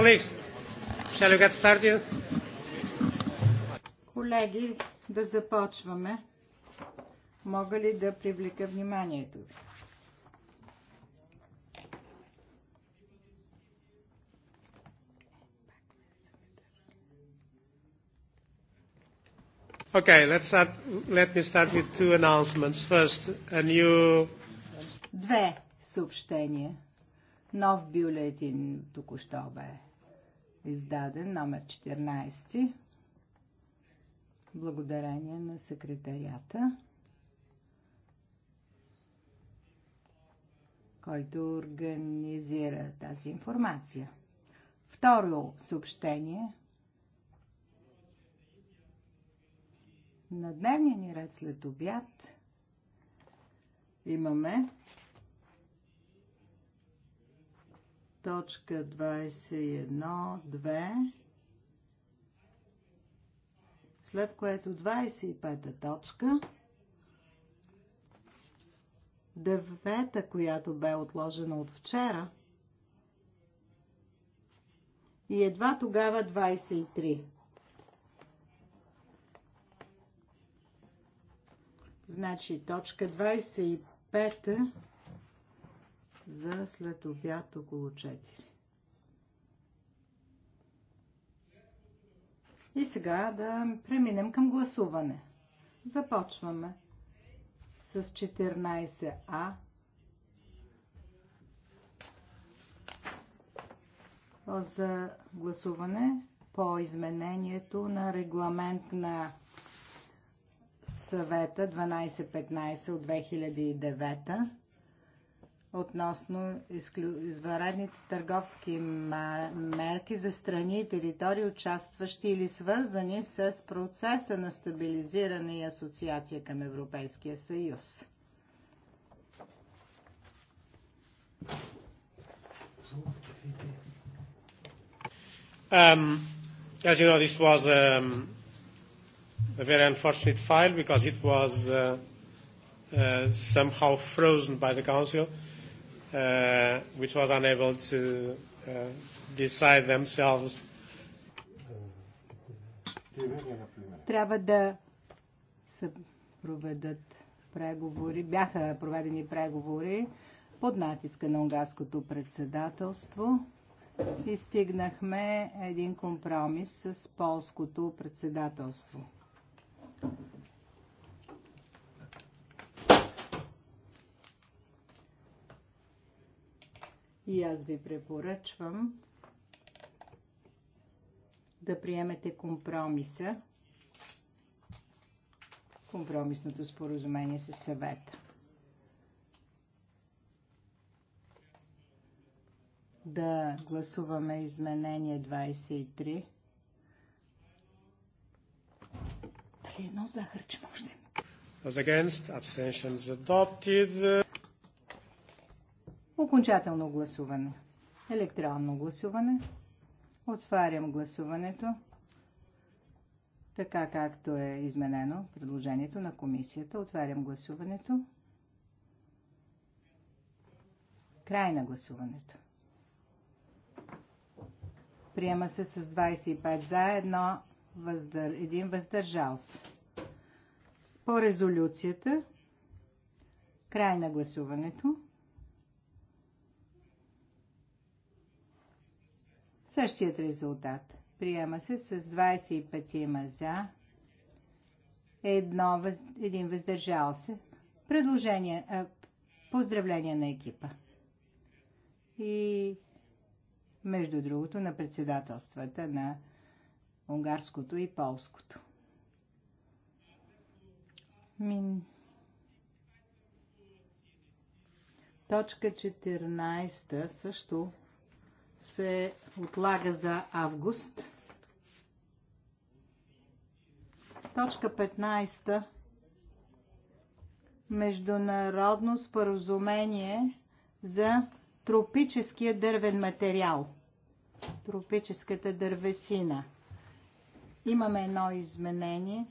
Colleagues, shall we get started? Колеги, да започваме. Мога ли да привлека вниманието ви? Okay, let's start, let me start with two announcements. First, a new... Две съобщения. Нов бюлетин току-що бе издаден номер 14 благодарение на секретарията, който организира тази информация. Второ съобщение. На дневния ни ред след обяд имаме Точка 21, 2. След което 25-та точка. Девета, която бе отложена от вчера. И едва тогава 23. Значи точка 25 за след обяд около 4. И сега да преминем към гласуване. Започваме с 14А. За гласуване по изменението на регламент на съвета 1215 от 2009 относно извънредните търговски мерки за страни и територии, участващи или свързани с процеса на стабилизиране и асоциация към Европейския съюз. Um, as you know, this was a, um, a very unfortunate file because it was uh, uh, somehow frozen by the Council. Uh, which was unable to uh, decide themselves. Трябва да се проведат преговори, бяха проведени преговори под натиска на унгарското председателство и стигнахме един компромис с полското председателство. И аз ви препоръчвам да приемете компромиса, компромисното споразумение с съвета. Да гласуваме изменение 23. Дали едно захарче може? Those against, abstentions adopted. Окончателно гласуване. Електронно гласуване. Отварям гласуването така както е изменено предложението на комисията. Отварям гласуването. Край на гласуването. Приема се с 25 за, едно въздър... един въздържал се. По резолюцията, край на гласуването. Същият резултат. Приема се с 25 има за, едно, един въздържал се. Предложение, а, поздравление на екипа. И между другото на председателствата на унгарското и полското. Мин... Точка 14 също се отлага за август. Точка 15. Международно споразумение за тропическия дървен материал. Тропическата дървесина. Имаме едно изменение.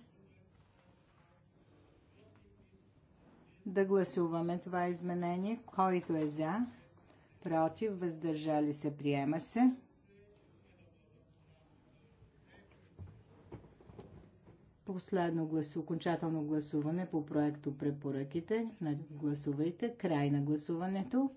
Да гласуваме това изменение. Който е за? против, въздържали се, приема се. Последно гласу, окончателно гласуване по проекто препоръките. Гласувайте. Край на гласуването.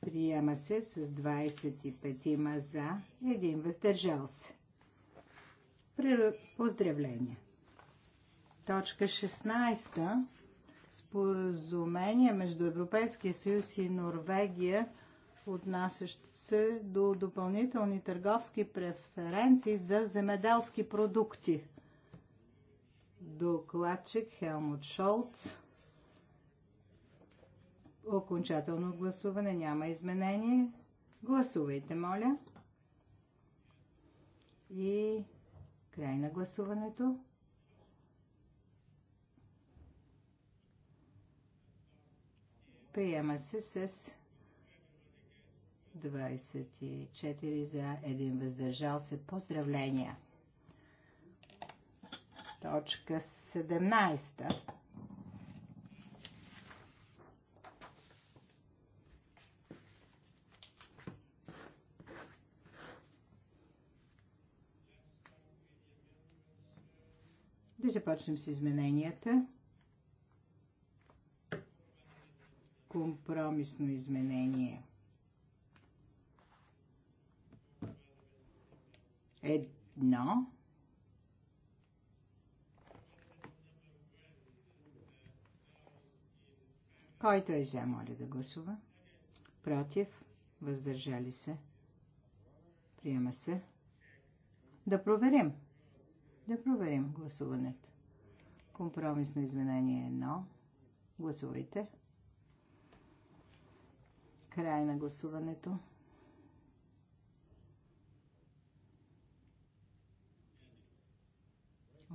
Приема се с 25 има за, един въздържал се. Поздравления! Точка 16. Споразумение между Европейския съюз и Норвегия, отнасящи се до допълнителни търговски преференции за земеделски продукти. Докладчик Хелмут Шолц. Окончателно гласуване няма изменение. Гласувайте, моля. И край на гласуването. Приема се с 24 за един въздържал се. Поздравления! Точка 17. Да започнем с измененията. компромисно изменение. Едно. Който е за, моля да гласува. Против. Въздържали се. Приема се. Да проверим. Да проверим гласуването. Компромисно изменение Гласувайте. Гласувайте. Край на гласуването.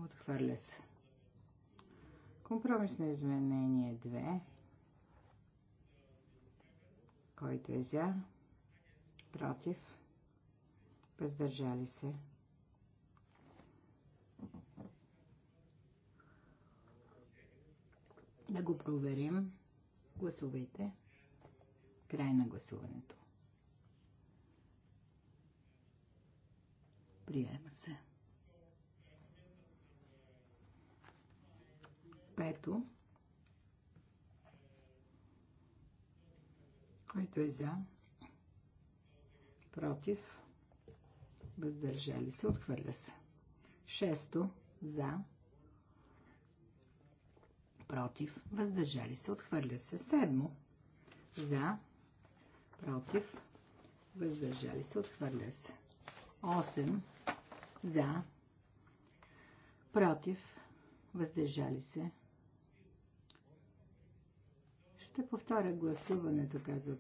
Отхвърля се. Компромисно изменение 2. Който е за? Против? Въздържали се? Да го проверим. Гласувайте. Край на гласуването. Приема се. Пето. Който е за, против, въздържали се, отхвърля се. Шесто, за, против, въздържали се, отхвърля се. Седмо, за, против, въздържали се, отхвърля се. 8 за, против, въздържали се. Ще повторя гласуването, казва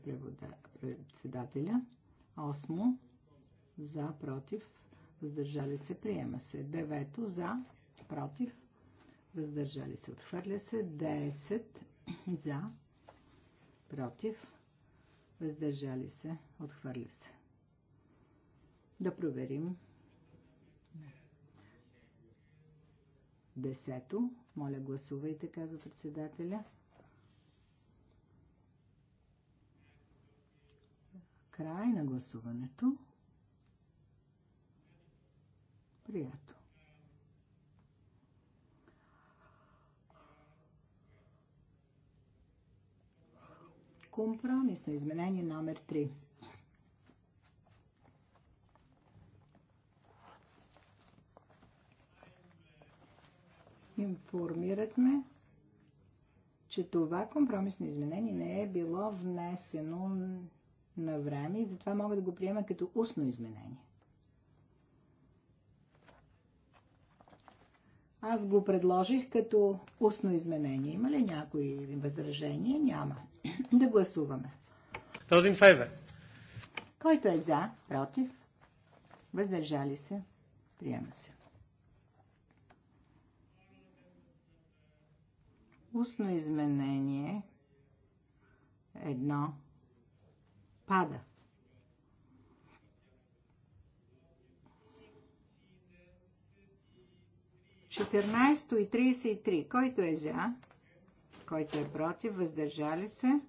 председателя. 8 за, против, въздържали се, приема се. 9 за, против, въздържали се, отхвърля се. 10 за, против, въздържали се, отхвърля се. Да проверим. Десето. Моля, гласувайте, казва председателя. Край на гласуването. Приятно. Компромисно изменение номер 3. Информират ме, че това компромисно изменение не е било внесено на време и затова мога да го приема като устно изменение. Аз го предложих като устно изменение. Има ли някои възражения? Няма. да гласуваме. Those in favor. Който е за, против, въздържали се, приема се. Устно изменение едно пада. 14 и 33. Който е за? Който е против? Въздържали се?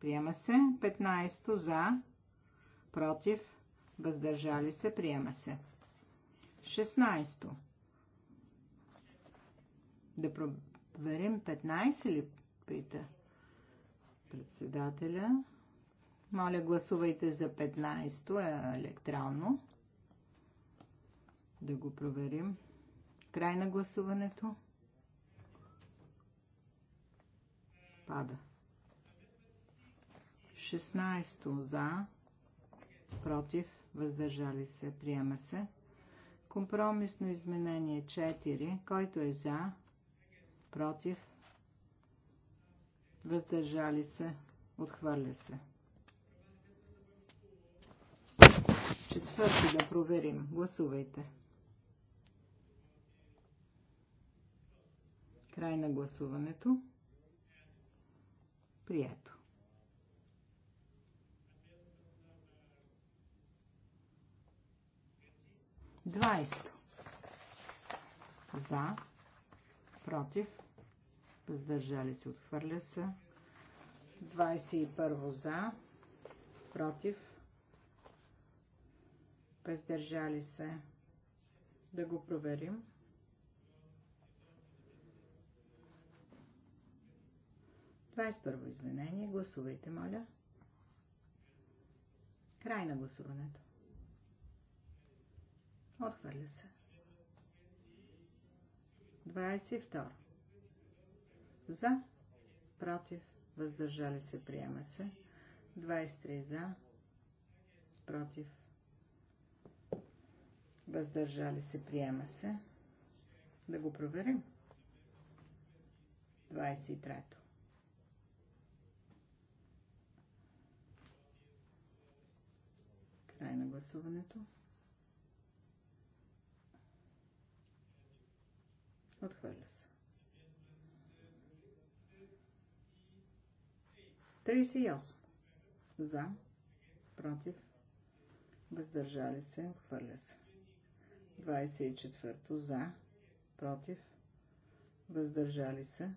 Приема се. 15 за? Против? Въздържали се? Приема се. 16. Да проверим 15 ли пита председателя. Моля, гласувайте за 15 електронно. Да го проверим. Край на гласуването. Пада. 16 за, против, въздържали се, приема се. Компромисно изменение 4, който е за, против, въздържали се, отхвърля се. Четвърти да проверим. Гласувайте. Край на гласуването. Прието. Двайсто. За. Против. Въздържали се. Отхвърля се. 21 за. Против. Въздържали се. Да го проверим. 21 изменение. Гласувайте, моля. Край на гласуването. Отхвърля се. 22. За. Против. Въздържали се. Приема се. 23. За. Против. Въздържали се. Приема се. Да го проверим. 23. Край на гласуването. Отхвърля се. 38. За. Против. Въздържали се. Отхвърля се. 24. За. Против. Въздържали се.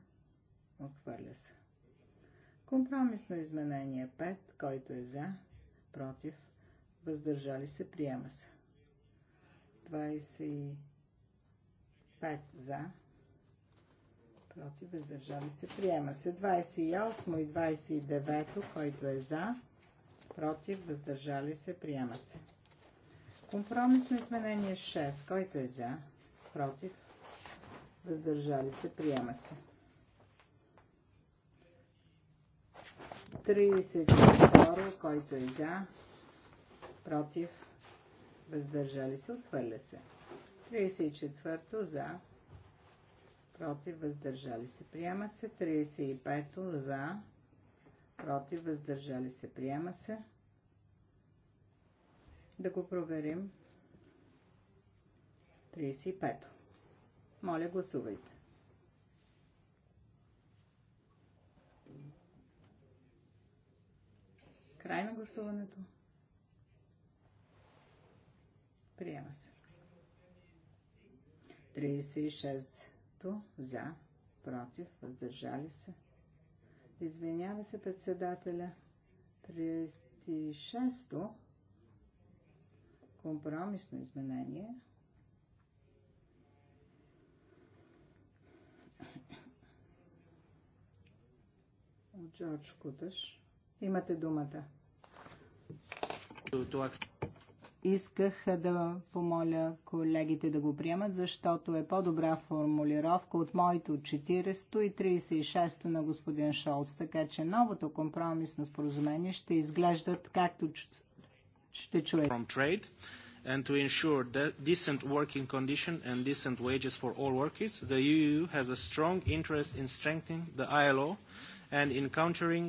Отхвърля се. Компромисно изменение 5, който е за, против, въздържали се, приема се. 25 за, против, въздържали се, приема се. 28 и 29, който е за, против, въздържали се, приема се. Компромисно изменение 6, който е за, против, въздържали се, приема се. 32, който е за, против, въздържали се, отхвърля се. 34-то за, против, въздържали се, приема се. 35-то за, против, въздържали се, приема се. Да го проверим. 35-то. Моля, гласувайте. Край на гласуването. Приема се. 36-то за, против, въздържали се. Извинява се председателя. 36-то компромисно изменение. От Джордж Куташ. Имате думата исках да помоля колегите да го приемат, защото е по-добра формулировка от моето 40-то и 36-то на господин Шолц, така че новото компромисно споразумение ще изглежда както ще чуете. And to ensure that decent working condition and decent wages for all workers, the EU has a strong interest in strengthening the ILO and in countering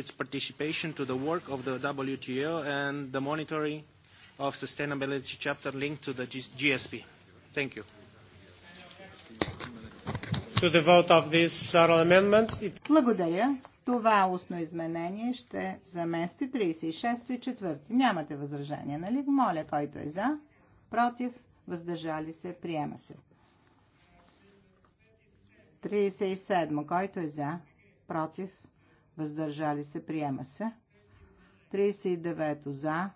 its participation to the work of the WTO and the monitoring of sustainability chapter linked to the GSP. Thank you. To the vote of this amendment. Благодаря. Това устно изменение ще замести 36 и 4. Нямате възражение, нали? Моля, който е за, против, въздържали се, приема се. 37. Който е за, против, въздържали се, приема се. 39. За,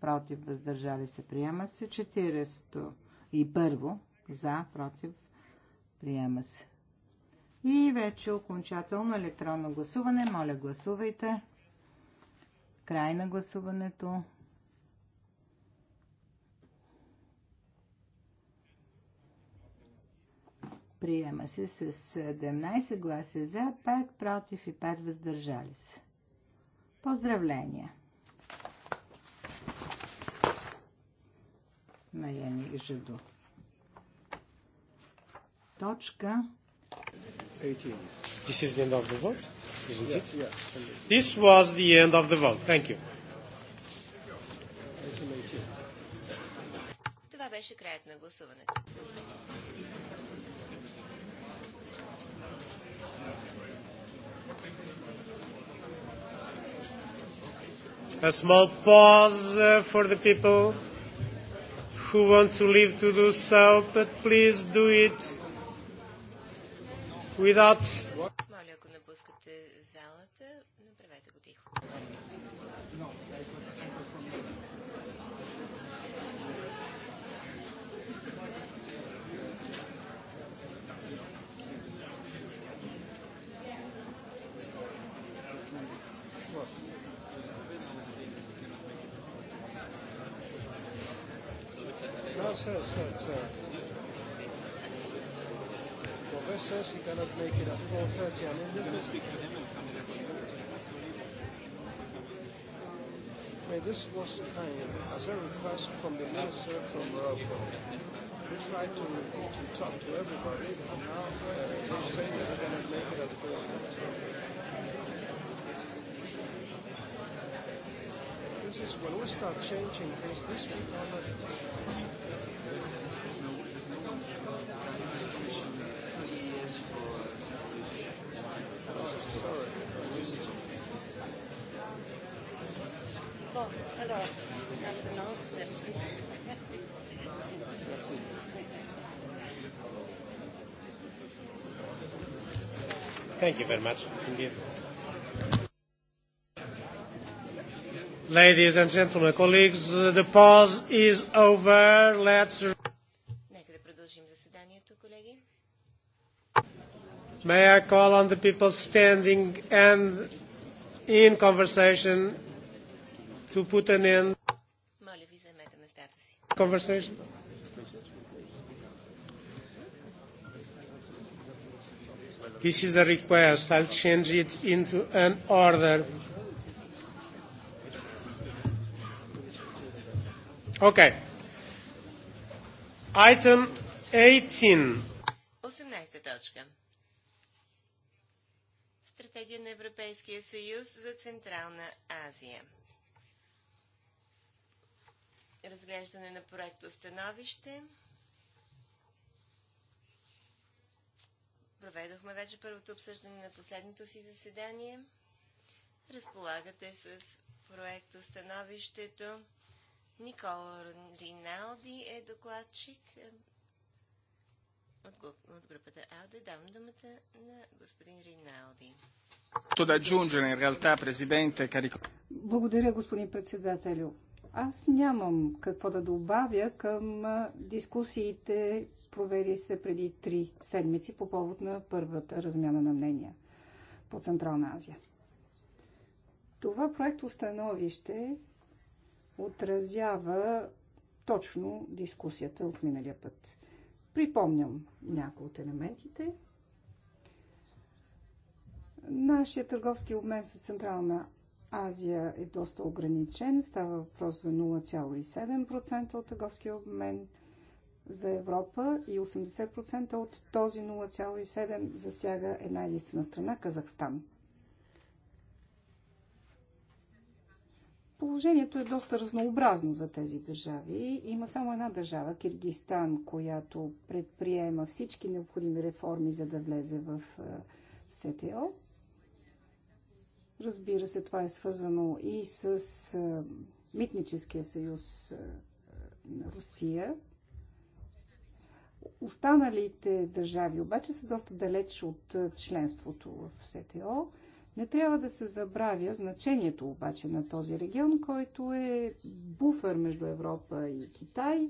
против, въздържали се, приема се. 40 и първо, за, против, приема се. И вече окончателно електронно гласуване. Моля, гласувайте. Край на гласуването. Приема се с 17 гласа за, 5 против и 5 въздържали се. Поздравления! на Яни Жидо. Точка 18. This is the end of the vote, isn't yeah, it? Yeah. This was the end of the vote. Thank you. Това беше краят на гласуването. A small pause for the people who want to leave to do so, but please do it without... says that uh, Bové says he cannot make it at 4.30 on English. May this was kind as a request from the minister from Morocco. We tried to, to talk to everybody, and now uh, they say that they cannot make it at 4.30. process, when we start changing things, this week are not. the Thank you very much. Indeed. Ladies and gentlemen, colleagues, the pause is over. Let's... Нека да продължим заседанието, колеги. May I call on the people standing and in conversation to put an end Моля ви, заемете местата си. Conversation. This is a request. I'll change it into an order. Okay. Item 18. 18 точка. Стратегия на Европейския съюз за Централна Азия. Разглеждане на проект установище. Проведохме вече първото обсъждане на последното си заседание. Разполагате с проект установището. Никола Риналди е докладчик е, от, от групата АЛДЕ. Давам думата на господин Риналди. Благодаря, господин председателю. Аз нямам какво да добавя към дискусиите, провели се преди три седмици по повод на първата размяна на мнения по Централна Азия. Това проект установище отразява точно дискусията от миналия път. Припомням някои от елементите. Нашия търговски обмен с Централна Азия е доста ограничен. Става въпрос за 0,7% от търговския обмен за Европа и 80% от този 0,7% засяга една единствена страна Казахстан – Положението е доста разнообразно за тези държави. Има само една държава, Киргистан, която предприема всички необходими реформи, за да влезе в е, СТО. Разбира се, това е свързано и с е, Митническия съюз е, на Русия. Останалите държави обаче са доста далеч от членството в СТО. Не трябва да се забравя значението обаче на този регион, който е буфер между Европа и Китай,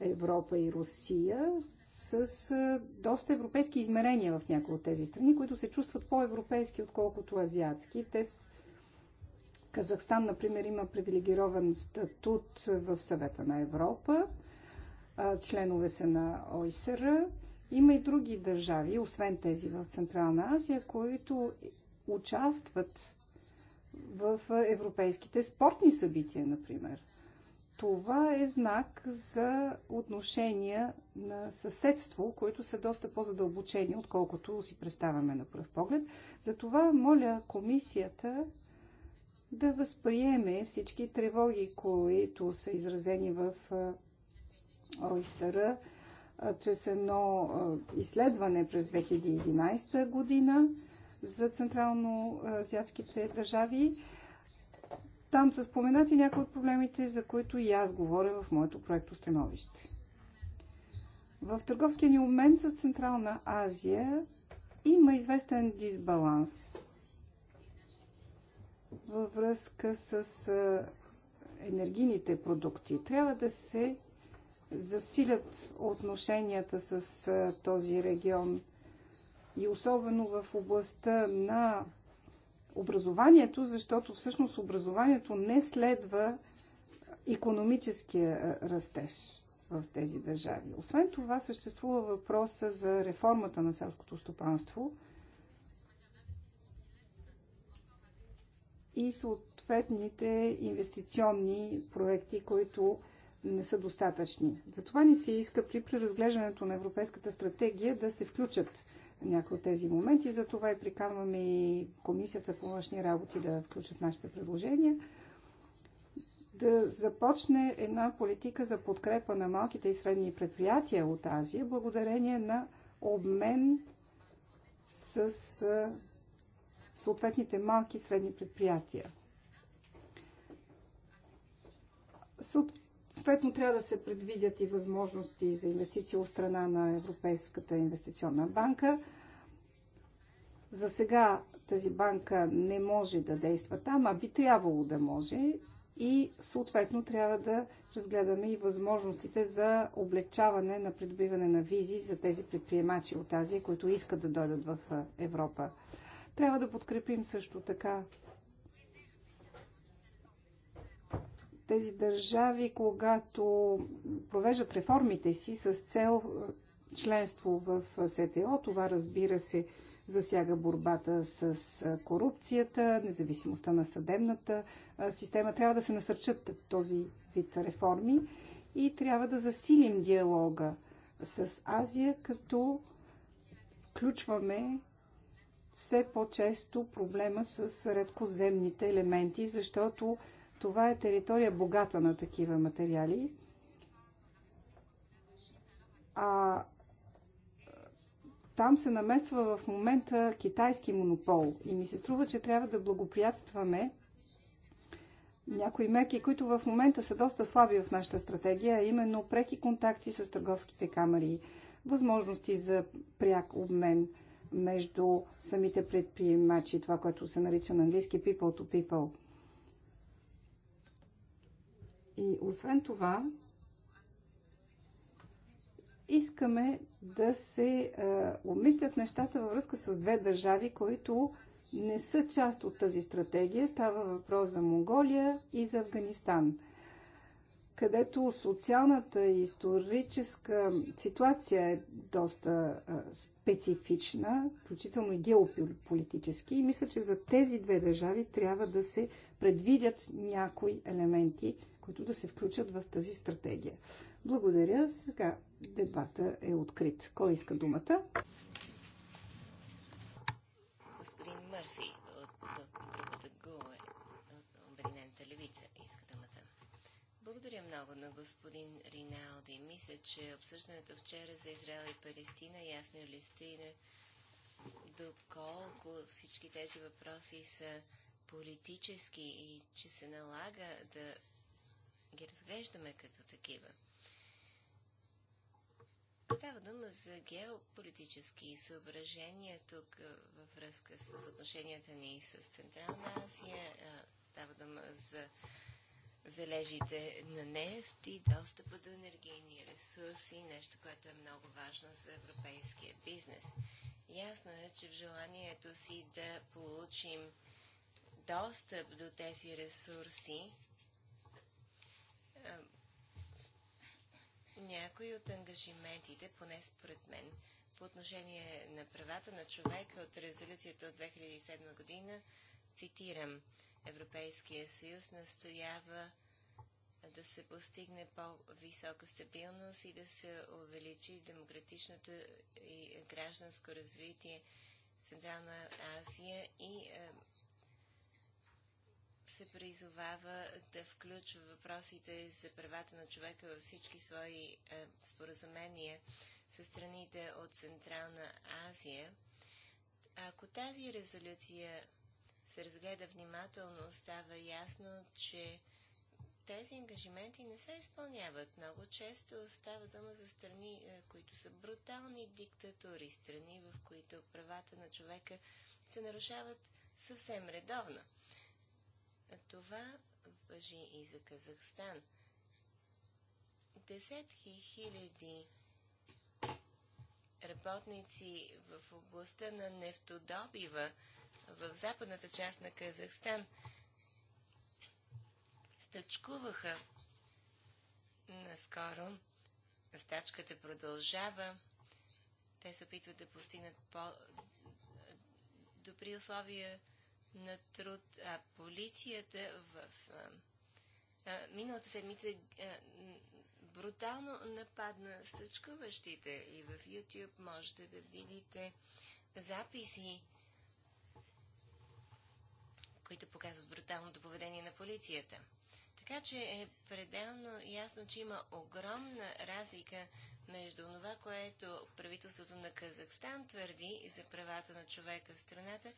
Европа и Русия, с доста европейски измерения в някои от тези страни, които се чувстват по-европейски, отколкото азиатски. Те Казахстан, например, има привилегирован статут в съвета на Европа, членове са на ОИСР. Има и други държави, освен тези в Централна Азия, които участват в европейските спортни събития, например. Това е знак за отношения на съседство, които са доста по-задълбочени, отколкото си представяме на пръв поглед. Затова моля комисията да възприеме всички тревоги, които са изразени в ОИСР чрез едно изследване през 2011 година – за централно-азиатските държави. Там са споменати някои от проблемите, за които и аз говоря в моето проекто становище. В търговския ни обмен с Централна Азия има известен дисбаланс във връзка с енергийните продукти. Трябва да се засилят отношенията с този регион и особено в областта на образованието, защото всъщност образованието не следва економическия растеж в тези държави. Освен това, съществува въпроса за реформата на селското стопанство и съответните инвестиционни проекти, които не са достатъчни. Затова ни се иска при преразглеждането на Европейската стратегия да се включат някои от тези моменти. Затова и приканваме и Комисията по външни работи да включат нашите предложения. Да започне една политика за подкрепа на малките и средни предприятия от Азия, благодарение на обмен с съответните малки и средни предприятия. Съответно, трябва да се предвидят и възможности за инвестиции от страна на Европейската инвестиционна банка. За сега тази банка не може да действа там, а би трябвало да може и съответно трябва да разгледаме и възможностите за облегчаване на придобиване на визи за тези предприемачи от Азия, които искат да дойдат в Европа. Трябва да подкрепим също така тези държави, когато провеждат реформите си с цел е, членство в е, СТО, това разбира се засяга борбата с е, корупцията, независимостта на съдебната система. Трябва да се насърчат този вид реформи и трябва да засилим диалога с Азия, като включваме все по-често проблема с редкоземните елементи, защото това е територия богата на такива материали. А там се намества в момента китайски монопол. И ми се струва, че трябва да благоприятстваме някои мерки, които в момента са доста слаби в нашата стратегия, а именно преки контакти с търговските камери, възможности за пряк обмен между самите предприемачи, това, което се нарича на английски people to people. И освен това, искаме да се а, обмислят нещата във връзка с две държави, които не са част от тази стратегия. Става въпрос за Монголия и за Афганистан, където социалната и историческа ситуация е доста а, специфична, включително и геополитически. И мисля, че за тези две държави трябва да се предвидят някои елементи които да се включат в тази стратегия. Благодаря. Сега дебата е открит. Кой иска думата? Господин Мърфи от групата ГОЕ от Обединената левица иска думата. Благодаря много на господин Риналди. Мисля, че обсъждането вчера за Израел и Палестина ясно иллюстрира доколко всички тези въпроси са политически и че се налага да ги разглеждаме като такива. Става дума за геополитически съображения тук във връзка с отношенията ни с Централна Азия. Става дума за залежите на нефт и достъпа до енергийни ресурси, нещо, което е много важно за европейския бизнес. Ясно е, че в желанието си да получим достъп до тези ресурси, някои от ангажиментите, поне според мен, по отношение на правата на човека от резолюцията от 2007 година, цитирам, Европейския съюз настоява да се постигне по-висока стабилност и да се увеличи демократичното и гражданско развитие в Централна Азия и е, се призовава да включва въпросите за правата на човека във всички свои е, споразумения с страните от Централна Азия. Ако тази резолюция се разгледа внимателно, става ясно, че тези ангажименти не се изпълняват. Много често става дума за страни, е, които са брутални диктатури, страни, в които правата на човека се нарушават съвсем редовно. Това въжи и за Казахстан. Десетки хиляди работници в областта на нефтодобива в западната част на Казахстан стъчкуваха наскоро. Стачката продължава. Те се опитват да постигнат по-добри условия на труд, а полицията в а, миналата седмица а, брутално нападна стъчкуващите и в YouTube можете да видите записи, които показват бруталното поведение на полицията. Така че е пределно ясно, че има огромна разлика между това, което правителството на Казахстан твърди за правата на човека в страната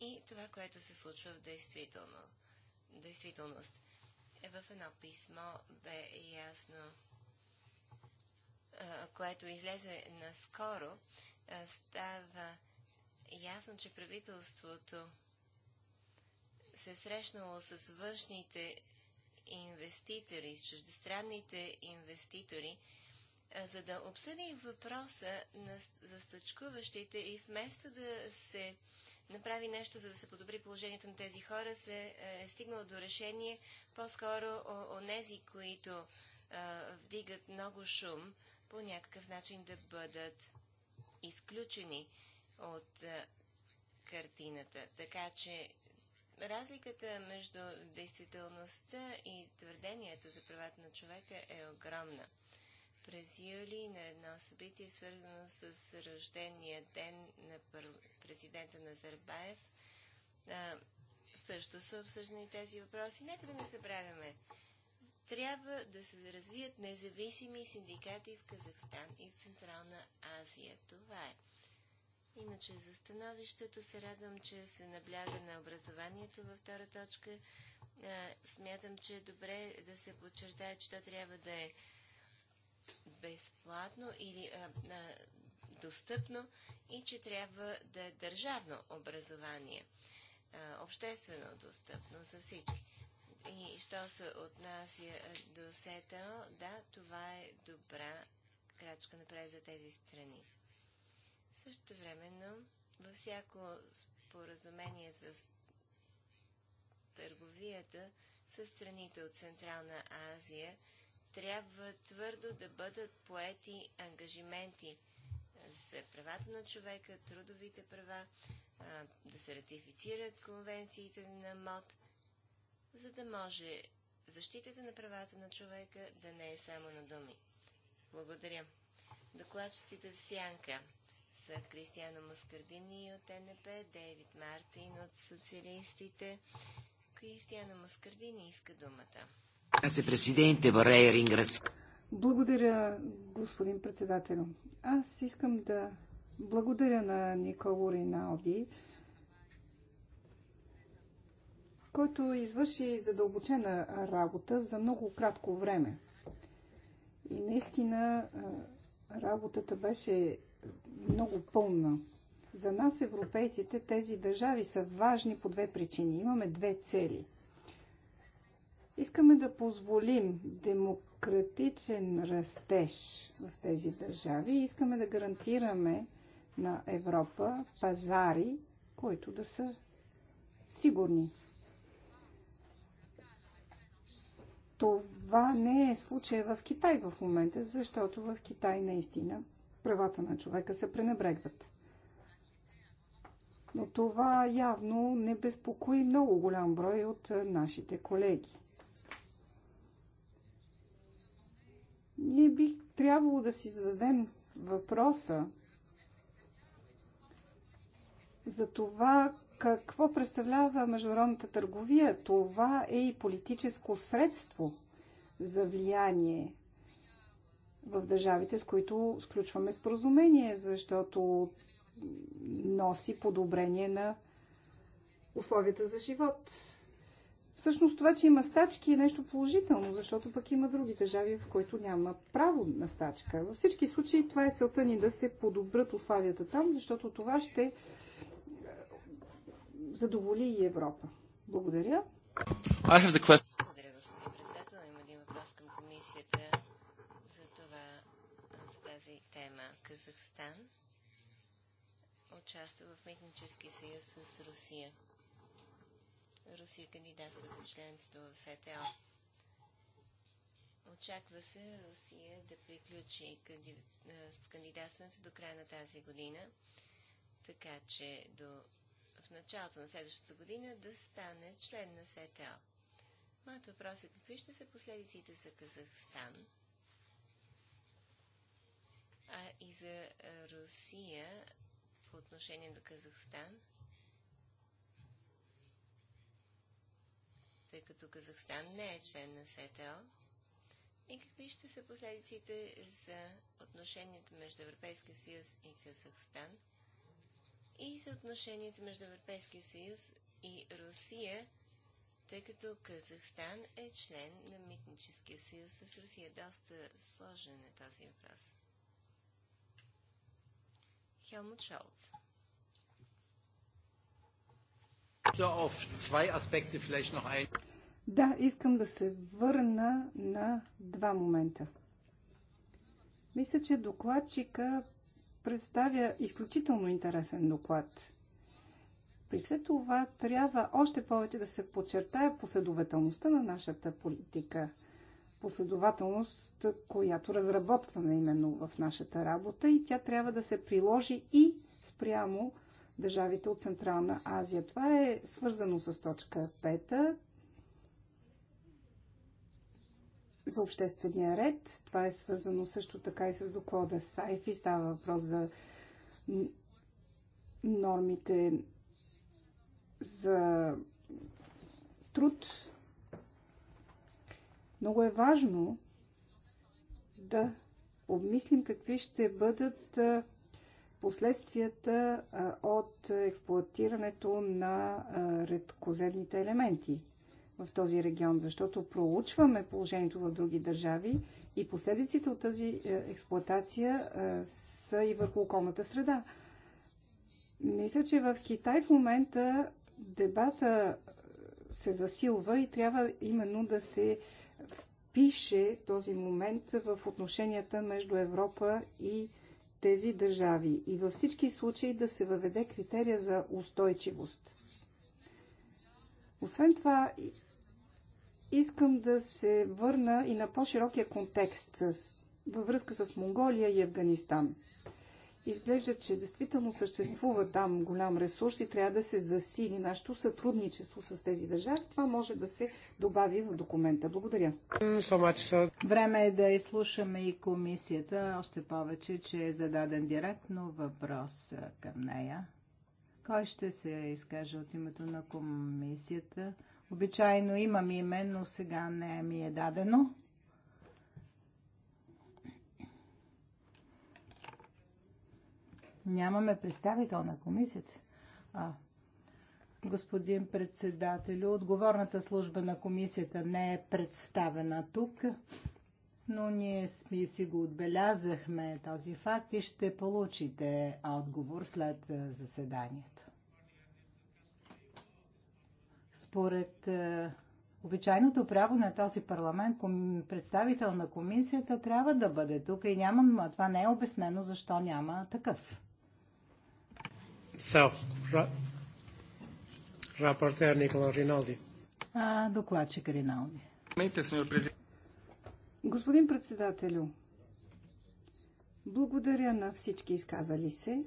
и това, което се случва в действително, действителност. Е, в едно писмо бе ясно, което излезе наскоро, става ясно, че правителството се срещнало с външните инвеститори, с чуждестранните инвеститори, за да обсъди въпроса на, застъчкуващите стъчкуващите и вместо да се направи нещо, за да се подобри положението на тези хора, се е, е стигнало до решение по-скоро онези, които а, вдигат много шум, по някакъв начин да бъдат изключени от а, картината. Така че разликата между действителността и твърденията за правата на човека е огромна през юли на едно събитие, свързано с рождения ден на президента Назарбаев. А, също са обсъждани тези въпроси. Нека да не забравяме. Трябва да се развият независими синдикати в Казахстан и в Централна Азия. Това е. Иначе за становището се радвам, че се набляга на образованието във втора точка. смятам, че е добре да се подчертае, че то трябва да е безплатно или а, а, достъпно и че трябва да е държавно образование, а, обществено достъпно за всички. И що се отнася до СЕТАО, да, това е добра крачка напред за тези страни. Също времено, във всяко споразумение с търговията с страните от Централна Азия трябва твърдо да бъдат поети ангажименти за правата на човека, трудовите права, да се ратифицират конвенциите на МОД, за да може защитата на правата на човека да не е само на думи. Благодаря. Докладчиците в Сянка са Кристиано Маскардини от НП, Дейвид Мартин от социалистите. Кристиано Маскардини иска думата. Благодаря, господин председател. Аз искам да благодаря на Николо Риналди, който извърши задълбочена работа за много кратко време. И наистина работата беше много пълна. За нас, европейците, тези държави са важни по две причини. Имаме две цели – Искаме да позволим демократичен растеж в тези държави и искаме да гарантираме на Европа пазари, които да са сигурни. Това не е случая в Китай в момента, защото в Китай наистина правата на човека се пренебрегват. Но това явно не безпокои много голям брой от нашите колеги. Ние бих трябвало да си зададем въпроса за това какво представлява международната търговия. Това е и политическо средство за влияние в държавите, с които сключваме споразумение, защото носи подобрение на условията за живот Всъщност това, че има стачки е нещо положително, защото пък има други държави, в които няма право на стачка. Във всички случаи това е целта ни да се подобрат условията там, защото това ще е, задоволи и Европа. Благодаря. I have the question. Благодаря, господин председател. Има един въпрос към комисията за, това, за тази тема. Казахстан участва в митнически съюз с Русия. Русия кандидатства за членство в СТО. Очаква се Русия да приключи с кандидатстването до края на тази година, така че до... в началото на следващата година да стане член на СТО. Моят въпрос е какви ще са последиците за Казахстан, а и за Русия по отношение на Казахстан тъй като Казахстан не е член на СТО? И какви ще са последиците за отношенията между Европейския съюз и Казахстан? И за отношенията между Европейския съюз и Русия, тъй като Казахстан е член на Митническия съюз с Русия. Е доста сложен е този въпрос. Хелмут Шолц. Да, искам да се върна на два момента. Мисля, че докладчика представя изключително интересен доклад. При все това трябва още повече да се подчертая последователността на нашата политика. Последователност, която разработваме именно в нашата работа и тя трябва да се приложи и спрямо държавите от Централна Азия. Това е свързано с точка 5 за обществения ред. Това е свързано също така и с доклада Сайфи. Става въпрос за нормите за труд. Много е важно да обмислим какви ще бъдат последствията от експлуатирането на редкоземните елементи в този регион, защото проучваме положението в други държави и последиците от тази е, експлуатация е, са и върху околната среда. Мисля, че в Китай в момента дебата е, се засилва и трябва именно да се впише този момент в отношенията между Европа и тези държави и във всички случаи да се въведе критерия за устойчивост. Освен това, искам да се върна и на по-широкия контекст във връзка с Монголия и Афганистан – Изглежда, че действително съществува там голям ресурс и трябва да се засили нашето сътрудничество с тези държави. Това може да се добави в документа. Благодаря. Време е да изслушаме и комисията, още повече, че е зададен директно въпрос към нея. Кой ще се изкаже от името на комисията? Обичайно имам име, но сега не ми е дадено. Нямаме представител на комисията. А, господин председател, отговорната служба на комисията не е представена тук, но ние сме си го отбелязахме този факт и ще получите отговор след заседанието. Според обичайното право на този парламент, представител на комисията трябва да бъде тук и нямам, това не е обяснено защо няма такъв рапортер Никола Риналди. докладчик Риналди. Господин председателю, благодаря на всички изказали се.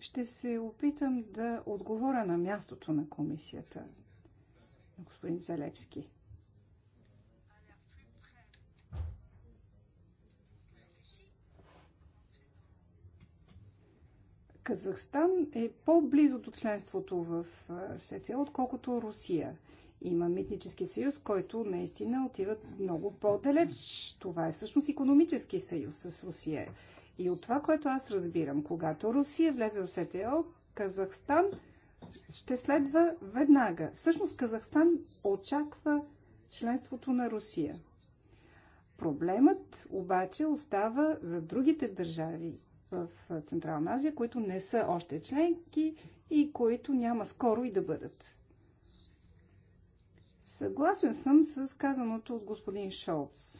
Ще се опитам да отговоря на мястото на комисията на господин Залепски. Казахстан е по-близо до членството в СТО, отколкото Русия. Има митнически съюз, който наистина отива много по-далеч. Това е всъщност економически съюз с Русия. И от това, което аз разбирам, когато Русия влезе в СТО, Казахстан ще следва веднага. Всъщност Казахстан очаква членството на Русия. Проблемът обаче остава за другите държави в Централна Азия, които не са още членки и които няма скоро и да бъдат. Съгласен съм с казаното от господин Шолц.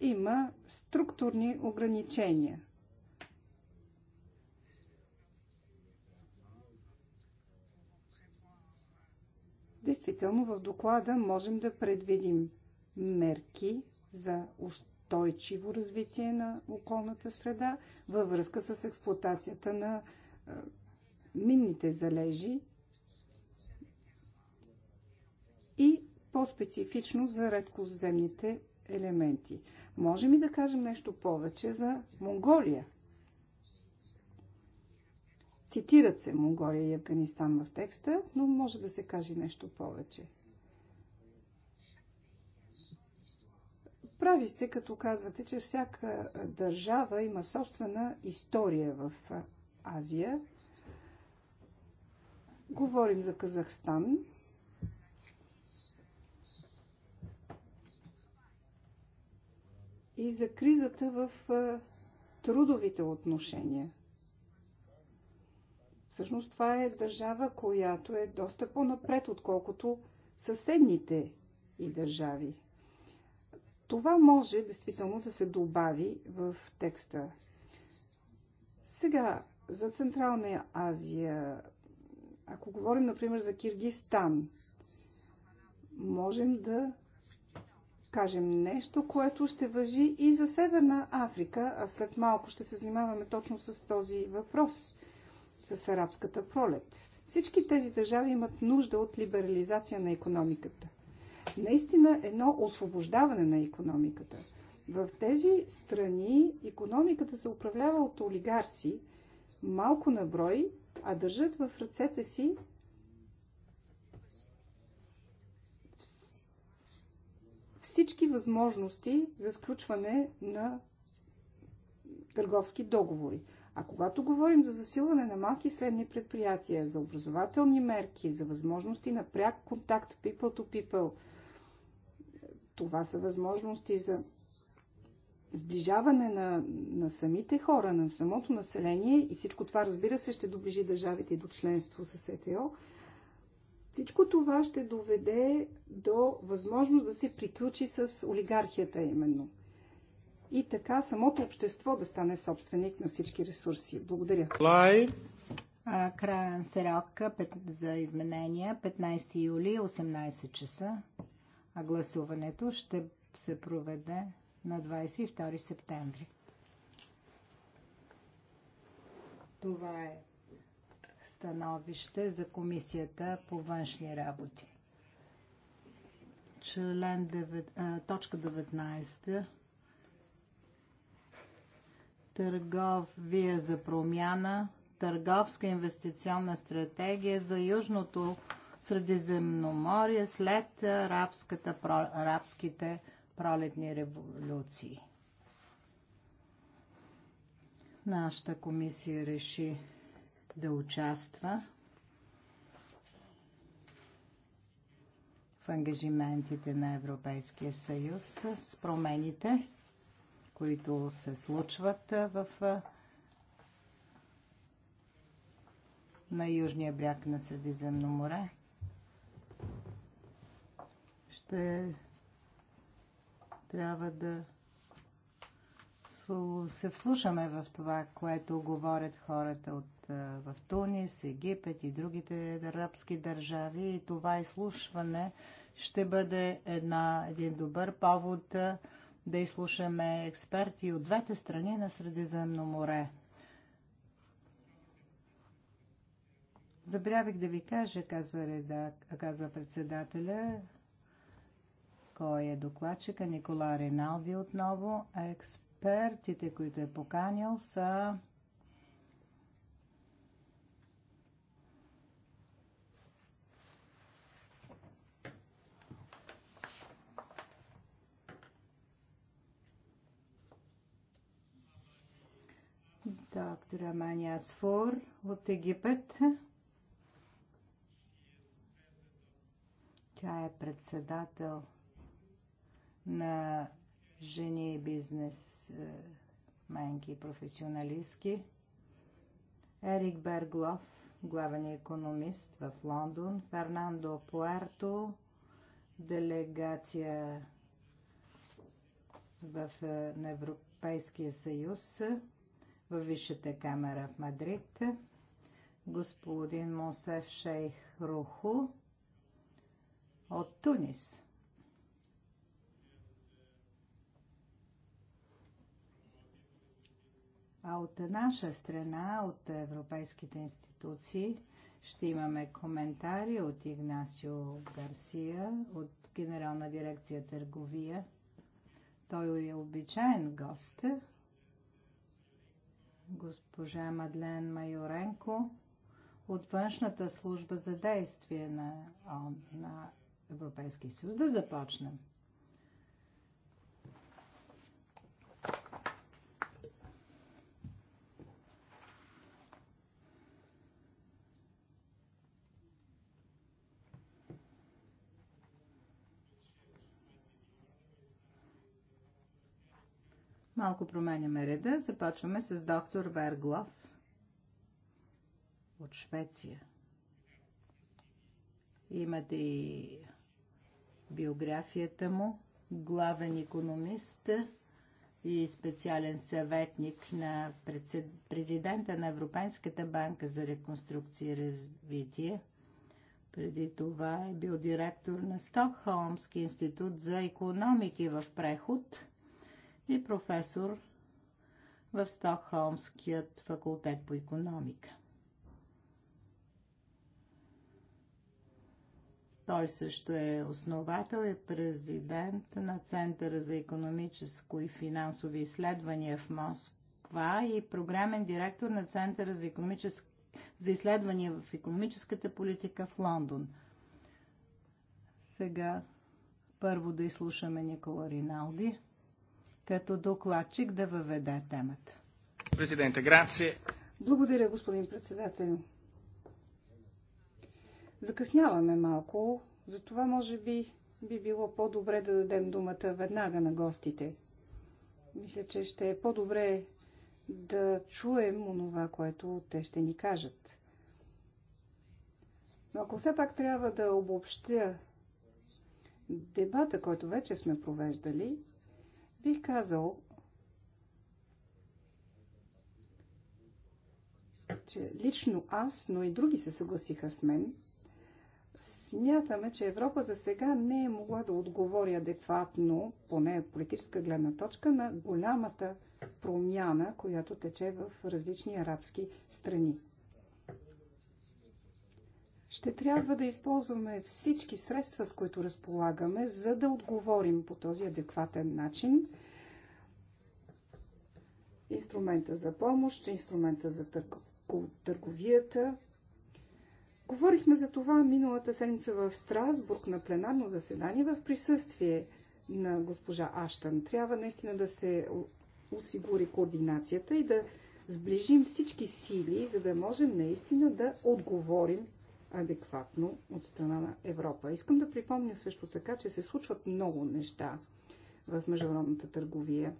Има структурни ограничения. Действително в доклада можем да предвидим мерки за устройство устойчиво развитие на околната среда във връзка с експлуатацията на минните залежи и по-специфично за редкоземните елементи. Можем и да кажем нещо повече за Монголия. Цитират се Монголия и Афганистан в текста, но може да се каже нещо повече – Прави сте, като казвате, че всяка държава има собствена история в Азия. Говорим за Казахстан. И за кризата в трудовите отношения. Всъщност това е държава, която е доста по-напред, отколкото съседните и държави. Това може действително да се добави в текста. Сега, за Централна Азия, ако говорим, например, за Киргистан, можем да кажем нещо, което ще въжи и за Северна Африка, а след малко ще се занимаваме точно с този въпрос, с арабската пролет. Всички тези държави имат нужда от либерализация на економиката наистина едно освобождаване на економиката. В тези страни економиката се управлява от олигарси, малко на брой, а държат в ръцете си всички възможности за сключване на търговски договори. А когато говорим за засилване на малки и средни предприятия, за образователни мерки, за възможности на пряк контакт people to people – това са възможности за сближаване на, на самите хора, на самото население и всичко това, разбира се, ще доближи държавите до членство с ЕТО. Всичко това ще доведе до възможност да се приключи с олигархията именно. И така самото общество да стане собственик на всички ресурси. Благодаря. Краен срок за изменения 15 юли 18 часа а гласуването ще се проведе на 22 септември. Това е становище за Комисията по външни работи. Член 9, точка 19 Търговия за промяна Търговска инвестиционна стратегия за Южното Средиземноморие след арабските пролетни революции. Нашата комисия реши да участва в ангажиментите на Европейския съюз с промените, които се случват в на южния бряг на Средиземно море ще трябва да се вслушаме в това, което говорят хората от, в Тунис, Египет и другите арабски държави. И това изслушване ще бъде една, един добър повод да изслушаме експерти от двете страни на Средиземно море. Забравих да ви кажа, казва, редак, казва председателя, кой е докладчика. Никола Риналди отново. Експертите, които е поканил, са Доктора Амани Асфор от Египет. Тя е председател на жени и бизнес майки и професионалистки. Ерик Берглов, главен економист в Лондон. Фернандо Пуерто, делегация в, е, Европейския съюз в Висшата камера в Мадрид. Господин Мосеф Шейх Руху от Тунис. А от наша страна, от европейските институции, ще имаме коментари от Игнасио Гарсия, от Генерална дирекция Търговия. Той е обичаен гост. Госпожа Мадлен Майоренко от външната служба за действие на, на Европейския съюз. Да започнем. Малко променяме реда. Започваме с доктор Верглов от Швеция. Имате и биографията му. Главен економист и специален съветник на президента на Европейската банка за реконструкция и развитие. Преди това е бил директор на Стокхолмски институт за економики в преход – и професор в Стокхолмският факултет по економика. Той също е основател и президент на Центъра за економическо и финансови изследвания в Москва и програмен директор на Центъра за, економичес... за изследвания в економическата политика в Лондон. Сега първо да изслушаме Никола Риналди като докладчик да въведе темата. Президенте, грация. Благодаря, господин председател. Закъсняваме малко, затова може би би било по-добре да дадем думата веднага на гостите. Мисля, че ще е по-добре да чуем онова, което те ще ни кажат. Но ако все пак трябва да обобщя дебата, който вече сме провеждали, Бих казал, че лично аз, но и други се съгласиха с мен, смятаме, че Европа за сега не е могла да отговори адекватно, поне от политическа гледна точка, на голямата промяна, която тече в различни арабски страни ще трябва да използваме всички средства, с които разполагаме, за да отговорим по този адекватен начин. Инструмента за помощ, инструмента за търговията. Говорихме за това миналата седмица в Страсбург на пленарно заседание в присъствие на госпожа Аштан. Трябва наистина да се осигури координацията и да сближим всички сили, за да можем наистина да отговорим адекватно от страна на Европа. Искам да припомня също така, че се случват много неща в международната търговия.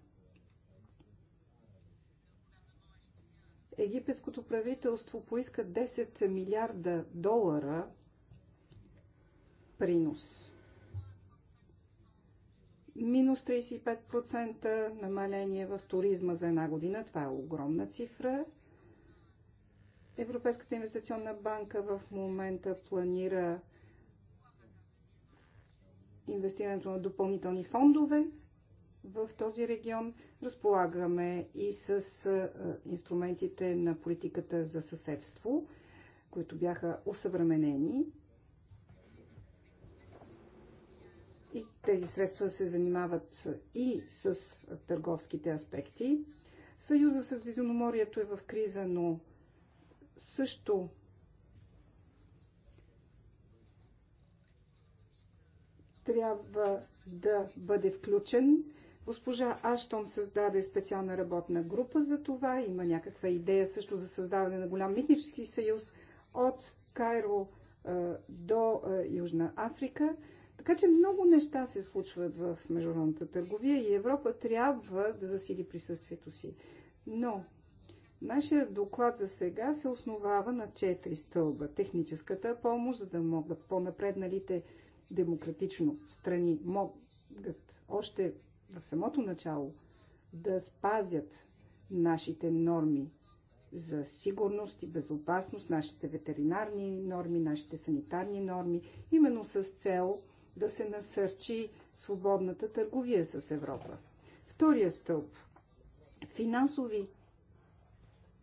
Египетското правителство поиска 10 милиарда долара принос. Минус 35% намаление в туризма за една година. Това е огромна цифра. Европейската инвестиционна банка в момента планира инвестирането на допълнителни фондове в този регион. Разполагаме и с инструментите на политиката за съседство, които бяха усъвременени И тези средства се занимават и с търговските аспекти. Съюза Средиземноморието е в криза, но също трябва да бъде включен. Госпожа Аштон създаде специална работна група за това. Има някаква идея също за създаване на голям митнически съюз от Кайро е, до е, Южна Африка. Така че много неща се случват в международната търговия и Европа трябва да засили присъствието си. Но Нашия доклад за сега се основава на четири стълба. Техническата помощ, за да могат по-напредналите демократично страни могат още в самото начало да спазят нашите норми за сигурност и безопасност, нашите ветеринарни норми, нашите санитарни норми, именно с цел да се насърчи свободната търговия с Европа. Втория стълб – финансови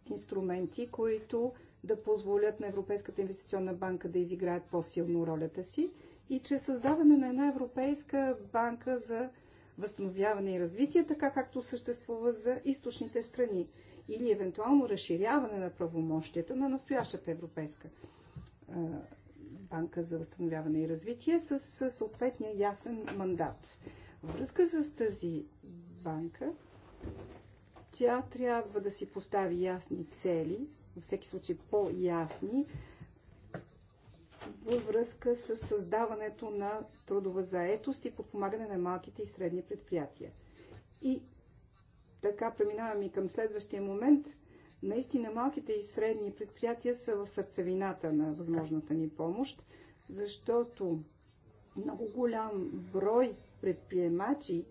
инструменти, които да позволят на Европейската инвестиционна банка да изиграят по-силно ролята си и че създаване на една Европейска банка за възстановяване и развитие, така както съществува за източните страни или евентуално разширяване на правомощията на настоящата Европейска банка за възстановяване и развитие с съответния ясен мандат. Връзка с тази банка тя трябва да си постави ясни цели, във всеки случай по-ясни, във връзка с създаването на трудова заетост и подпомагане на малките и средни предприятия. И така преминавам и към следващия момент. Наистина малките и средни предприятия са в сърцевината на възможната ни помощ, защото много голям брой предприемачи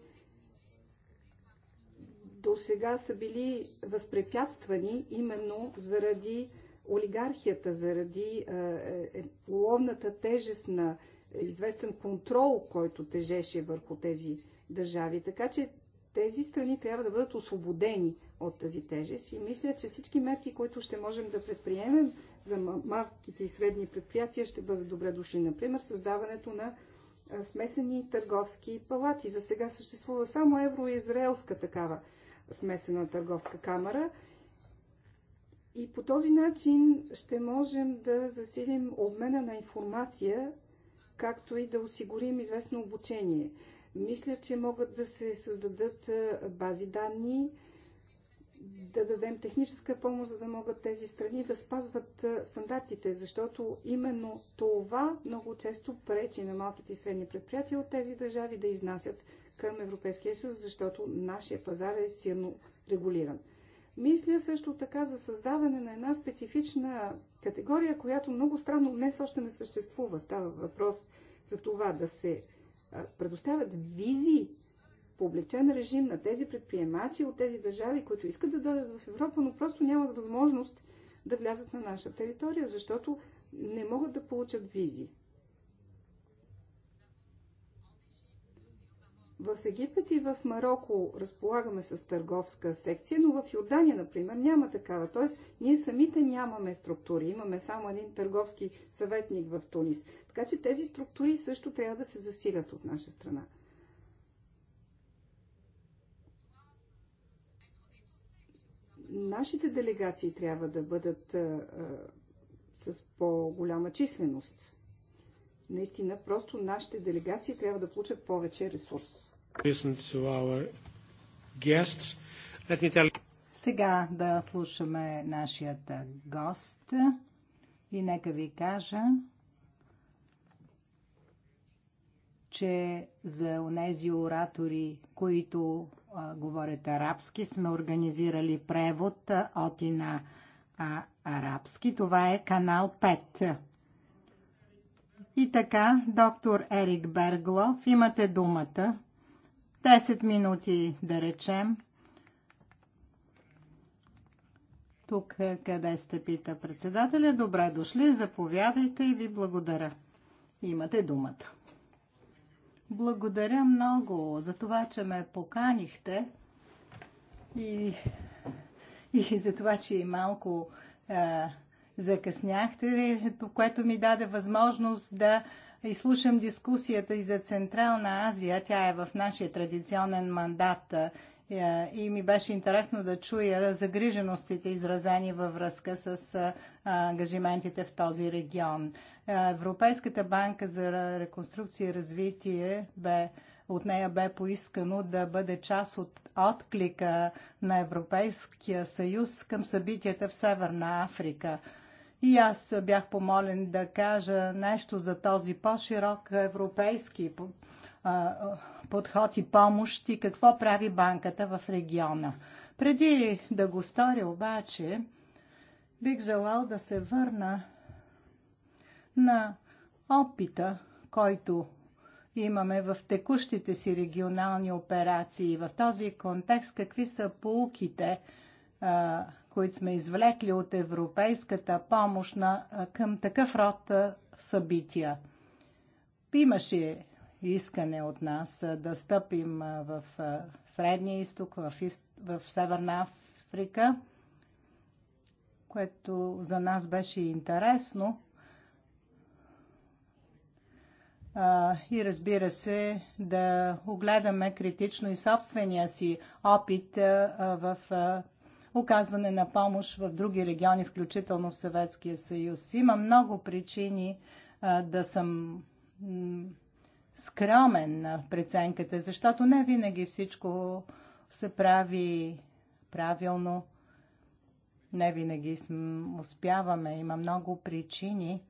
до сега са били възпрепятствани именно заради олигархията, заради е, е, ловната тежест на известен контрол, който тежеше върху тези държави. Така че тези страни трябва да бъдат освободени от тази тежест и мисля, че всички мерки, които ще можем да предприемем за малките и средни предприятия, ще бъдат добре дошли. Например, създаването на смесени търговски палати. За сега съществува само евроизраелска такава смесена търговска камера. И по този начин ще можем да засилим обмена на информация, както и да осигурим известно обучение. Мисля, че могат да се създадат бази данни, да дадем техническа помощ, за да могат тези страни да спазват стандартите, защото именно това много често пречи на малките и средни предприятия от тези държави да изнасят към Европейския съюз, защото нашия пазар е силно регулиран. Мисля също така за създаване на една специфична категория, която много странно днес още не съществува. Става въпрос за това да се предоставят визи публичен режим на тези предприемачи от тези държави, които искат да дойдат в Европа, но просто нямат възможност да влязат на наша територия, защото не могат да получат визи. В Египет и в Марокко разполагаме с търговска секция, но в Йордания, например, няма такава. Тоест, ние самите нямаме структури. Имаме само един търговски съветник в Тунис. Така че тези структури също трябва да се засилят от наша страна. Нашите делегации трябва да бъдат а, а, с по-голяма численост наистина просто нашите делегации трябва да получат повече ресурс. Сега да слушаме нашият гост и нека ви кажа, че за онези оратори, които а, говорят арабски, сме организирали превод от и на а, арабски. Това е канал 5. И така, доктор Ерик Берглов, имате думата. 10 минути да речем. Тук къде сте, пита председателя. Добре дошли, заповядайте и ви благодаря. Имате думата. Благодаря много за това, че ме поканихте и, и за това, че малко е, Закъсняхте, което ми даде възможност да изслушам дискусията и за Централна Азия. Тя е в нашия традиционен мандат е, и ми беше интересно да чуя загриженостите, изразени във връзка с е, ангажиментите в този регион. Е, Европейската банка за реконструкция и развитие бе от нея бе поискано да бъде част от отклика на Европейския съюз към събитията в Северна Африка – и аз бях помолен да кажа нещо за този по-широк европейски подход и помощ и какво прави банката в региона. Преди да го сторя обаче, бих желал да се върна на опита, който имаме в текущите си регионални операции. В този контекст какви са полуките, които сме извлекли от европейската помощ на, към такъв род събития. Имаше искане от нас да стъпим в Средния изток, в, в Северна Африка, което за нас беше интересно. и разбира се, да огледаме критично и собствения си опит в оказване на помощ в други региони, включително в Съветския съюз. Има много причини а, да съм скромен на преценката, защото не винаги всичко се прави правилно. Не винаги успяваме. Има много причини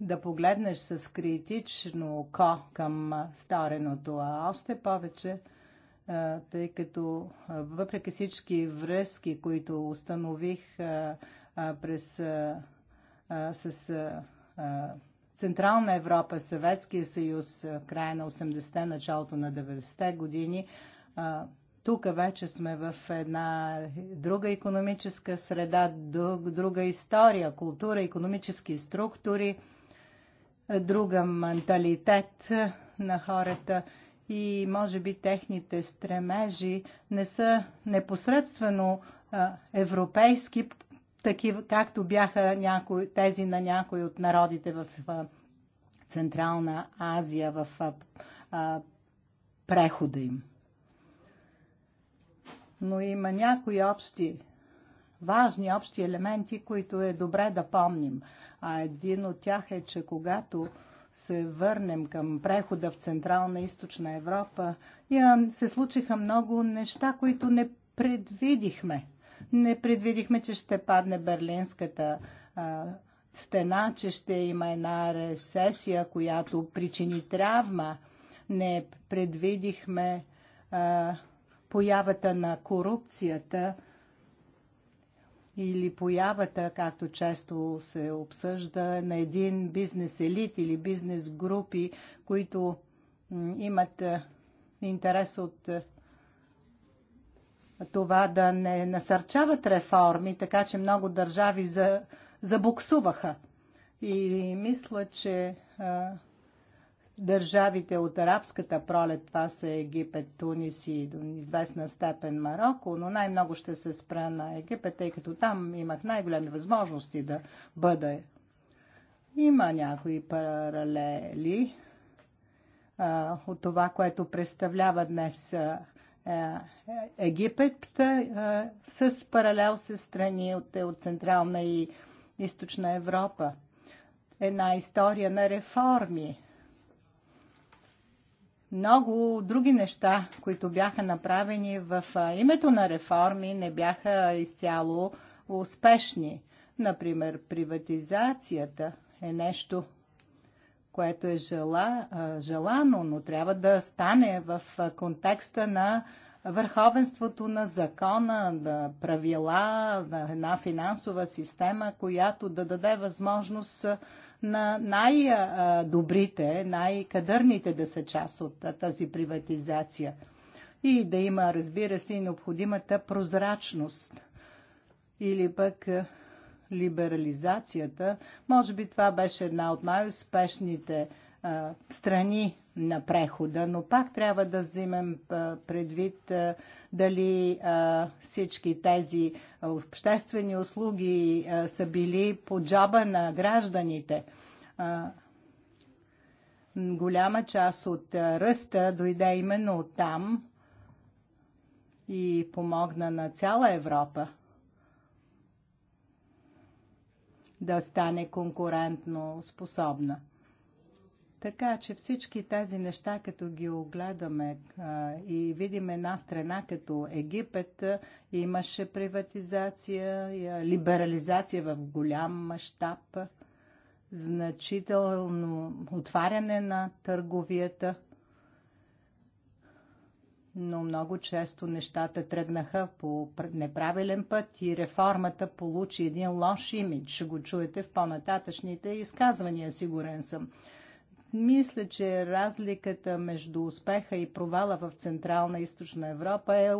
да погледнеш с критично око към стареното, а още повече – тъй като въпреки всички връзки, които установих през, с Централна Европа, Съветския съюз, края на 80-те, началото на 90-те години, тук вече сме в една друга економическа среда, друга история, култура, економически структури, друга менталитет на хората – и може би техните стремежи не са непосредствено европейски, такива, както бяха някои, тези на някои от народите в Централна Азия в а, прехода им. Но има някои общи, важни общи елементи, които е добре да помним. А един от тях е, че когато се върнем към прехода в Централна и Източна Европа, я се случиха много неща, които не предвидихме. Не предвидихме, че ще падне Берлинската а, стена, че ще има една ресесия, която причини травма. Не предвидихме а, появата на корупцията – или появата, както често се обсъжда, на един бизнес елит или бизнес групи, които имат е, интерес от е, това да не насърчават реформи, така че много държави забуксуваха. И мисля, че е, държавите от арабската пролет, това са Египет, Тунис и до известна степен Марокко, но най-много ще се спра на Египет, тъй като там имах най-големи възможности да бъда. Има някои паралели а, от това, което представлява днес а, е, Египет а, с паралел с страни от, от Централна и Източна Европа. Една история на реформи, много други неща, които бяха направени в името на реформи, не бяха изцяло успешни. Например, приватизацията е нещо, което е жела, желано, но трябва да стане в контекста на върховенството на закона, на правила, на една финансова система, която да даде възможност на най-добрите, най-кадърните да са част от тази приватизация и да има, разбира се, и необходимата прозрачност или пък е, либерализацията. Може би това беше една от най-успешните страни на прехода, но пак трябва да вземем предвид дали всички тези обществени услуги са били по джаба на гражданите. Голяма част от ръста дойде именно от там и помогна на цяла Европа да стане конкурентно способна. Така че всички тези неща, като ги огледаме а, и видим една страна като Египет, имаше приватизация, либерализация в голям мащаб, значително отваряне на търговията, но много често нещата тръгнаха по неправилен път и реформата получи един лош имидж. Ще го чуете в по-нататъчните изказвания, сигурен съм. Мисля, че разликата между успеха и провала в Централна и Източна Европа е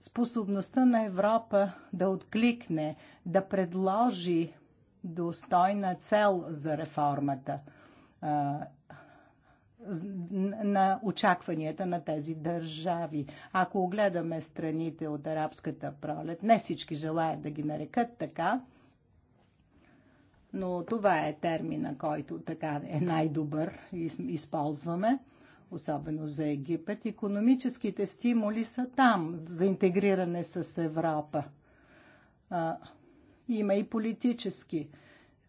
способността на Европа да откликне, да предложи достойна цел за реформата на очакванията на тези държави. Ако огледаме страните от арабската пролет, не всички желаят да ги нарекат така, но това е термина, който така е най-добър, използваме, особено за Египет. Економическите стимули са там, за интегриране с Европа. А, има и политически.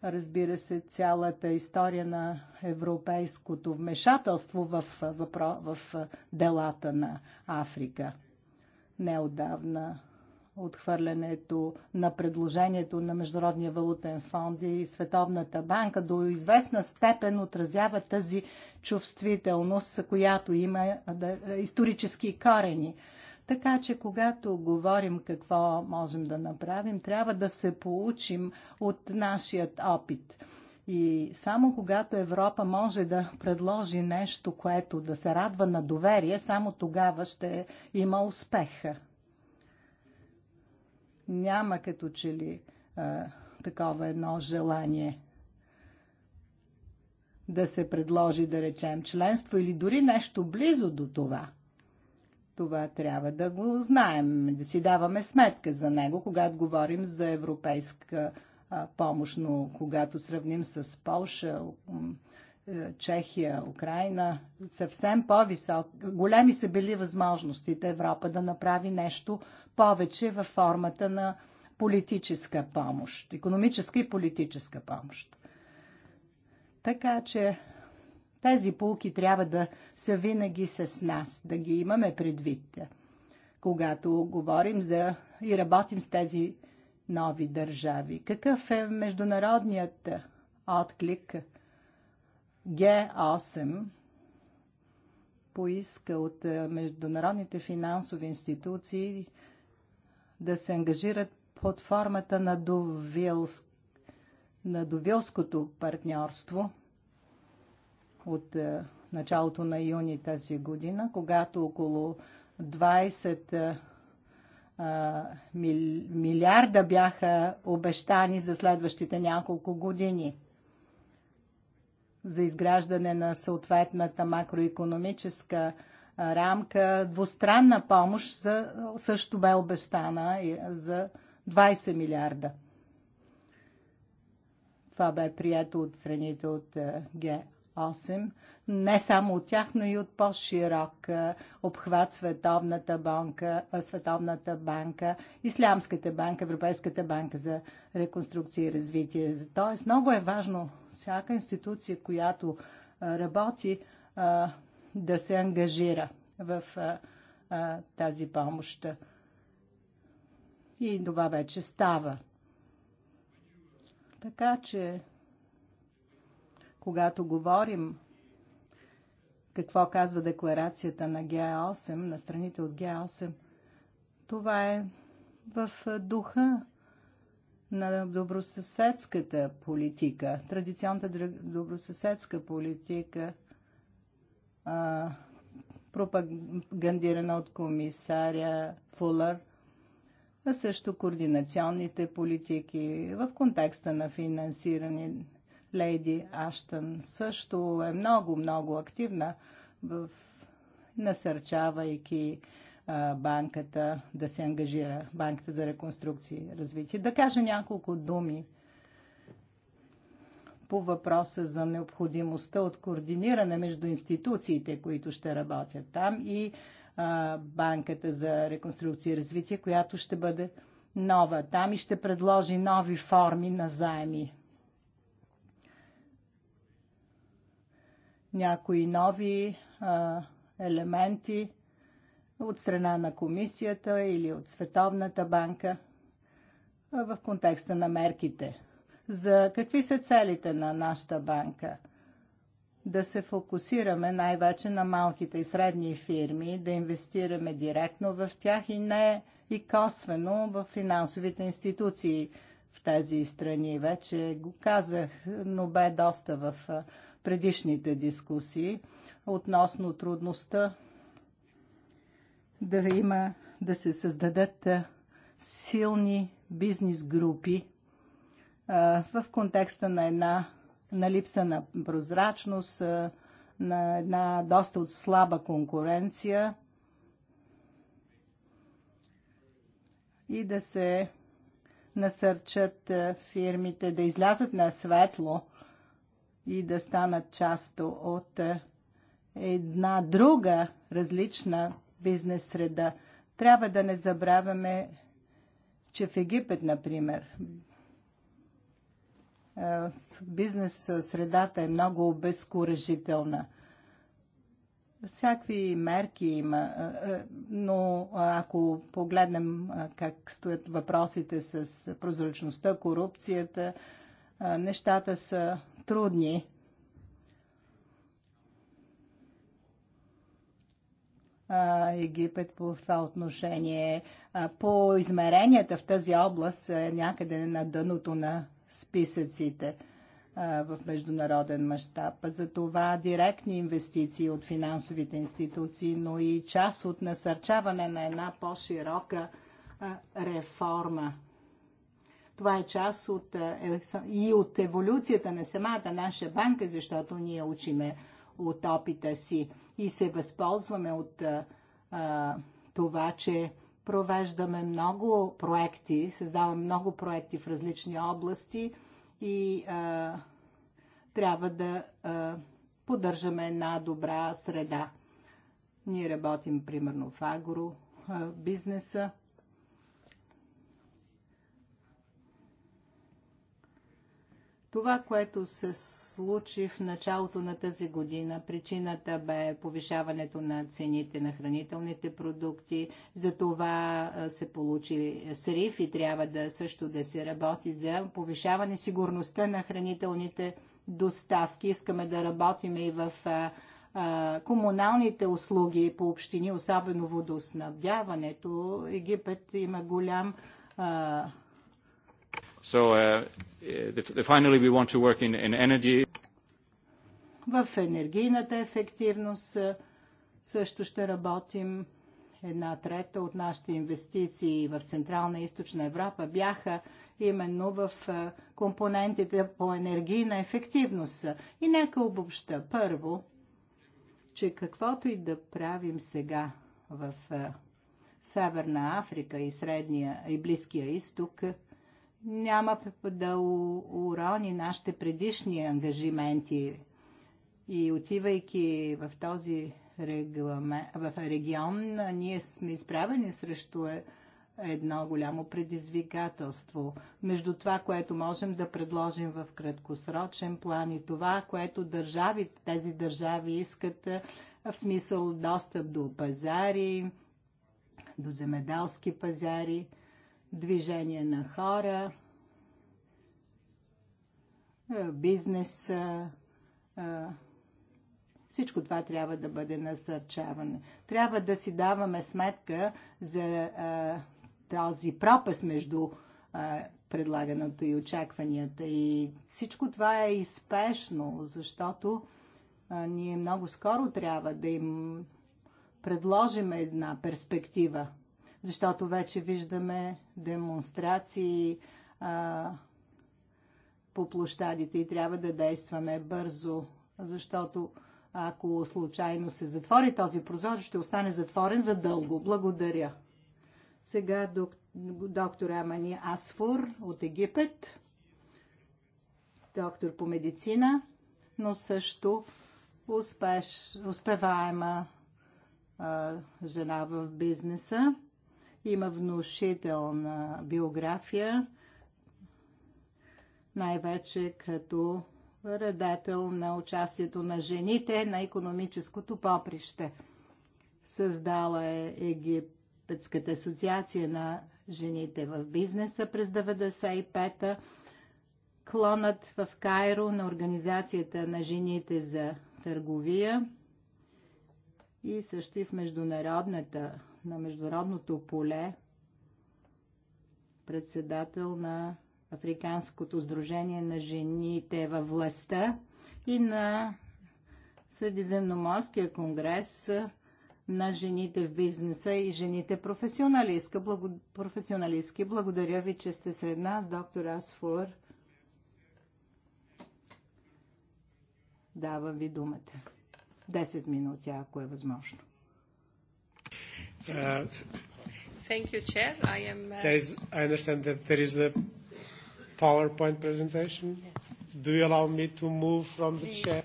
Разбира се, цялата история на европейското вмешателство в, в, в делата на Африка. Неодавна отхвърлянето на предложението на Международния валутен фонд и Световната банка до известна степен отразява тази чувствителност, която има исторически корени. Така че, когато говорим какво можем да направим, трябва да се получим от нашият опит. И само когато Европа може да предложи нещо, което да се радва на доверие, само тогава ще има успеха няма като че ли а, такова едно желание да се предложи, да речем, членство или дори нещо близо до това. Това трябва да го знаем, да си даваме сметка за него, когато говорим за европейска а, помощ, но когато сравним с Полша, е, Чехия, Украина, съвсем по-висок. Големи са били възможностите Европа да направи нещо повече във формата на политическа помощ, економическа и политическа помощ. Така че тези полки трябва да са винаги с нас, да ги имаме предвид, когато говорим за и работим с тези нови държави. Какъв е международният отклик – г8 поиска от международните финансови институции да се ангажират под формата на, довилск, на довилското партньорство от началото на юни тази година, когато около 20 милиарда бяха обещани за следващите няколко години за изграждане на съответната макроекономическа рамка. Двустранна помощ за, също бе обещана за 20 милиарда. Това бе прието от страните от Г8. 8, не само от тях, но и от по-широк обхват Световната банка, Световната банка, Ислямската банка, Европейската банка за реконструкция и развитие. Тоест много е важно всяка институция, която работи, да се ангажира в тази помощ. И това вече става. Така че когато говорим какво казва декларацията на Г8, на страните от Г8, това е в духа на добросъседската политика, традиционната добросъседска политика, а, пропагандирана от комисаря Фулър, а също координационните политики в контекста на финансиране Лейди Аштън също е много-много активна в насърчавайки банката да се ангажира, банката за реконструкция и развитие. Да кажа няколко думи по въпроса за необходимостта от координиране между институциите, които ще работят там и а, банката за реконструкция и развитие, която ще бъде нова там и ще предложи нови форми на заеми. някои нови а, елементи от страна на комисията или от Световната банка а, в контекста на мерките. За какви са целите на нашата банка? Да се фокусираме най-вече на малките и средни фирми, да инвестираме директно в тях и не и косвено в финансовите институции в тези страни. Вече го казах, но бе доста в предишните дискусии относно трудността да има, да се създадат силни бизнес групи в контекста на една на липса на прозрачност, на една доста от слаба конкуренция и да се насърчат фирмите да излязат на светло и да станат част от е, една друга различна бизнес среда. Трябва да не забравяме, че в Египет, например, е, бизнес средата е много обезкуражителна. Всякакви мерки има, е, но ако погледнем как стоят въпросите с прозрачността, корупцията, нещата са трудни. Египет по това отношение. По измеренията в тази област е някъде на дъното на списъците в международен мащаб. За това директни инвестиции от финансовите институции, но и част от насърчаване на една по-широка реформа това е част от, е, и от еволюцията на самата наша банка, защото ние учиме от опита си и се възползваме от а, е, е, това, че провеждаме много проекти, създаваме много проекти в различни области и а, трябва да а, поддържаме една добра среда. Ние работим примерно в агро а, бизнеса Това, което се случи в началото на тази година, причината бе повишаването на цените на хранителните продукти. За това се получи срив и трябва да също да се работи за повишаване сигурността на хранителните доставки. Искаме да работим и в комуналните услуги по общини, особено водоснабдяването. Египет има голям Uh, finally we want to work in energy. В енергийната ефективност е, също ще работим. Една трета от нашите инвестиции в Централна и Източна Европа бяха именно в е, компонентите по енергийна ефективност. И нека обобща. Първо, че каквото и да правим сега в е, Северна Африка и Средния и Близкия изток – няма да урони нашите предишни ангажименти. И отивайки в този регламент, в регион, ние сме изправени срещу е, едно голямо предизвикателство между това, което можем да предложим в краткосрочен план и това, което държави, тези държави искат е, в смисъл достъп до пазари, до земеделски пазари – движение на хора, бизнес. Всичко това трябва да бъде насърчаване. Трябва да си даваме сметка за този пропаст между предлаганото и очакванията. И всичко това е изпешно, защото ние много скоро трябва да им предложим една перспектива – защото вече виждаме демонстрации а, по площадите и трябва да действаме бързо, защото ако случайно се затвори този прозор, ще остане затворен задълго. Благодаря. Сега док, доктор Амани Асфур от Египет, доктор по медицина, но също успеш, успеваема а, жена в бизнеса. Има внушителна биография, най-вече като редател на участието на жените на економическото поприще. Създала е Египетската асоциация на жените в бизнеса през 1995-та, клонът в Кайро на Организацията на жените за търговия и също и в Международната на международното поле, председател на Африканското сдружение на жените във властта и на Средиземноморския конгрес на жените в бизнеса и жените професионалистки. Благодаря ви, че сте сред нас, доктор Асфор. Давам ви думата. 10 минути, ако е възможно. Thank you, Chair. I am. There is. I understand that there is a PowerPoint presentation. Yes. Do you allow me to move from the chair?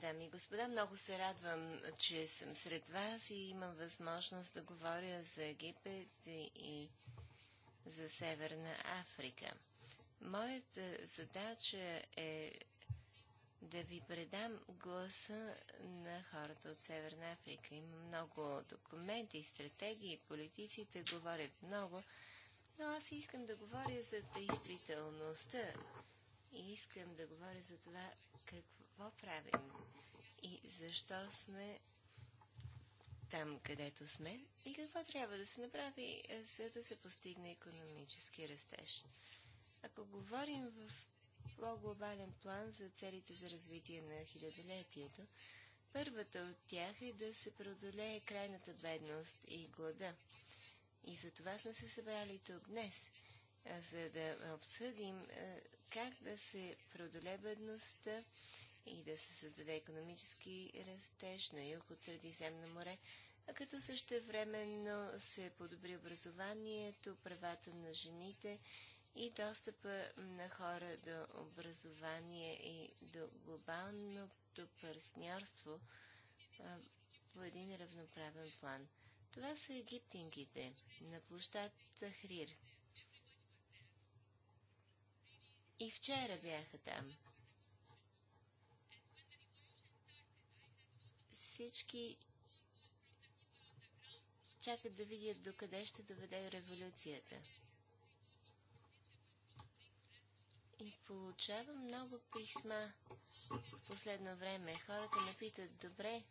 дами и господа, много се радвам, че съм сред вас и имам възможност да говоря за Египет и за Северна Африка. Моята задача е да ви предам гласа на хората от Северна Африка. Има много документи, стратегии, политиците говорят много, но аз искам да говоря за действителността и искам да говоря за това какво правим и защо сме там, където сме и какво трябва да се направи, е, за да се постигне економически растеж. Ако говорим в по-глобален план за целите за развитие на хилядолетието, първата от тях е да се преодолее крайната бедност и глада. И за това сме се събрали тук днес, за да обсъдим как да се преодолее бедността и да се създаде економически растеж на юг от Средиземно море, а като същевременно се подобри образованието, правата на жените и достъпа на хора до образование и до глобалното партньорство по един равноправен план. Това са египтинките на площад Тахрир. И вчера бяха там. всички чакат да видят докъде ще доведе революцията. И получавам много писма в последно време. Хората ме питат, добре,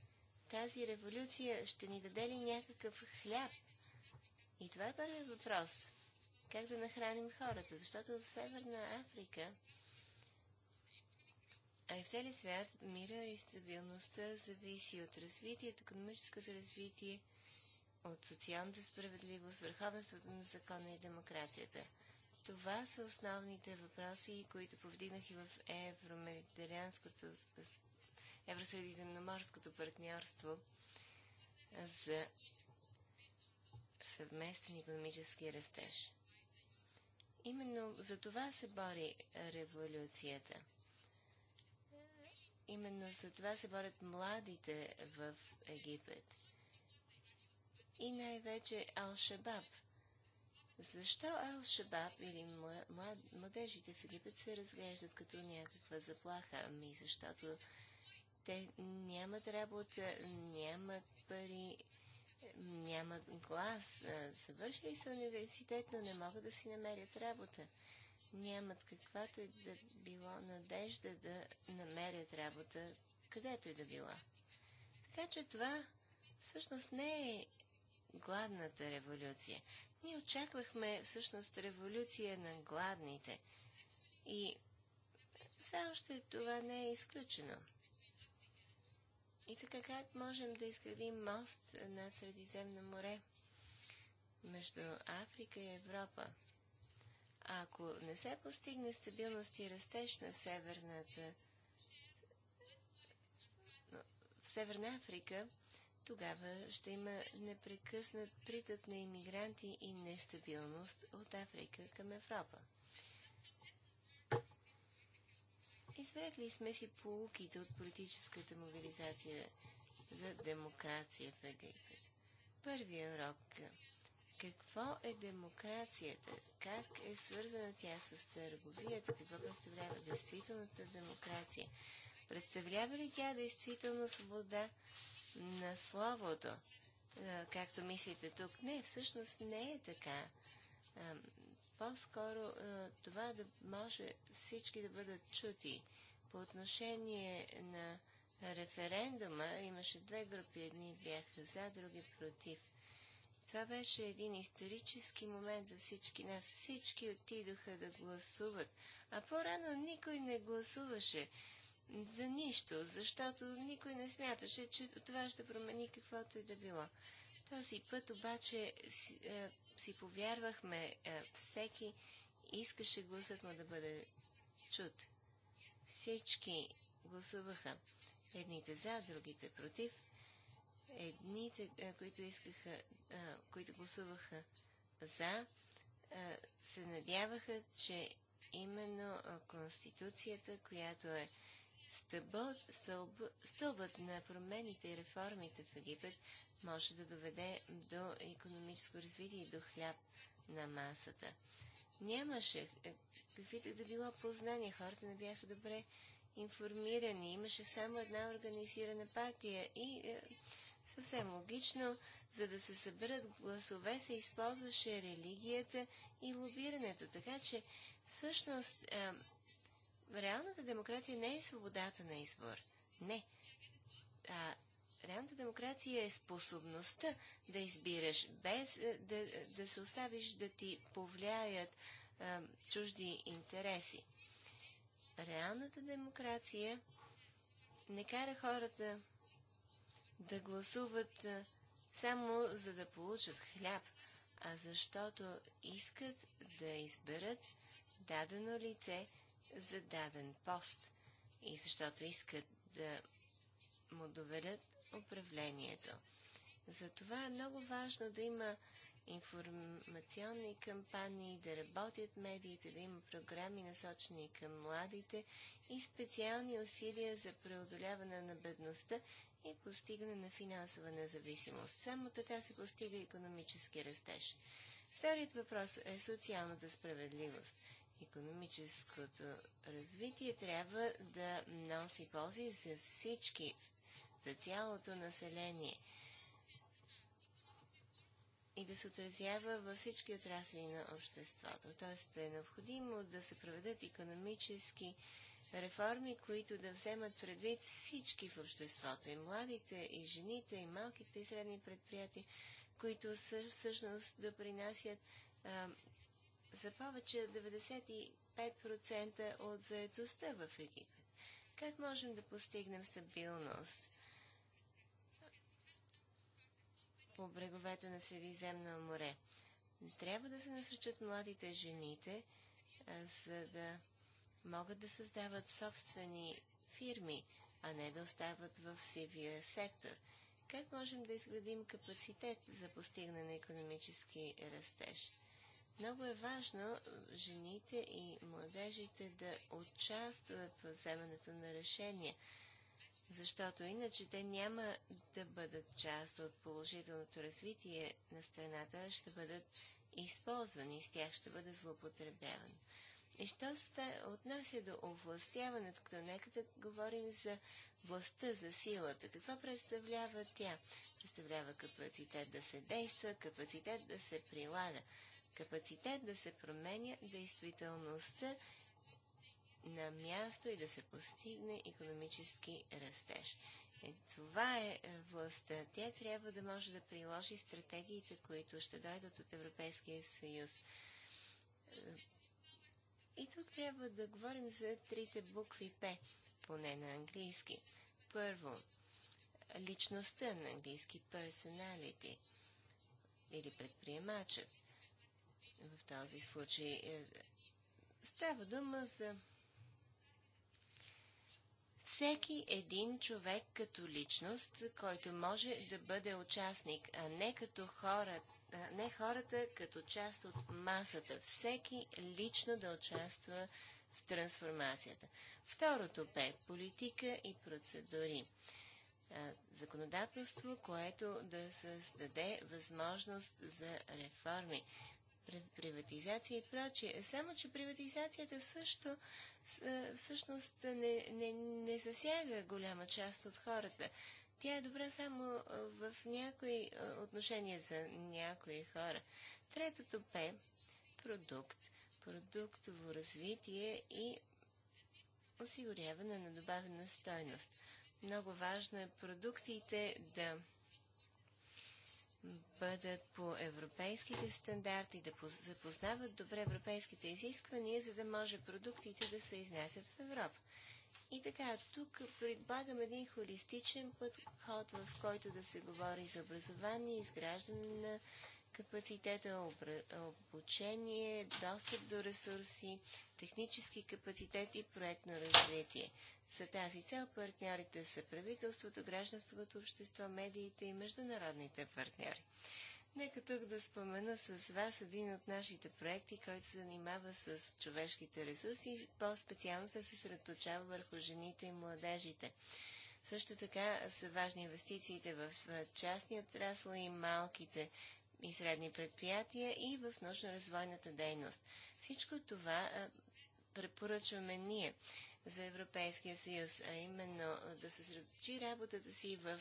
тази революция ще ни даде ли някакъв хляб? И това е първият въпрос. Как да нахраним хората? Защото в Северна Африка в целия свят мира и стабилността зависи от развитието, економическото развитие, от социалната справедливост, върховенството на закона и демокрацията. Това са основните въпроси, които повдигнах и в евромедитерианското, евросредиземноморското партньорство за съвместен економически растеж. Именно за това се бори революцията – Именно за това се борят младите в Египет. И най-вече Ал-Шабаб. Защо Ал-Шабаб или млад... младежите в Египет се разглеждат като някаква заплаха? Ами защото те нямат работа, нямат пари, нямат глас, завършили са университет, но не могат да си намерят работа нямат каквато и да било надежда да намерят работа, където и да била. Така че това всъщност не е гладната революция. Ние очаквахме всъщност революция на гладните. И все още това не е изключено. И така как можем да изградим мост над Средиземно море между Африка и Европа? Ако не се постигне стабилност и растеж на Северната в Северна Африка, тогава ще има непрекъснат притък на иммигранти и нестабилност от Африка към Европа. Извлекли сме си полуките от политическата мобилизация за демокрация в Египет. Първият урок какво е демокрацията? Как е свързана тя с търговията? Какво представлява действителната демокрация? Представлява ли тя действително свобода на словото? Както мислите тук, не, всъщност не е така. По-скоро това да може всички да бъдат чути. По отношение на референдума имаше две групи. Едни бяха за, други против. Това беше един исторически момент за всички нас. Всички отидоха да гласуват. А по-рано никой не гласуваше за нищо, защото никой не смяташе, че това ще промени каквото и да било. Този път обаче си, е, си повярвахме, е, всеки искаше гласът му да бъде чут. Всички гласуваха. Едните за, другите против едните, е, които искаха, е, които гласуваха за, е, се надяваха, че именно Конституцията, която е стълбът, стълбът на промените и реформите в Египет, може да доведе до економическо развитие и до хляб на масата. Нямаше каквито да било познания, хората не бяха добре информирани, имаше само една организирана партия и е, Съвсем логично, за да се съберат гласове, се използваше религията и лобирането. Така че, всъщност, а, е, реалната демокрация не е свободата на избор. Не. А, реалната демокрация е способността да избираш, без е, да, да се оставиш да ти повлияят а, е, чужди интереси. Реалната демокрация не кара хората да гласуват само за да получат хляб, а защото искат да изберат дадено лице за даден пост и защото искат да му доверят управлението. Затова е много важно да има информационни кампании, да работят медиите, да има програми насочени към младите и специални усилия за преодоляване на бедността и постигане на финансова независимост. Само така се постига економически растеж. Вторият въпрос е социалната справедливост. Економическото развитие трябва да носи ползи за всички, за цялото население и да се отразява във всички отрасли на обществото. Тоест е необходимо да се проведат економически реформи, които да вземат предвид всички в обществото, и младите, и жените, и малките и средни предприятия, които всъщност допринасят а, за повече 95% от заедостта в Египет. Как можем да постигнем стабилност по бреговете на Средиземно море? Трябва да се насръчат младите жените, а, за да могат да създават собствени фирми, а не да остават в сивия сектор. Как можем да изградим капацитет за постигане на економически растеж? Много е важно жените и младежите да участват в вземането на решения, защото иначе те няма да бъдат част от положителното развитие на страната, ще бъдат използвани и с тях ще бъде злоупотребяван. И що се отнася до овластяването, като нека да говорим за властта, за силата. Какво представлява тя? Представлява капацитет да се действа, капацитет да се прилага, капацитет да се променя действителността на място и да се постигне економически растеж. И е, това е, е властта. Тя трябва да може да приложи стратегиите, които ще дойдат от Европейския съюз. Е, и тук трябва да говорим за трите букви П, поне на английски. Първо, личността на английски personality или предприемачът. В този случай е, става дума за всеки един човек като личност, който може да бъде участник, а не като хора не хората като част от масата. Всеки лично да участва в трансформацията. Второто П – политика и процедури. Законодателство, което да създаде възможност за реформи, приватизация и прочие. Само, че приватизацията всъщо, всъщност не, не, не засяга голяма част от хората. Тя е добра само в някои отношения за някои хора. Третото П – продукт. Продуктово развитие и осигуряване на добавена стойност. Много важно е продуктите да бъдат по европейските стандарти, да запознават добре европейските изисквания, за да може продуктите да се изнасят в Европа. И така, тук предлагам един холистичен подход, в който да се говори за образование, изграждане на капацитета, обучение, достъп до ресурси, технически капацитет и проектно развитие. За тази цел партньорите са правителството, гражданското общество, медиите и международните партньори. Нека тук да спомена с вас един от нашите проекти, който се занимава с човешките ресурси и по-специално се съсредоточава върху жените и младежите. Също така са важни инвестициите в частния отрасъл и малките и средни предприятия и в научно-развойната дейност. Всичко това препоръчваме ние за Европейския съюз, а именно да съсредоточи работата си в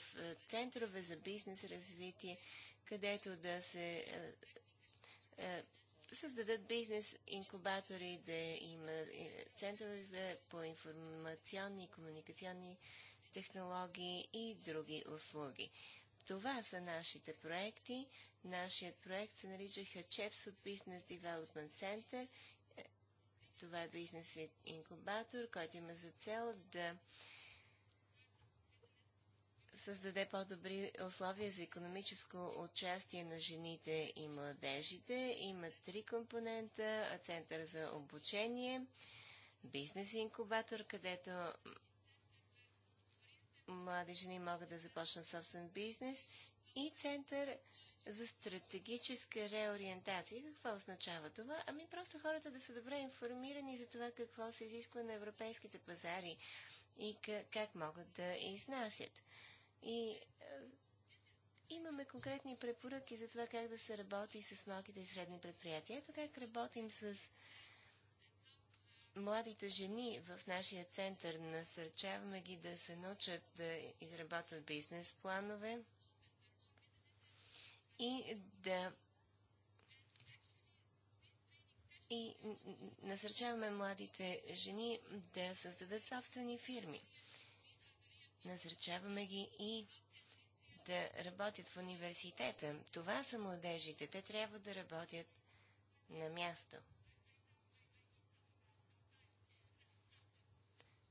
центрове за бизнес развитие, където да се създадат бизнес инкубатори, да има е, центрове по информационни и комуникационни технологии и други услуги. Това са нашите проекти. Нашият проект се нарича Hatshepsut Business Development Center това е бизнес инкубатор, който има за цел да създаде по-добри условия за економическо участие на жените и младежите. Има три компонента. Център за обучение, бизнес инкубатор, където млади жени могат да започнат собствен бизнес и център за стратегическа реориентация. Какво означава това? Ами просто хората да са добре информирани за това какво се изисква на европейските пазари и как могат да изнасят. И е, имаме конкретни препоръки за това как да се работи с малките и средни предприятия. Ето как работим с младите жени в нашия център. Насърчаваме ги да се научат да изработват бизнес планове, и да и насърчаваме младите жени да създадат собствени фирми. Насърчаваме ги и да работят в университета. Това са младежите. Те трябва да работят на място.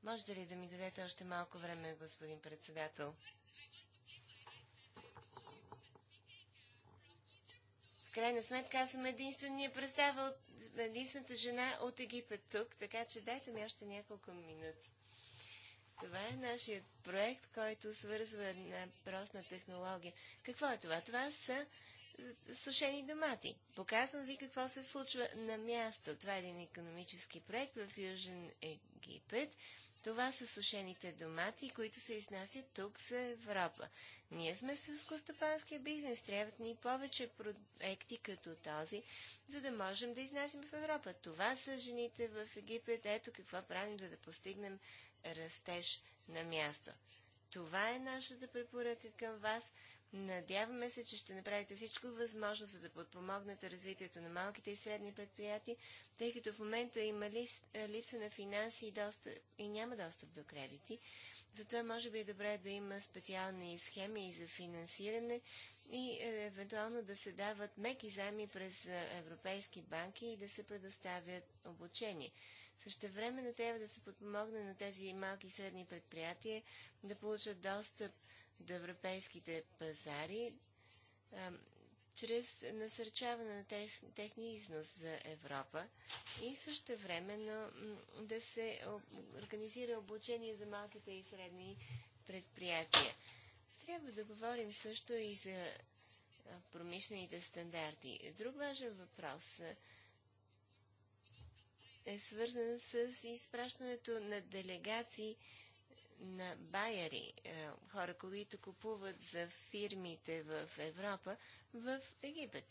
Може ли да ми дадете още малко време, господин председател? крайна сметка аз съм единствения представа от единствената жена от Египет тук, така че дайте ми още няколко минути. Това е нашият проект, който свързва една простна технология. Какво е това? Това са сушени домати. Показвам ви какво се случва на място. Това е един економически проект в Южен Египет. Това са сушените домати, които се изнасят тук за Европа. Ние сме с костопанския бизнес. Трябват ни повече проекти като този, за да можем да изнасяме в Европа. Това са жените в Египет. Ето какво правим, за да постигнем растеж на място. Това е нашата препоръка към вас. Надяваме се, че ще направите всичко възможно, за да подпомогнете развитието на малките и средни предприятия, тъй като в момента има е, липса на финанси и, доста, и няма достъп до кредити. Затова може би е добре да има специални схеми за финансиране и е, евентуално да се дават меки заеми през е, европейски банки и да се предоставят обучение. Същевременно трябва да се подпомогне на тези малки и средни предприятия да получат достъп до европейските пазари а, чрез насърчаване на тех, техния износ за Европа и също времено да се организира обучение за малките и средни предприятия. Трябва да говорим също и за промишлените стандарти. Друг важен въпрос е свързан с изпращането на делегации на байери, е, хора, които купуват за фирмите в Европа, в Египет.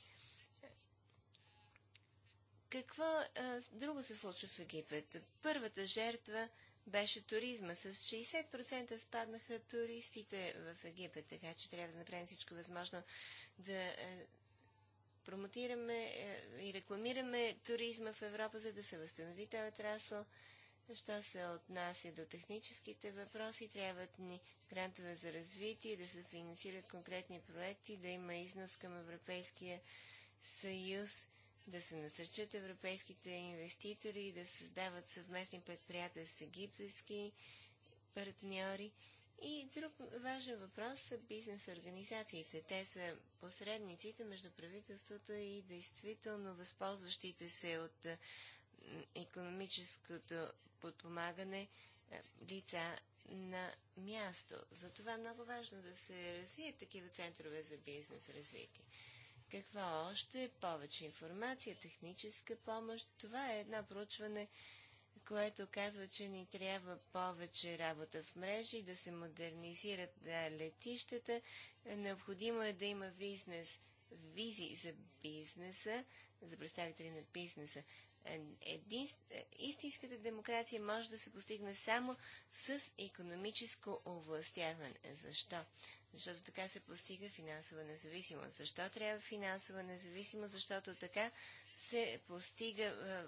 Какво а, е, друго се случва в Египет? Първата жертва беше туризма. С 60% спаднаха туристите в Египет, така че трябва да направим всичко възможно да а, е, промотираме а, и рекламираме туризма в Европа, за да се възстанови този отрасъл Що се отнася до техническите въпроси, трябват ни грантове за развитие, да се финансират конкретни проекти, да има износ към Европейския съюз, да се насърчат европейските инвеститори, да създават съвместни предприятия с египетски партньори. И друг важен въпрос са бизнес организациите. Те са посредниците между правителството и действително възползващите се от економическото подпомагане е, лица на място. Затова е много важно да се развият такива центрове за бизнес развитие. Какво още? Повече информация, техническа помощ. Това е едно проучване, което казва, че ни трябва повече работа в мрежи, да се модернизират да, летищата. Необходимо е да има бизнес, визи за бизнеса, за представители на бизнеса един, истинската демокрация може да се постигне само с економическо овластяване. Защо? Защото така се постига финансова независимост. Защо трябва финансова независимост? Защото така се постига е,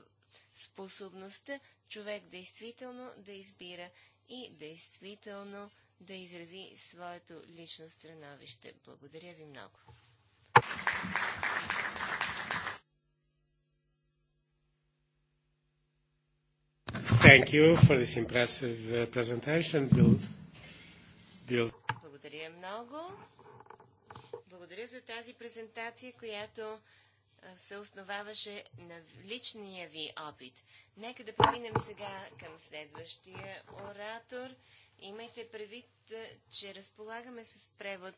способността човек действително да избира и действително да изрази своето лично становище. Благодаря ви много. Thank you for this impressive uh, presentation. Bill. Bill. Благодаря много. Благодаря за тази презентация, която се основаваше на личния ви опит. Нека да преминем сега към следващия оратор. Имайте предвид, че разполагаме с превод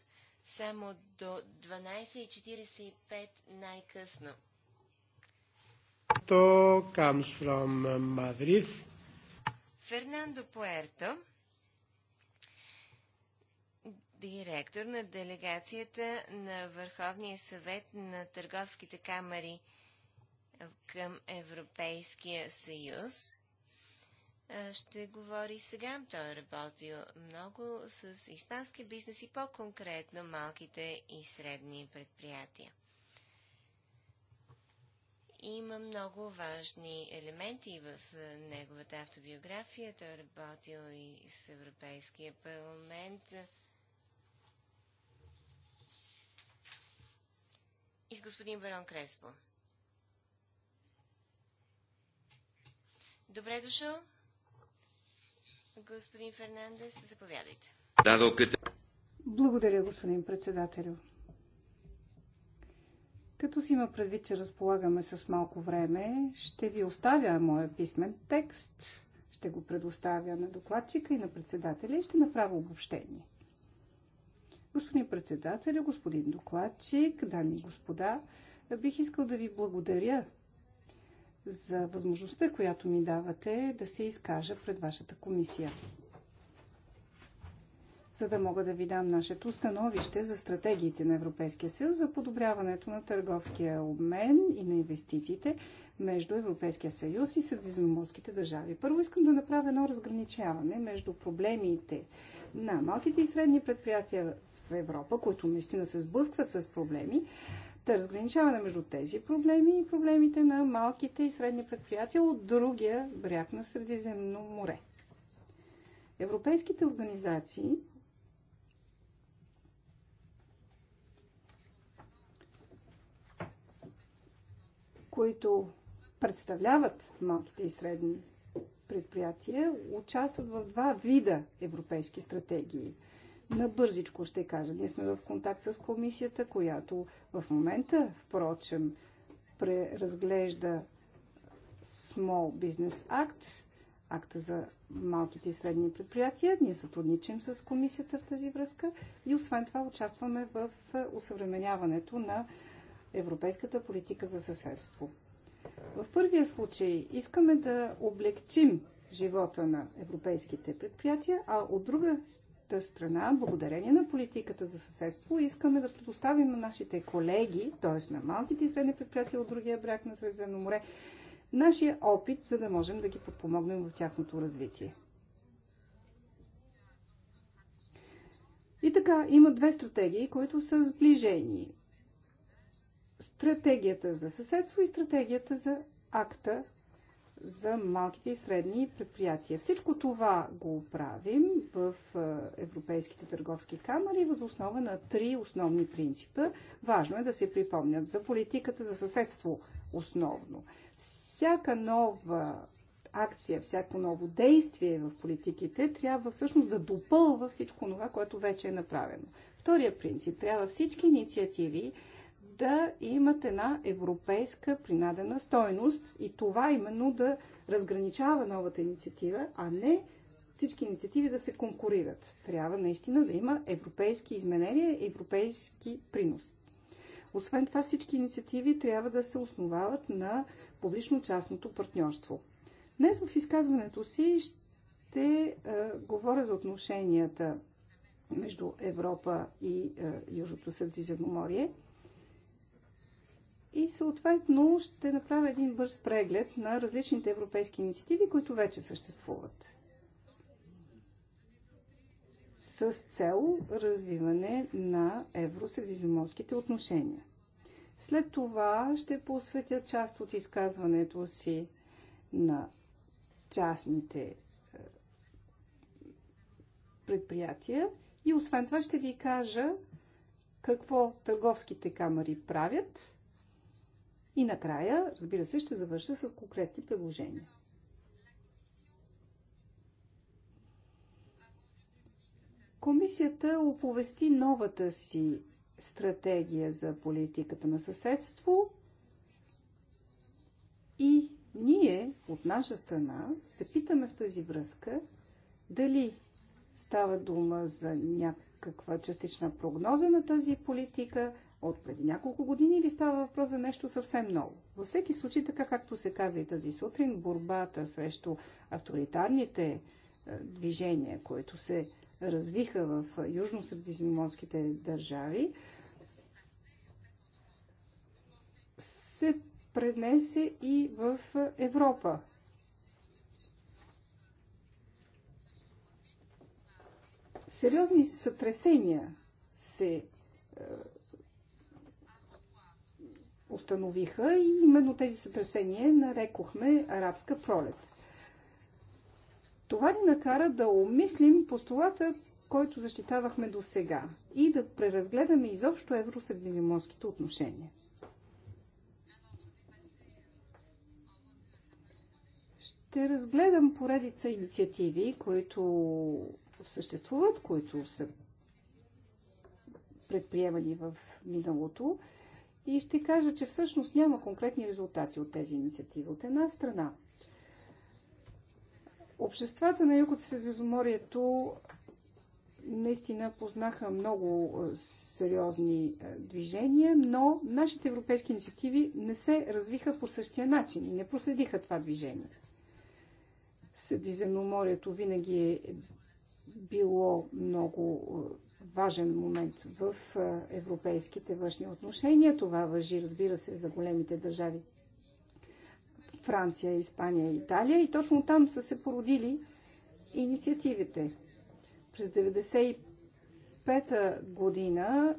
само до 12.45 най-късно. comes from uh, Madrid Фернандо Пуерто, директор на делегацията на Върховния съвет на търговските камери към Европейския съюз. Ще говори сега. Той е работил много с испански бизнес и по-конкретно малките и средни предприятия. Има много важни елементи в е, неговата автобиография. Той е работил и с Европейския парламент. И с господин Барон Креспо. Добре дошъл. Господин Фернандес, заповядайте. Благодаря, господин председател. Като си има предвид, че разполагаме с малко време, ще ви оставя моя писмен текст, ще го предоставя на докладчика и на председателя и ще направя обобщение. Господин председател, господин докладчик, дами и господа, бих искал да ви благодаря за възможността, която ми давате да се изкажа пред вашата комисия за да мога да ви дам нашето становище за стратегиите на Европейския съюз за подобряването на търговския обмен и на инвестициите между Европейския съюз и средиземноморските държави. Първо искам да направя едно разграничаване между проблемите на малките и средни предприятия в Европа, които наистина се сблъскват с проблеми, да разграничаване между тези проблеми и проблемите на малките и средни предприятия от другия бряг на Средиземно море. Европейските организации които представляват малките и средни предприятия, участват в два вида европейски стратегии. На бързичко ще кажа. Ние сме в контакт с комисията, която в момента, впрочем, преразглежда Small Business Act, акта за малките и средни предприятия. Ние сътрудничим с комисията в тази връзка и освен това участваме в усъвременяването на европейската политика за съседство. В първия случай искаме да облегчим живота на европейските предприятия, а от другата страна, благодарение на политиката за съседство, искаме да предоставим на нашите колеги, т.е. на малките и средни предприятия от другия бряг на Средиземно море, нашия опит, за да можем да ги подпомогнем в тяхното развитие. И така, има две стратегии, които са сближени стратегията за съседство и стратегията за акта за малките и средни предприятия. Всичко това го правим в европейските търговски камери въз основа на три основни принципа. Важно е да се припомнят за политиката за съседство основно. Всяка нова акция, всяко ново действие в политиките трябва всъщност да допълва всичко това, което вече е направено. Втория принцип трябва всички инициативи да имат една европейска принадена стойност и това именно да разграничава новата инициатива, а не всички инициативи да се конкурират. Трябва наистина да има европейски изменения, европейски принос. Освен това, всички инициативи трябва да се основават на публично-частното партньорство. Днес в изказването си ще е, говоря за отношенията между Европа и е, Южното Средиземноморие – и съответно ще направя един бърз преглед на различните европейски инициативи, които вече съществуват. С цел развиване на евросредиземноморските отношения. След това ще посветя част от изказването си на частните е, предприятия и освен това ще ви кажа какво търговските камери правят и накрая, разбира се, ще завърша с конкретни предложения. Комисията оповести новата си стратегия за политиката на съседство и ние от наша страна се питаме в тази връзка дали става дума за някаква частична прогноза на тази политика, от преди няколко години или става въпрос за нещо съвсем ново? Във всеки случай, така както се каза и тази сутрин, борбата срещу авторитарните е, движения, които се развиха в южно-средиземноморските държави, се пренесе и в Европа. Сериозни сътресения се е, установиха и именно тези сътресения нарекохме арабска пролет. Това ни накара да умислим постулата, който защитавахме до сега и да преразгледаме изобщо евросредиземноморските отношения. Ще разгледам поредица инициативи, които съществуват, които са предприемани в миналото и ще кажа, че всъщност няма конкретни резултати от тези инициативи. От една страна, обществата на от Средиземноморието наистина познаха много е, сериозни е, движения, но нашите европейски инициативи не се развиха по същия начин и не проследиха това движение. Средиземноморието винаги е било много е, важен момент в европейските външни отношения. Това въжи, разбира се, за големите държави Франция, Испания и Италия. И точно там са се породили инициативите. През 1995 година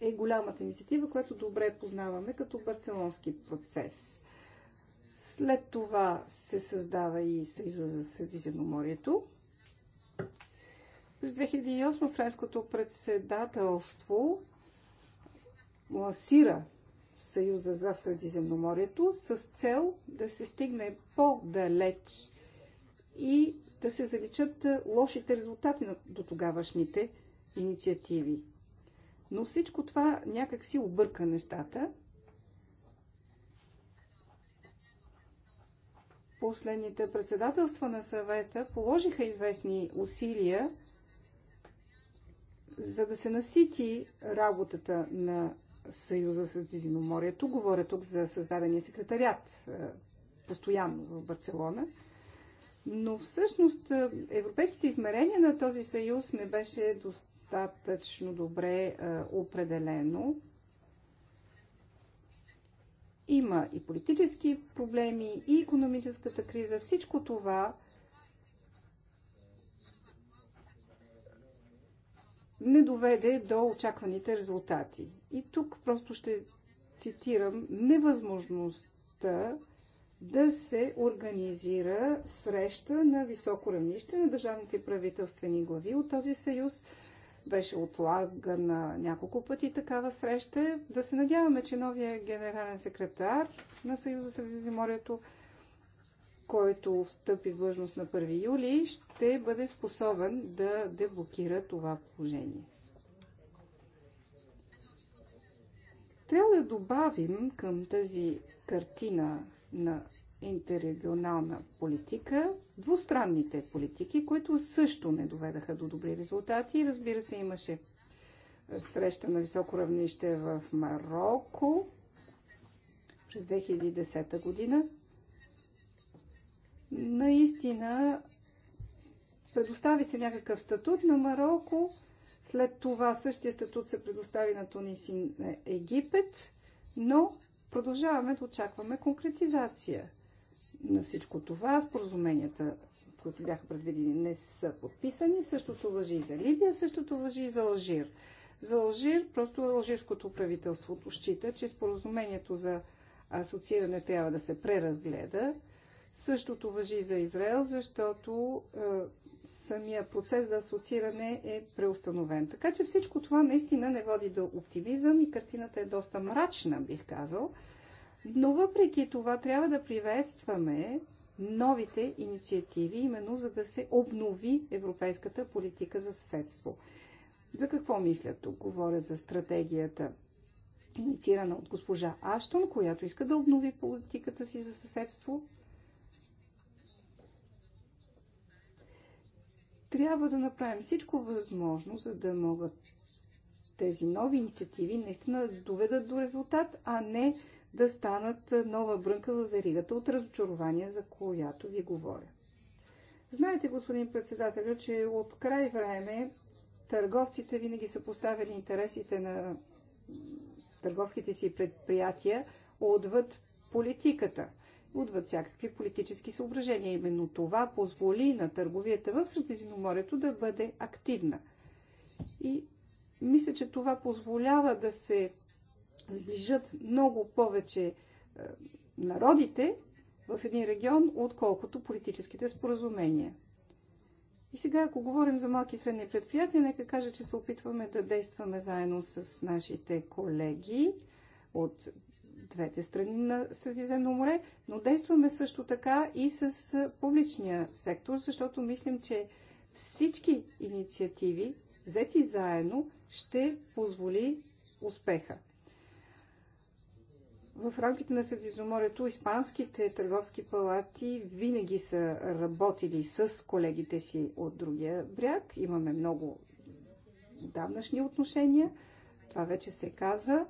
е голямата инициатива, която добре познаваме като Барселонски процес. След това се създава и Съюза за Средиземноморието. През 2008 френското председателство лансира Съюза за Средиземноморието с цел да се стигне по-далеч и да се заличат лошите резултати на до тогавашните инициативи. Но всичко това някак си обърка нещата. Последните председателства на съвета положиха известни усилия за да се насити работата на Съюза Средиземноморието. Говоря тук за създадения секретарят е, постоянно в Барселона. Но всъщност е, европейските измерения на този съюз не беше достатъчно добре е, определено. Има и политически проблеми, и економическата криза. Всичко това не доведе до очакваните резултати. И тук просто ще цитирам невъзможността да се организира среща на високо равнище на държавните правителствени глави от този съюз. Беше отлагана няколко пъти такава среща. Да се надяваме, че новия генерален секретар на Съюза Средиземорието морето който встъпи в длъжност на 1 юли, ще бъде способен да деблокира това положение. Трябва да добавим към тази картина на интеррегионална политика двустранните политики, които също не доведаха до добри резултати. Разбира се, имаше среща на високо равнище в Марокко през 2010 година наистина предостави се някакъв статут на Марокко, след това същия статут се предостави на Тунис и на Египет, но продължаваме да очакваме конкретизация на всичко това. Споразуменията, които бяха предвидени, не са подписани. Същото въжи и за Либия, същото въжи и за Алжир. За Алжир, просто алжирското правителство счита, че споразумението за асоцииране трябва да се преразгледа Същото въжи за Израел, защото е, самия процес за асоцииране е преустановен. Така че всичко това наистина не води до оптимизъм и картината е доста мрачна, бих казал. Но въпреки това трябва да приветстваме новите инициативи, именно за да се обнови европейската политика за съседство. За какво мисля тук? Говоря за стратегията, инициирана от госпожа Аштон, която иска да обнови политиката си за съседство Трябва да направим всичко възможно, за да могат тези нови инициативи наистина да доведат до резултат, а не да станат нова брънка в веригата от разочарование, за която ви говоря. Знаете, господин председател, че от край време търговците винаги са поставили интересите на търговските си предприятия отвъд политиката – отвъд всякакви политически съображения. Именно това позволи на търговията в Средиземноморието да бъде активна. И мисля, че това позволява да се сближат много повече е, народите в един регион, отколкото политическите споразумения. И сега, ако говорим за малки и средни предприятия, нека кажа, че се опитваме да действаме заедно с нашите колеги от двете страни на Средиземно море, но действаме също така и с публичния сектор, защото мислим, че всички инициативи, взети заедно, ще позволи успеха. В рамките на Средиземноморето испанските търговски палати винаги са работили с колегите си от другия бряг. Имаме много давнашни отношения. Това вече се каза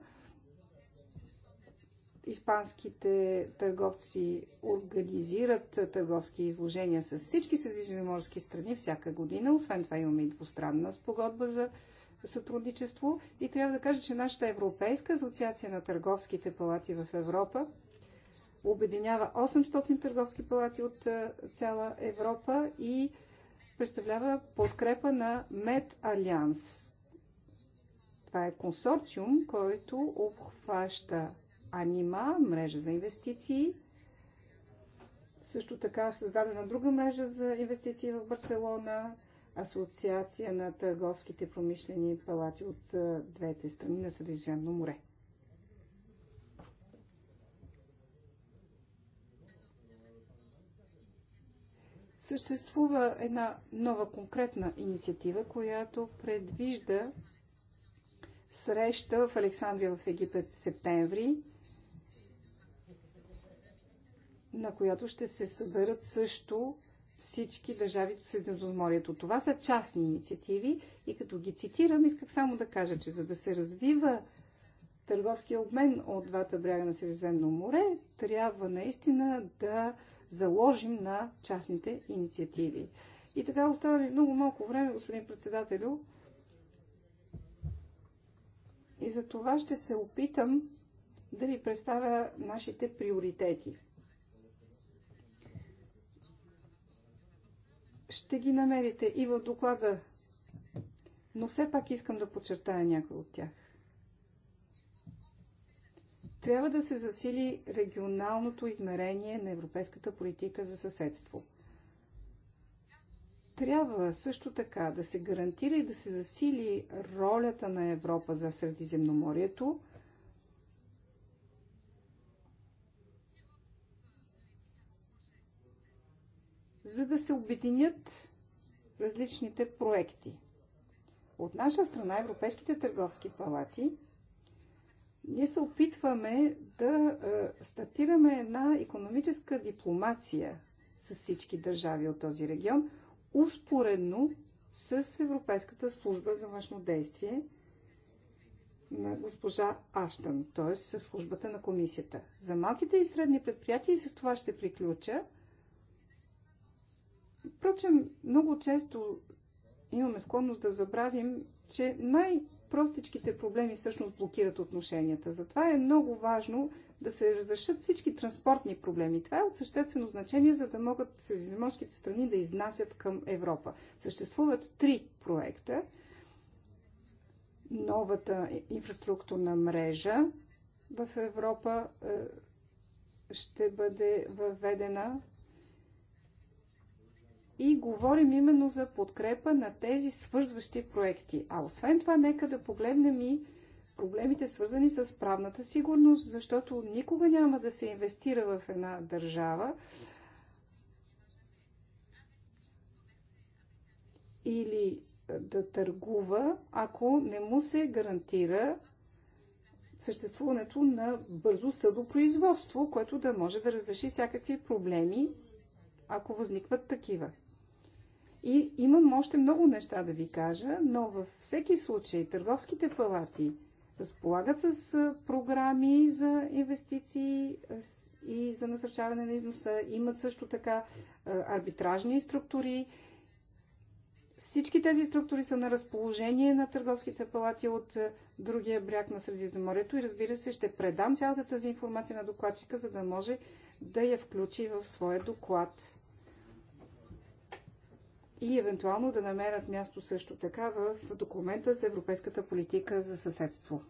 испанските търговци организират търговски изложения с всички средиземноморски страни всяка година. Освен това имаме и двустранна спогодба за сътрудничество. И трябва да кажа, че нашата Европейска асоциация на търговските палати в Европа обединява 800 търговски палати от е, цяла Европа и представлява подкрепа на Мед Алианс. Това е консорциум, който обхваща Анима, мрежа за инвестиции. Също така създадена друга мрежа за инвестиции в Барселона, Асоциация на търговските промишлени палати от двете страни на Средиземно море. Съществува една нова конкретна инициатива, която предвижда среща в Александрия в Египет в септември на която ще се съберат също всички държави от Средиземноморието. Това са частни инициативи и като ги цитирам, исках само да кажа, че за да се развива търговския обмен от двата бряга на Средиземно море, трябва наистина да заложим на частните инициативи. И така остава ми много малко време, господин председателю. И за това ще се опитам да ви представя нашите приоритети – ще ги намерите и в доклада, но все пак искам да подчертая някои от тях. Трябва да се засили регионалното измерение на европейската политика за съседство. Трябва също така да се гарантира и да се засили ролята на Европа за Средиземноморието – за да се обединят различните проекти. От наша страна, Европейските търговски палати, ние се опитваме да е, стартираме една економическа дипломация с всички държави от този регион, успоредно с Европейската служба за външно действие на госпожа Аштън, т.е. с службата на комисията. За малките и средни предприятия и с това ще приключа – Впрочем, много често имаме склонност да забравим, че най-простичките проблеми всъщност блокират отношенията. Затова е много важно да се разрешат всички транспортни проблеми. Това е от съществено значение, за да могат средиземноморските страни да изнасят към Европа. Съществуват три проекта. Новата инфраструктурна мрежа в Европа е, ще бъде въведена и говорим именно за подкрепа на тези свързващи проекти. А освен това, нека да погледнем и проблемите свързани с правната сигурност, защото никога няма да се инвестира в една държава или да търгува, ако не му се гарантира съществуването на бързо съдопроизводство, което да може да разреши всякакви проблеми, ако възникват такива. И имам още много неща да ви кажа, но във всеки случай търговските палати разполагат с програми за инвестиции и за насърчаване на износа, имат също така арбитражни структури. Всички тези структури са на разположение на търговските палати от другия бряг на Средиземноморието и разбира се ще предам цялата тази информация на докладчика, за да може да я включи в своя доклад и евентуално да намерят място също така в документа за европейската политика за съседство.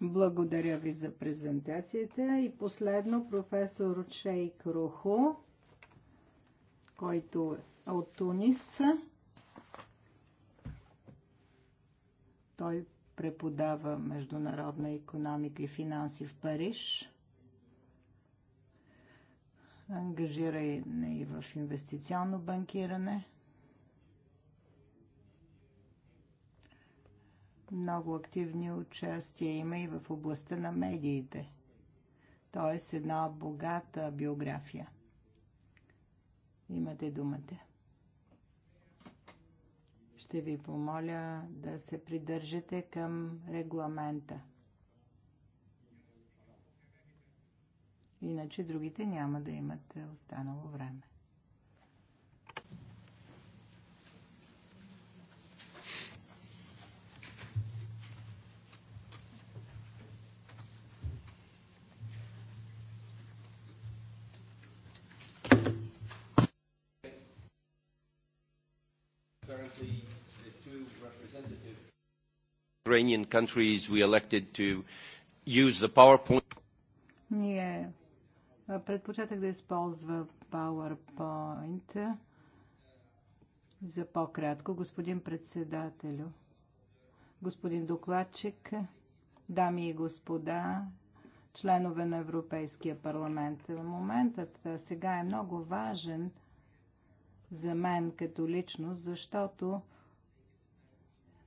Благодаря ви за презентацията и последно професор Шейк Рухо, който е от Тунис. Той преподава международна економика и финанси в Париж ангажира и в инвестиционно банкиране. Много активни участия има и в областта на медиите. Тоест една богата биография. Имате думата. Ще ви помоля да се придържате към регламента. Иначе другите няма да имат останало време. Ukrainian countries we elected to use the PowerPoint. Ние Предпочитах да използва PowerPoint за по-кратко. Господин председателю, господин докладчик, дами и господа, членове на Европейския парламент. Моментът сега е много важен за мен като личност, защото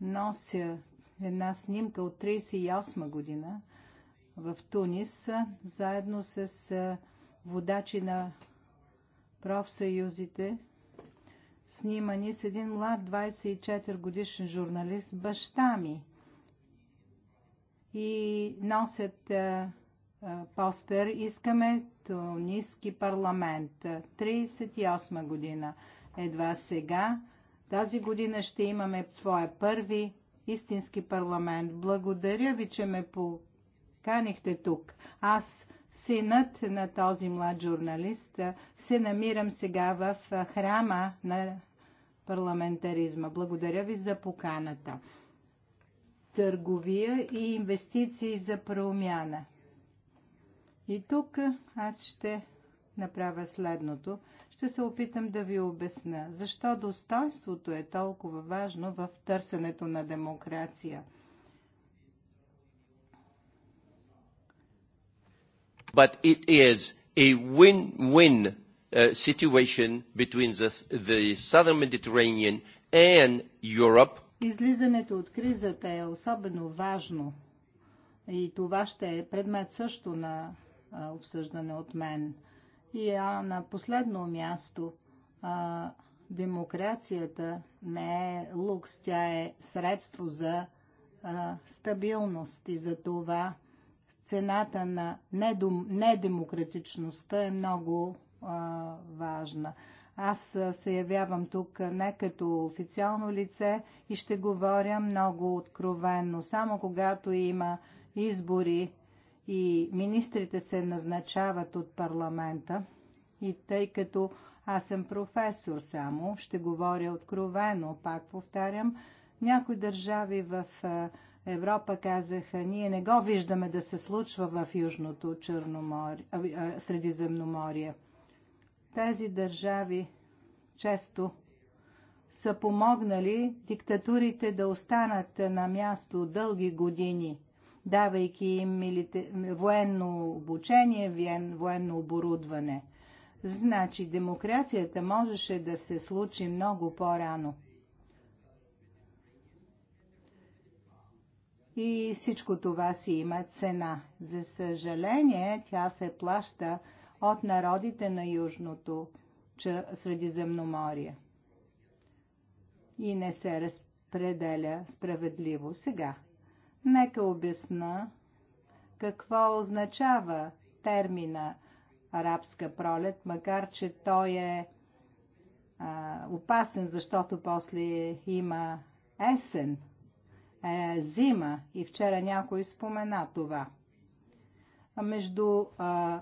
нося една снимка от 38 година в Тунис, заедно с водачи на профсъюзите, снимани с един млад 24 годишен журналист, баща ми. И носят а, а, постер Искаме Туниски парламент. 38 година. Едва сега. Тази година ще имаме своя първи истински парламент. Благодаря ви, че ме поканихте тук. Аз синът на този млад журналист, се намирам сега в храма на парламентаризма. Благодаря ви за поканата. Търговия и инвестиции за промяна. И тук аз ще направя следното. Ще се опитам да ви обясня защо достоинството е толкова важно в търсенето на демокрация – but it is a win-win uh, situation between the, the southern Mediterranean and Europe. Излизането от кризата е особено важно и това ще е предмет също на обсъждане от мен. И а, на последно място, а, демокрацията не е лукс, тя е средство за а, стабилност и за това цената на недом, недемократичността е много а, важна. Аз се явявам тук не като официално лице и ще говоря много откровенно. Само когато има избори и министрите се назначават от парламента, и тъй като аз съм професор само, ще говоря откровено, пак повтарям, някои държави в Европа казаха, ние не го виждаме да се случва в Южното Черноморие, Средиземноморие. Тези държави често са помогнали диктатурите да останат на място дълги години, давайки им милите... военно обучение, военно оборудване. Значи демокрацията можеше да се случи много по-рано. и всичко това си има цена. За съжаление, тя се плаща от народите на Южното Средиземноморие и не се разпределя справедливо. Сега, нека обясна какво означава термина арабска пролет, макар че той е а, опасен, защото после има есен – е зима и вчера някой спомена това. Между а,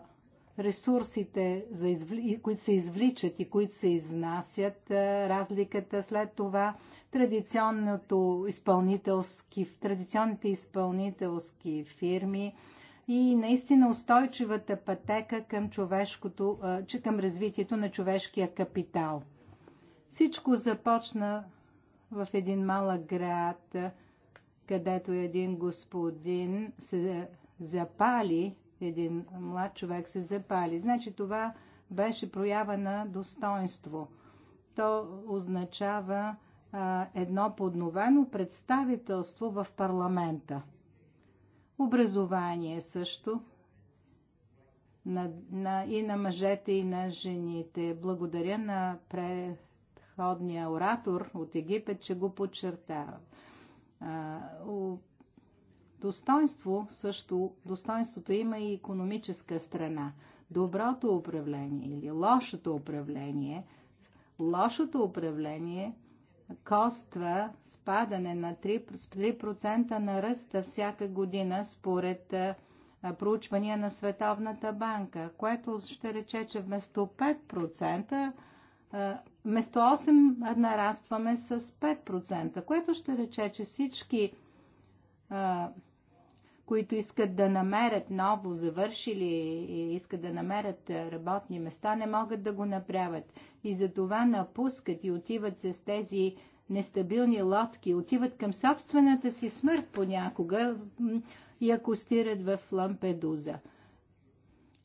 ресурсите, за извли... които се извличат и които се изнасят, а, разликата след това традиционното изпълнителски, традиционните изпълнителски фирми и наистина устойчивата пътека към, човешкото, а, към развитието на човешкия капитал. Всичко започна в един малък град където един господин се запали, един млад човек се запали. Значи това беше проява на достоинство. То означава а, едно подновено представителство в парламента. Образование също на, на, и на мъжете, и на жените. Благодаря на предходния оратор от Египет, че го подчертава. Достоинство също, достоинството има и економическа страна. Доброто управление или лошото управление, лошото управление коства спадане на 3%, 3% на ръста всяка година според проучвания на Световната банка, което ще рече, че вместо 5% вместо 8 нарастваме с 5%, което ще рече, че всички, които искат да намерят ново, завършили и искат да намерят работни места, не могат да го направят. И за това напускат и отиват с тези нестабилни лодки, отиват към собствената си смърт понякога и акустират в Лампедуза.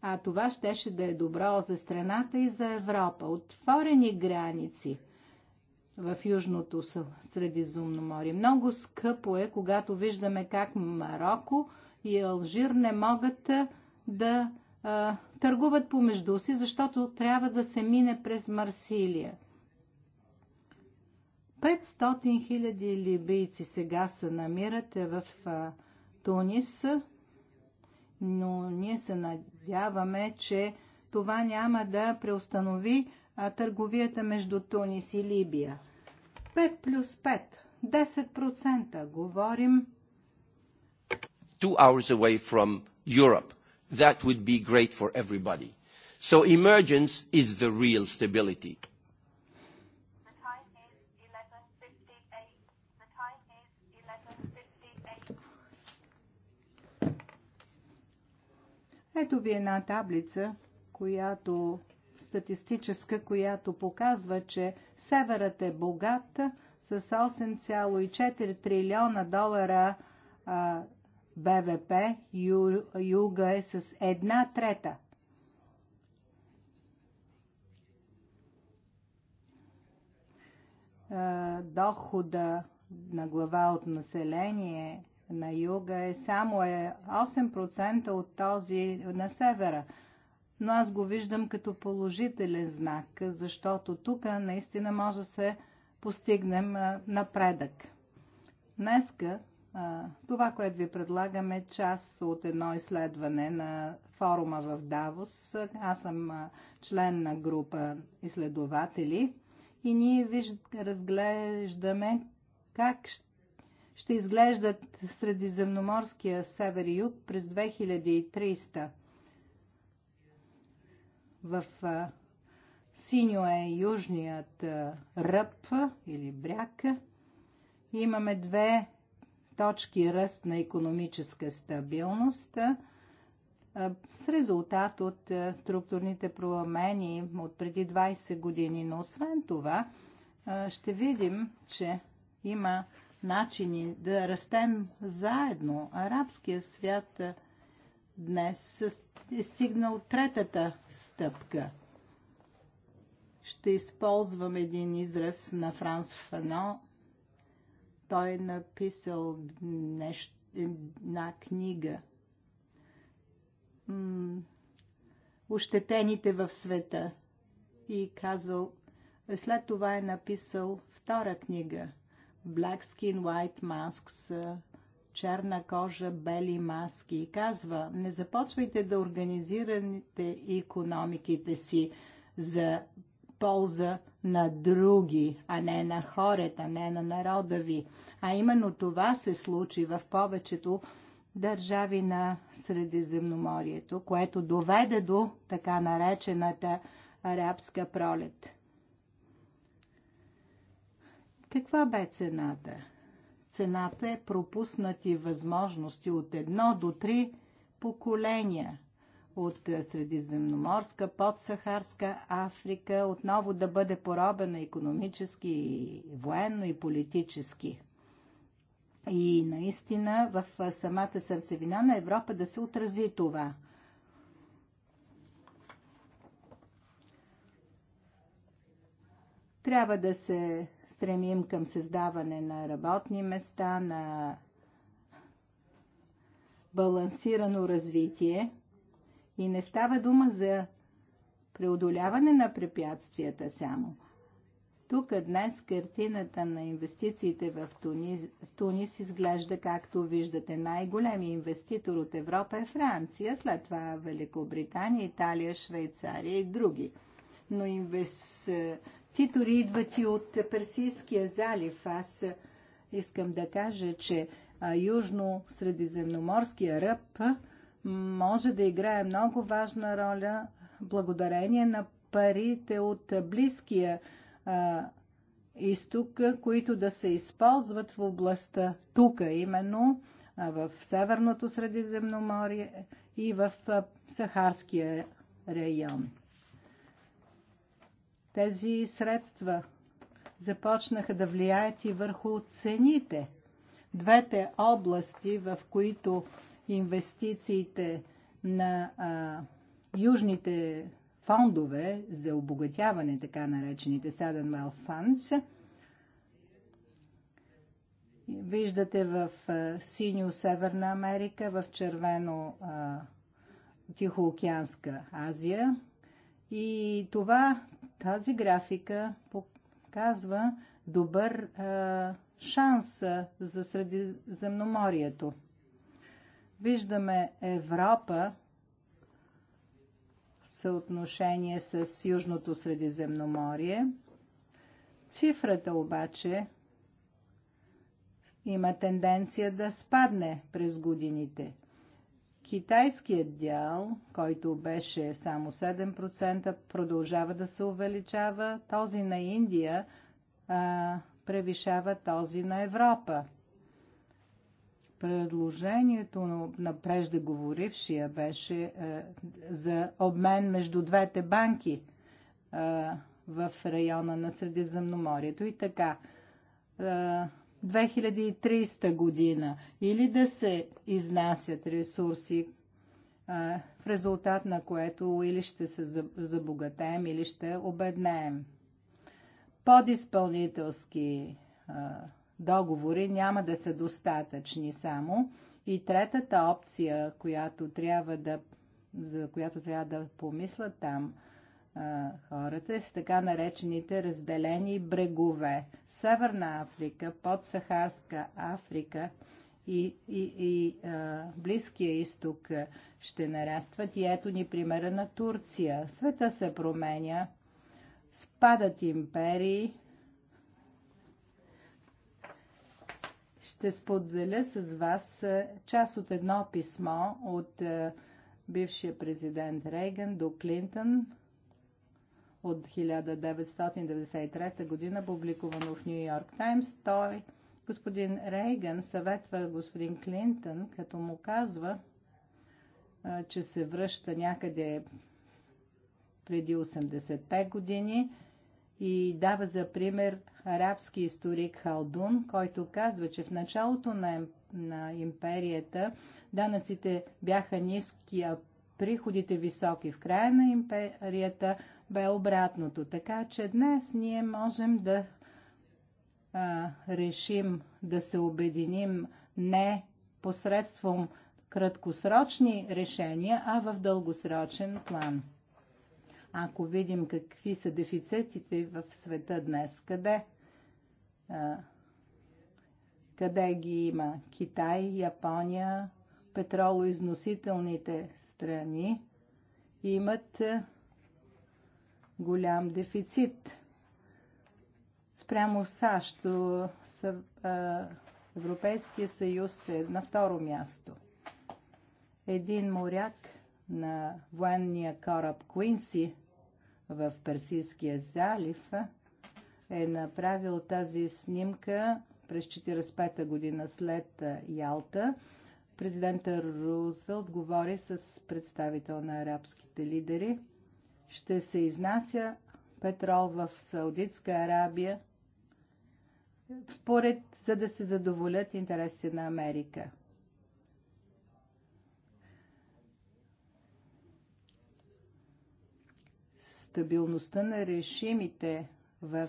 А това щеше да е добро за страната и за Европа. Отворени граници в Южното море. Много скъпо е, когато виждаме как Марокко и Алжир не могат да а, търгуват помежду си, защото трябва да се мине през Марсилия. 500 000 либийци сега се намират е, в а, Тунис но ние се надяваме, че това няма да преустанови търговията между Тунис и Либия. 5 плюс 5, 10% говорим. Two hours away from Europe. That would be great for everybody. So emergence is the real stability. Ето ви една таблица, която статистическа, която показва, че Северът е богат с 8,4 трилиона долара а, БВП, ю, Юга е с една трета. А, дохода на глава от население на юга е само е 8% от този на севера. Но аз го виждам като положителен знак, защото тук наистина може да се постигнем напредък. Днеска това, което ви предлагам е част от едно изследване на форума в Давос. Аз съм член на група изследователи и ние разглеждаме как ще ще изглеждат Средиземноморския север и юг през 2300. В синьо е южният ръб или бряг. Имаме две точки ръст на економическа стабилност с резултат от структурните промени от преди 20 години. Но освен това, ще видим, че има начини да растем заедно. Арабския свят днес е стигнал третата стъпка. Ще използвам един израз на Франс Фано. Той е написал нещо, една книга. Ощетените в света. И казал, след това е написал втора книга – Black Skin, White Masks, черна кожа, бели маски казва не започвайте да организирате економиките си за полза на други, а не на хората, не на народа ви. А именно това се случи в повечето държави на Средиземноморието, което доведе до така наречената арабска пролет – каква бе цената? Цената е пропуснати възможности от едно до три поколения от Средиземноморска, подсахарска Африка отново да бъде поробена економически, и военно и политически. И наистина в самата сърцевина на Европа да се отрази това. Трябва да се стремим към създаване на работни места, на балансирано развитие. И не става дума за преодоляване на препятствията само. Тук днес картината на инвестициите в Тунис, в Тунис изглежда, както виждате, най-големият инвеститор от Европа е Франция, след това Великобритания, Италия, Швейцария и други. Но инвес... Ти дори идват и от Персийския залив. Аз искам да кажа, че Южно-Средиземноморския ръб може да играе много важна роля благодарение на парите от Близкия а, изток, които да се използват в областта тук, именно в Северното Средиземноморие и в Сахарския район. Тези средства започнаха да влияят и върху цените. Двете области, в които инвестициите на а, южните фондове за обогатяване, така наречените Southern Wealth Funds, виждате в а, синьо Северна Америка, в червено а, Тихоокеанска Азия. И това тази графика показва добър а, шанс за Средиземноморието. Виждаме Европа в съотношение с Южното Средиземноморие. Цифрата обаче има тенденция да спадне през годините – Китайският дял, който беше само 7%, продължава да се увеличава. Този на Индия а, превишава този на Европа. Предложението на преждеговорившия беше а, за обмен между двете банки а, в района на Средиземноморието и така. А, 2030 година или да се изнасят ресурси, в резултат на което или ще се забогатаем, или ще обеднеем. Подизпълнителски договори няма да са достатъчни само. И третата опция, която трябва да, за която трябва да помисля там – Хората хората е с така наречените разделени брегове. Северна Африка, подсахарска Африка и, и, и а, Близкия изток ще нарастват. И ето ни примера на Турция. Света се променя, спадат империи, ще споделя с вас част от едно писмо от бившия президент Рейган до Клинтън от 1993 година, публикувано в Нью Йорк Таймс. Той, господин Рейган, съветва господин Клинтън, като му казва, че се връща някъде преди 80-те години и дава за пример арабски историк Халдун, който казва, че в началото на, на империята данъците бяха ниски, а приходите високи. В края на империята бе обратното. Така че днес ние можем да а, решим да се обединим не посредством краткосрочни решения, а в дългосрочен план. Ако видим какви са дефицитите в света днес, къде, а, къде ги има Китай, Япония, петролоизносителните страни имат голям дефицит. Спрямо САЩ, Европейския съюз е на второ място. Един моряк на военния кораб Куинси в Персийския залив е направил тази снимка през 1945 година след Ялта. Президента Рузвелт говори с представител на арабските лидери – ще се изнася петрол в Саудитска Арабия, според, за да се задоволят интересите на Америка. Стабилността на решимите в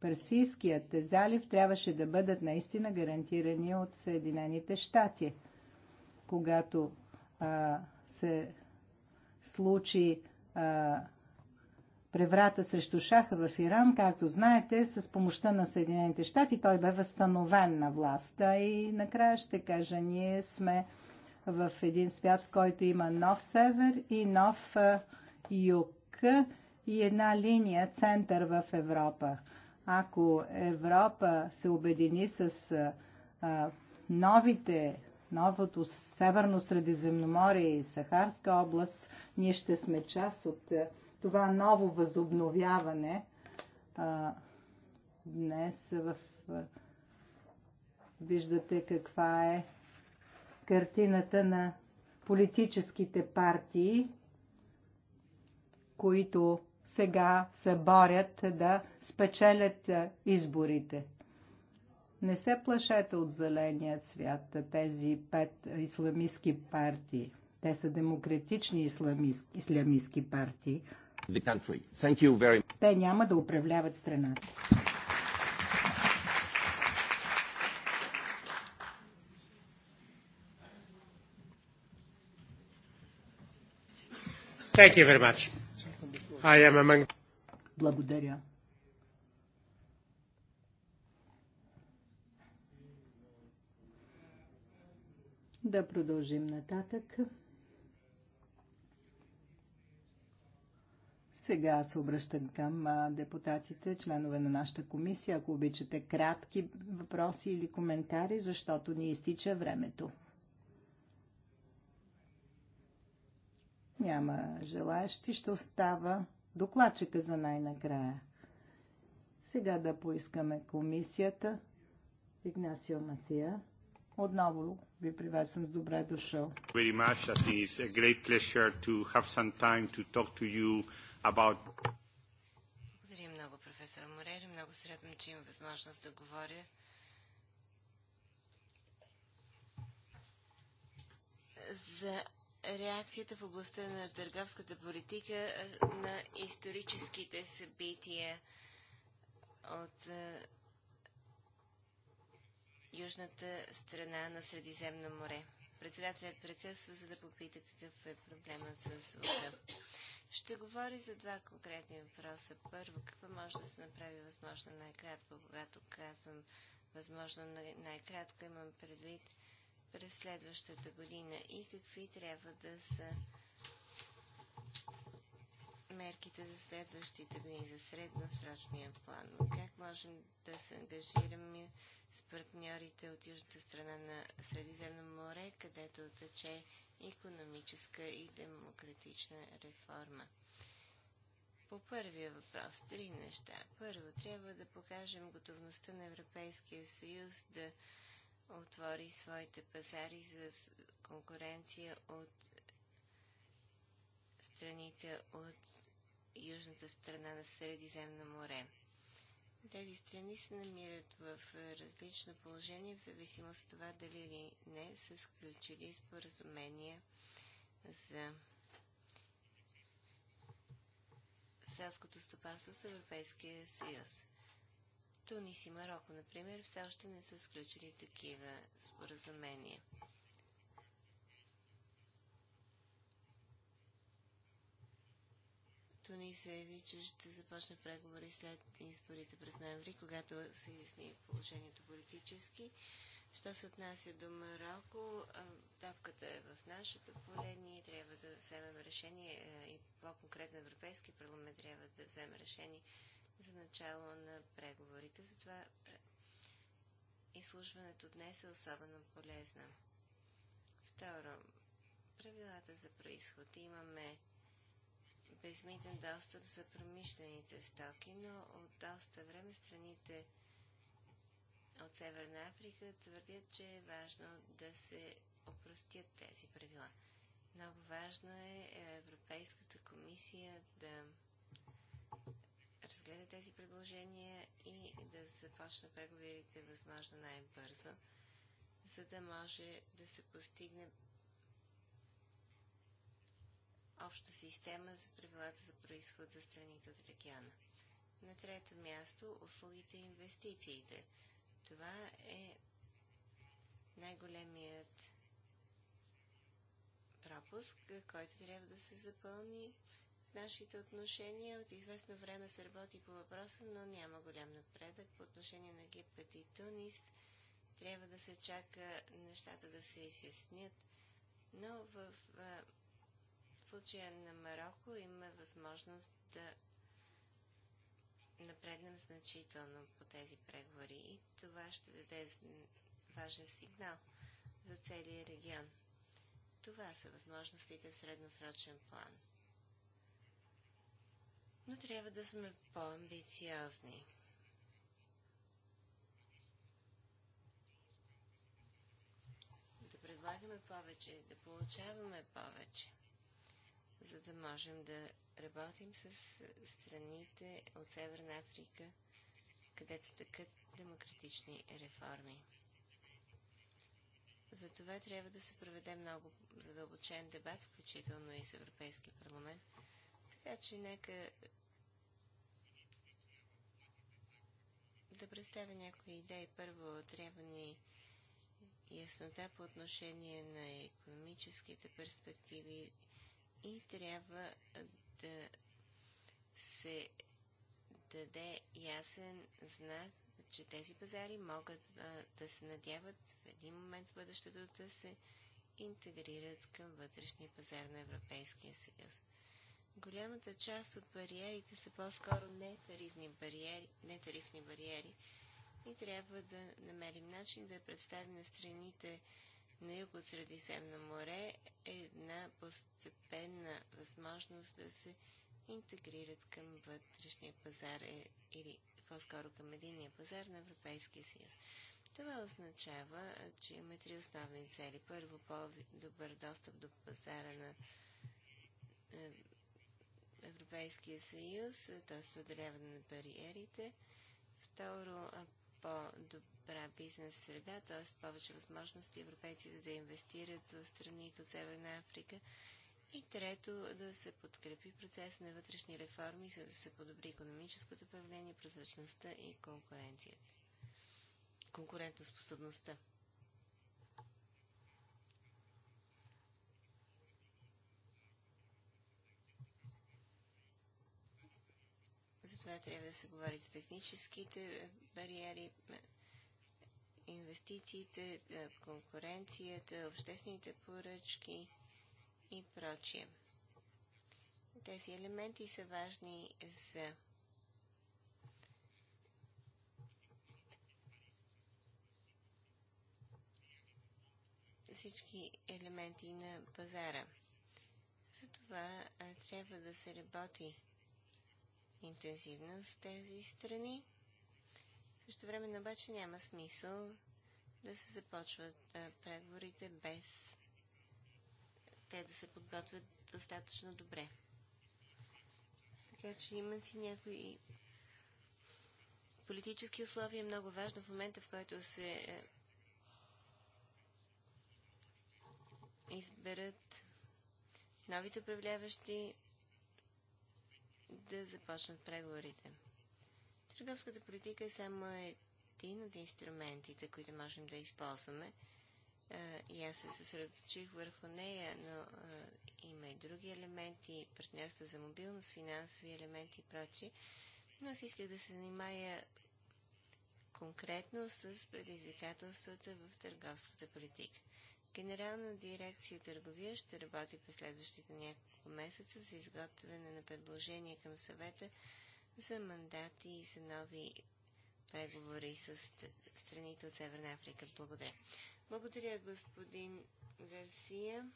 Персийският залив трябваше да бъдат наистина гарантирани от Съединените щати. Когато а, се случи преврата срещу шаха в Иран, както знаете, с помощта на Съединените щати, той бе възстановен на властта и накрая ще кажа, ние сме в един свят, в който има нов север и нов юг и една линия, център в Европа. Ако Европа се обедини с новите новото Северно Средиземноморие и Сахарска област, ние ще сме част от е, това ново възобновяване а, днес в е, виждате каква е картината на политическите партии, които сега се борят да спечелят е, изборите. Не се плашете от зеления цвят, тези пет исламистски партии. Те са демократични исламистски, исламистски партии. Те няма да управляват страната. Thank you very much. I am among... Благодаря. Да продължим нататък. Сега се обръщам към депутатите, членове на нашата комисия, ако обичате кратки въпроси или коментари, защото ни изтича времето. Няма желаящи, ще остава докладчика за най-накрая. Сега да поискаме комисията. Игнасио Матия. Отново ви приветствам с добре дошъл. Благодаря много, професор Морери. Много се радвам, че имам възможност да говоря за реакцията в областта на търговската политика на историческите събития от южната страна на Средиземно море. Председателят прекъсва, за да попита какъв е проблемът с звука. Ще говори за два конкретни въпроса. Първо, какво може да се направи възможно най-кратко, когато казвам възможно най-кратко, имам предвид през следващата година и какви трябва да са мерките за следващите дни, за средносрочния план? Как можем да се ангажираме с партньорите от южната страна на Средиземно море, където тече економическа и демократична реформа? По първия въпрос, три неща. Първо, трябва да покажем готовността на Европейския съюз да отвори своите пазари за конкуренция от страните от южната страна на Средиземно море. Тези страни се намират в различно положение в зависимост от това дали или не са сключили споразумения за селското стопанство с Европейския съюз. Тунис и Марокко, например, все още не са сключили такива споразумения. ни заяви, че ще започне преговори след изборите през ноември, когато се изясни положението политически. Що се отнася до Марокко, топката е в нашото поле. Ние трябва да вземем решение е, и по-конкретно Европейски парламент трябва да вземе решение за начало на преговорите. Затова изслужването днес е особено полезно. Второ, правилата за происход. Имаме безмитен достъп за промишлените стоки, но от доста време страните от Северна Африка твърдят, че е важно да се опростят тези правила. Много важно е Европейската комисия да разгледа тези предложения и да започне преговорите възможно най-бързо, за да може да се постигне обща система за правилата за происход за страните от региона. На трето място услугите и инвестициите. Това е най-големият пропуск, който трябва да се запълни в нашите отношения. От известно време се работи по въпроса, но няма голям напредък. По отношение на Египет и Тунис трябва да се чака нещата да се изяснят. Но в в случая на Марокко имаме възможност да напреднем значително по тези преговори и това ще даде важен сигнал за целия регион. Това са възможностите в средносрочен план. Но трябва да сме по-амбициозни. Да предлагаме повече, да получаваме повече за да можем да работим с страните от Северна Африка, където тъкат демократични реформи. За това трябва да се проведе много задълбочен дебат, включително и с Европейски парламент. Така че нека да представя някои идеи. Първо, трябва ни яснота по отношение на економическите перспективи и трябва да се даде ясен знак, че тези пазари могат а, да се надяват в един момент в бъдещето да се интегрират към вътрешния пазар на Европейския съюз. Голямата част от бариерите са по-скоро нетарифни бариери, нетарифни бариери и трябва да намерим начин да представим на страните на Юго-Средиземно море е една постепенна възможност да се интегрират към вътрешния пазар е, или по-скоро към единия пазар на Европейския съюз. Това означава, че има три основни цели. Първо, по-добър достъп до пазара на е, Европейския съюз, т.е. преодоляване на бариерите. Второ, по-добър по-добра бизнес среда, т.е. повече възможности европейците да инвестират в страните от Северна Африка. И трето, да се подкрепи процес на вътрешни реформи, за да се подобри економическото управление, прозрачността и конкуренцията. Конкурентоспособността. Затова трябва да се говори за техническите бариери, инвестициите, е, конкуренцията, обществените поръчки и прочие. Тези елементи са важни за всички елементи на пазара. Затова е, трябва да се работи интензивно с тези страни. Също време обаче няма смисъл да се започват а, преговорите без те да се подготвят достатъчно добре. Така че има си някои политически условия. Е много важно в момента, в който се е, изберат новите управляващи да започнат преговорите. Търговската политика е само един от инструментите, които можем да използваме. И аз се съсредоточих върху нея, но има и други елементи, партньорство за мобилност, финансови елементи и прочи. Но аз исках да се занимая конкретно с предизвикателствата в търговската политика. Генерална дирекция търговия ще работи през следващите няколко месеца за изготвяне на предложения към съвета за мандати и за нови преговори с страните от Северна Африка. Благодаря. Благодаря, господин Гарсия.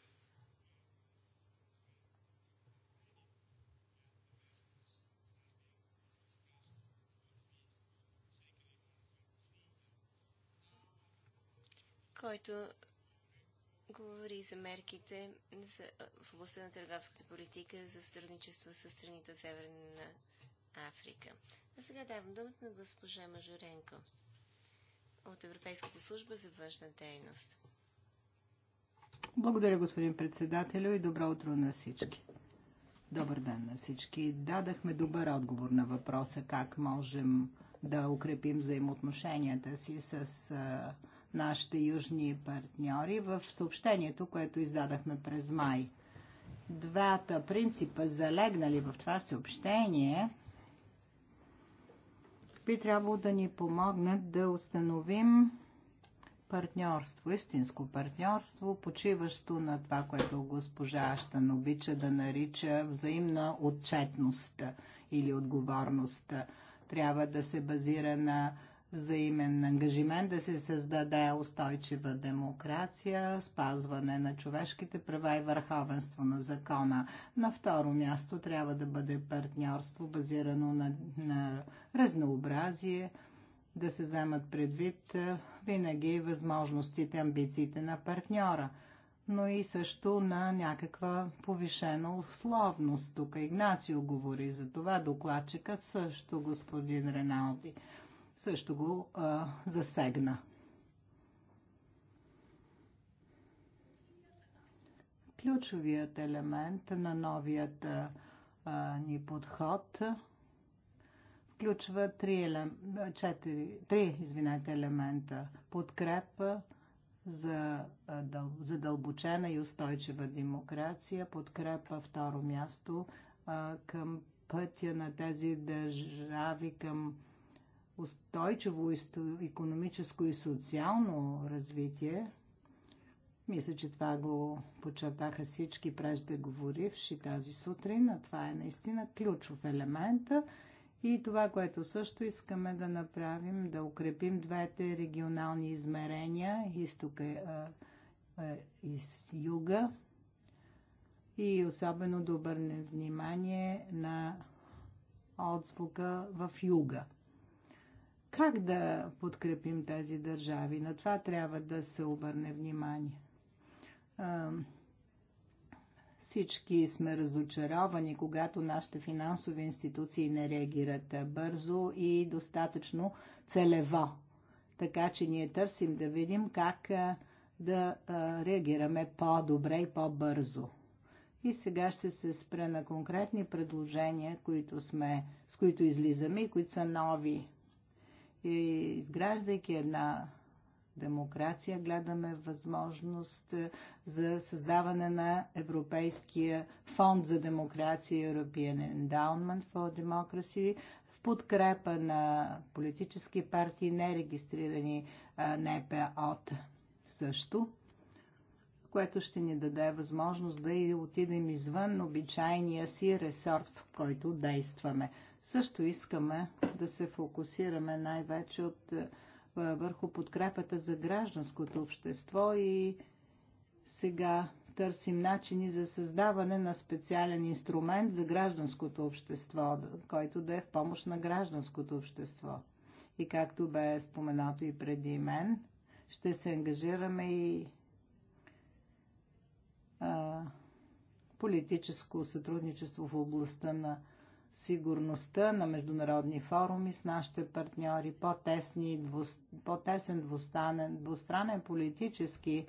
който говори за мерките в областта на търговската политика за сътрудничество с страните от Северна Африка. А сега давам думата на госпожа Мажоренко от Европейската служба за външна дейност. Благодаря, господин председателю, и добро утро на всички. Добър ден на всички. Дадахме добър отговор на въпроса как можем да укрепим взаимоотношенията си с а, нашите южни партньори в съобщението, което издадахме през май. Двата принципа, залегнали в това съобщение, би трябвало да ни помогнат да установим партньорство, истинско партньорство, почиващо на това, което госпожа Аштан обича да нарича взаимна отчетност или отговорност. Трябва да се базира на взаимен ангажимент да се създаде устойчива демокрация, спазване на човешките права и върховенство на закона. На второ място трябва да бъде партньорство, базирано на, на разнообразие, да се вземат предвид е, винаги възможностите, амбициите на партньора но и също на някаква повишена условност. Тук Игнацио говори за това, докладчикът също господин Реналди също го а, засегна. Ключовият елемент на новият а, ни подход включва три, елем... четири... три извинете, елемента. Подкрепа за дъл... задълбочена и устойчива демокрация, подкрепа второ място а, към пътя на тези държави към устойчиво економическо и социално развитие. Мисля, че това го подчертаха всички преждеговоривши тази сутрин, а това е наистина ключов елемент. И това, което също искаме да направим, да укрепим двете регионални измерения, изтока е, и из юга, и особено да обърнем внимание на отзвука в юга. Как да подкрепим тези държави? На това трябва да се обърне внимание. Всички сме разочаровани, когато нашите финансови институции не реагират бързо и достатъчно целево. Така че ние търсим да видим как да реагираме по-добре и по-бързо. И сега ще се спра на конкретни предложения, които сме, с които излизаме и които са нови. И изграждайки една демокрация, гледаме възможност е, за създаване на Европейския фонд за демокрация, European Endowment for Democracy, в подкрепа на политически партии, нерегистрирани е, нпо също, което ще ни даде възможност да и отидем извън обичайния си ресорт, в който действаме също искаме да се фокусираме най-вече от, е, върху подкрепата за гражданското общество и сега търсим начини за създаване на специален инструмент за гражданското общество, който да е в помощ на гражданското общество. И както бе споменато и преди мен, ще се ангажираме и а, политическо сътрудничество в областта на сигурността на международни форуми с нашите партньори, по-тесен по двустранен, двустранен политически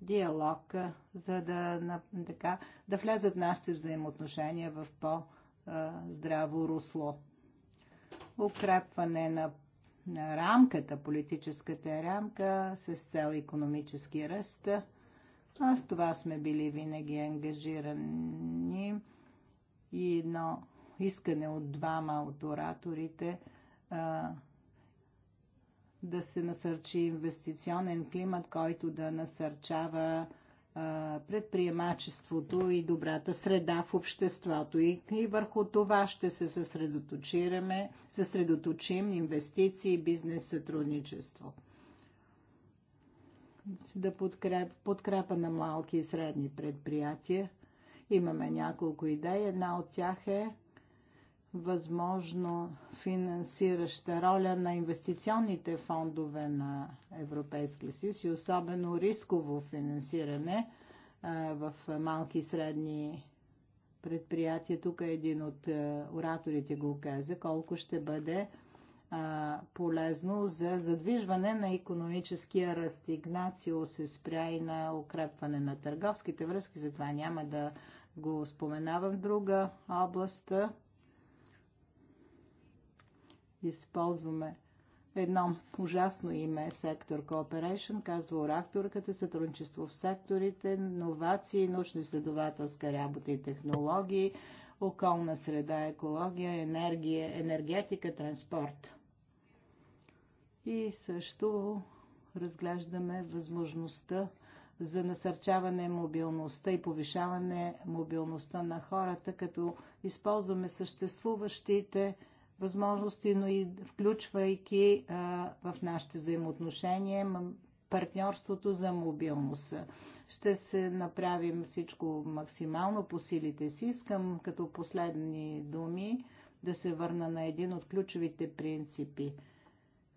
диалог, за да, на, така, да влезат нашите взаимоотношения в по-здраво русло. Укрепване на, на рамката, политическата рамка с цел економически ръст. А с това сме били винаги ангажирани и едно искане от двама от ораторите а, да се насърчи инвестиционен климат, който да насърчава а, предприемачеството и добрата среда в обществото. И, и върху това ще се съсредоточираме, съсредоточим инвестиции и бизнес сътрудничество. Да подкреп, подкрепа на малки и средни предприятия. Имаме няколко идеи. Една от тях е възможно финансираща роля на инвестиционните фондове на Европейския съюз и особено рисково финансиране в малки и средни предприятия. Тук един от ораторите го каза, колко ще бъде полезно за задвижване на економическия ръст. Игнацио се спря и на укрепване на търговските връзки, затова няма да го споменавам в друга област използваме едно ужасно име сектор Cooperation, казва ораторката, сътрудничество в секторите, новации, научно-изследователска работа и технологии, околна среда, екология, енергия, енергетика, транспорт. И също разглеждаме възможността за насърчаване мобилността и повишаване мобилността на хората, като използваме съществуващите възможности, но и включвайки в нашите взаимоотношения партньорството за мобилност. Ще се направим всичко максимално по силите си. Искам като последни думи да се върна на един от ключовите принципи.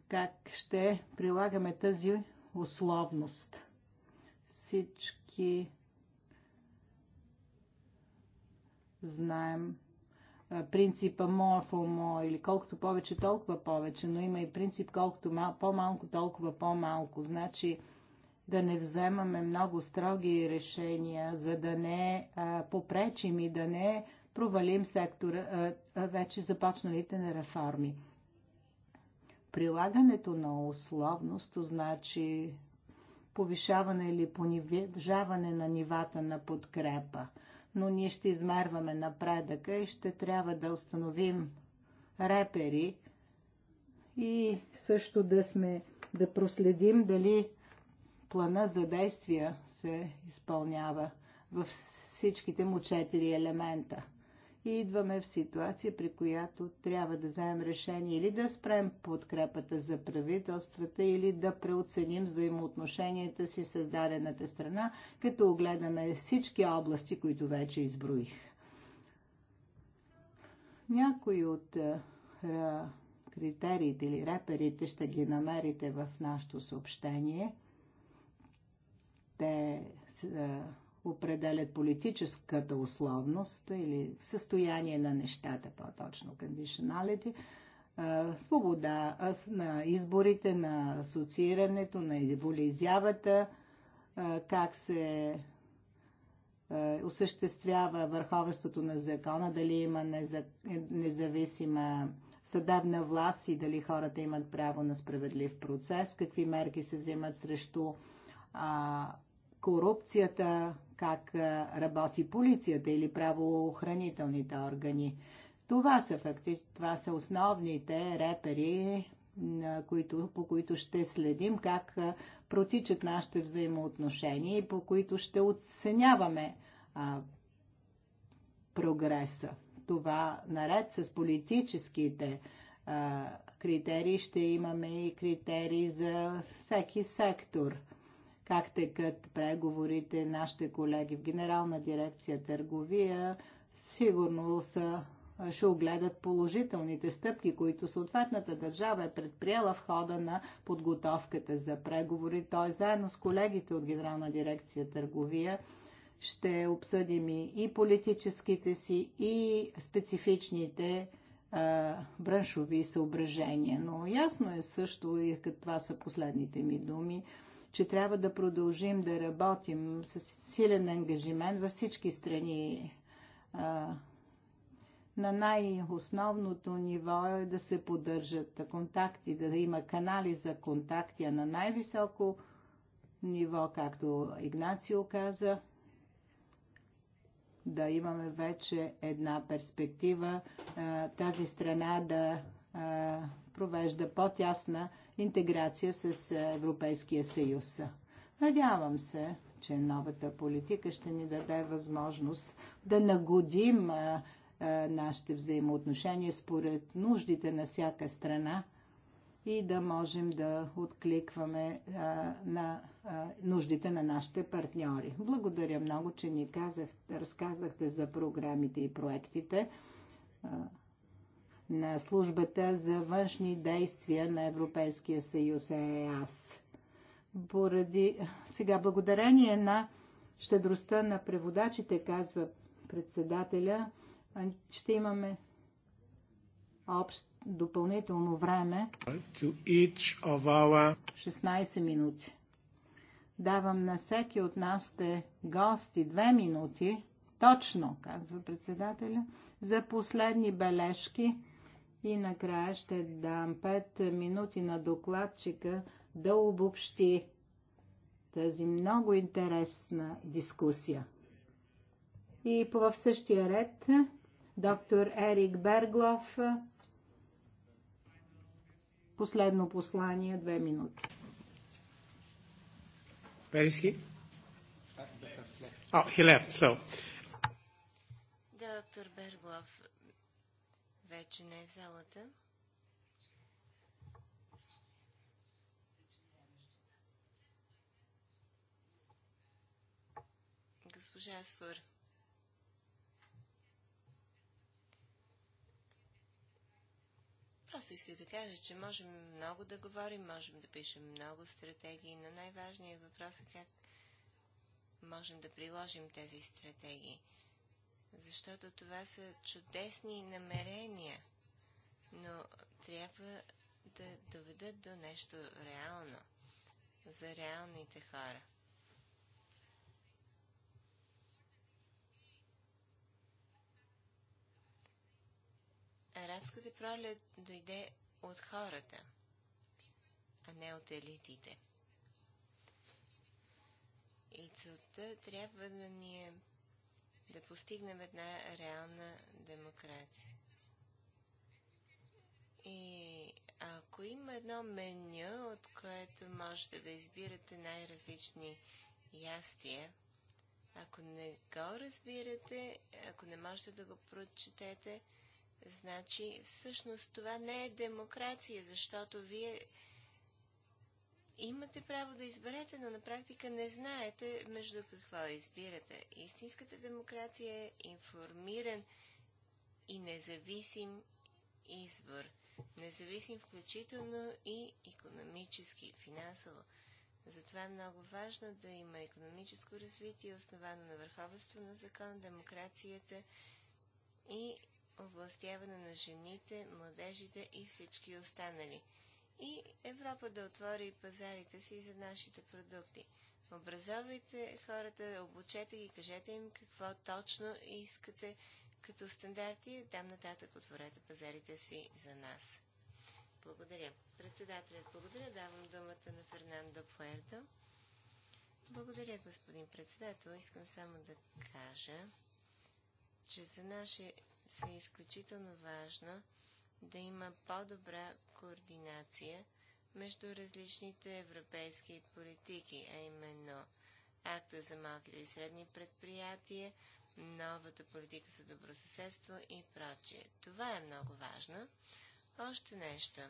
Как ще прилагаме тази условност? Всички знаем, принципа морфомо или колкото повече, толкова повече, но има и принцип колкото мал, по-малко, толкова по-малко. Значи да не вземаме много строги решения, за да не а, попречим и да не провалим сектора, а, вече започналите на реформи. Прилагането на условност значи повишаване или понижаване на нивата на подкрепа – но ние ще измерваме напредъка и ще трябва да установим репери и също да сме да проследим дали плана за действия се изпълнява във всичките му четири елемента – и идваме в ситуация, при която трябва да вземем решение или да спрем подкрепата за правителствата, или да преоценим взаимоотношенията си с дадената страна, като огледаме всички области, които вече изброих. Някои от е, критериите или реперите ще ги намерите в нашето съобщение. Те са е, определят политическата условност или състояние на нещата, по-точно conditionality, свобода на изборите, на асоциирането, на волеизявата, как се осъществява върховенството на закона, дали има независима съдебна власт и дали хората имат право на справедлив процес, какви мерки се вземат срещу а, корупцията, как работи полицията или правоохранителните органи. Това са, факти, това са основните репери, които, по които ще следим как протичат нашите взаимоотношения и по които ще оценяваме а, прогреса. Това наред с политическите а, критерии ще имаме и критерии за всеки сектор – как текат преговорите нашите колеги в Генерална дирекция търговия, сигурно са, ще огледат положителните стъпки, които съответната държава е предприела в хода на подготовката за преговори. Т.е. заедно с колегите от Генерална дирекция търговия ще обсъдим и политическите си, и специфичните а, браншови съображения. Но ясно е също, и това са последните ми думи, че трябва да продължим да работим с силен ангажимент във всички страни. На най-основното ниво е да се поддържат контакти, да има канали за контакти, а на най-високо ниво, както Игнацио каза, да имаме вече една перспектива тази страна да провежда по-тясна интеграция с Европейския съюз. Надявам се, че новата политика ще ни даде възможност да нагодим нашите взаимоотношения според нуждите на всяка страна и да можем да откликваме на нуждите на нашите партньори. Благодаря много, че ни казах, разказахте за програмите и проектите на службата за външни действия на Европейския съюз ЕАС. Поради сега благодарение на щедростта на преводачите, казва председателя, ще имаме общ допълнително време. 16 минути. Давам на всеки от нашите гости две минути, точно, казва председателя, за последни бележки и накрая ще дам 5 минути на докладчика да обобщи тази много интересна дискусия. И в същия ред доктор Ерик Берглов. Последно послание, две минути. Where Oh, he left, so. Доктор Берглов, вече не е в залата. Госпожа Асфър. Просто исках да кажа, че можем много да говорим, можем да пишем много стратегии, но най-важният въпрос е как можем да приложим тези стратегии защото това са чудесни намерения, но трябва да доведат до нещо реално, за реалните хора. Арабската пролет дойде от хората, а не от елитите. И целта трябва да ни е да постигнем една реална демокрация. И ако има едно меню, от което можете да избирате най-различни ястия, ако не го разбирате, ако не можете да го прочетете, значи всъщност това не е демокрация, защото вие Имате право да изберете, но на практика не знаете между какво избирате. Истинската демокрация е информиран и независим избор. Независим включително и економически, финансово. Затова е много важно да има економическо развитие, основано на върховенство на закон, демокрацията и областяване на жените, младежите и всички останали – и Европа да отвори пазарите си за нашите продукти. Образовайте хората, обучете ги, кажете им какво точно искате като стандарти и там нататък отворете пазарите си за нас. Благодаря. Председателят, благодаря. Давам думата на Фернандо Пуерто. Благодаря, господин председател. Искам само да кажа, че за наше са изключително важно да има по-добра координация между различните европейски политики, а именно акта за малките и средни предприятия, новата политика за добросъседство и прочие. Това е много важно. Още нещо.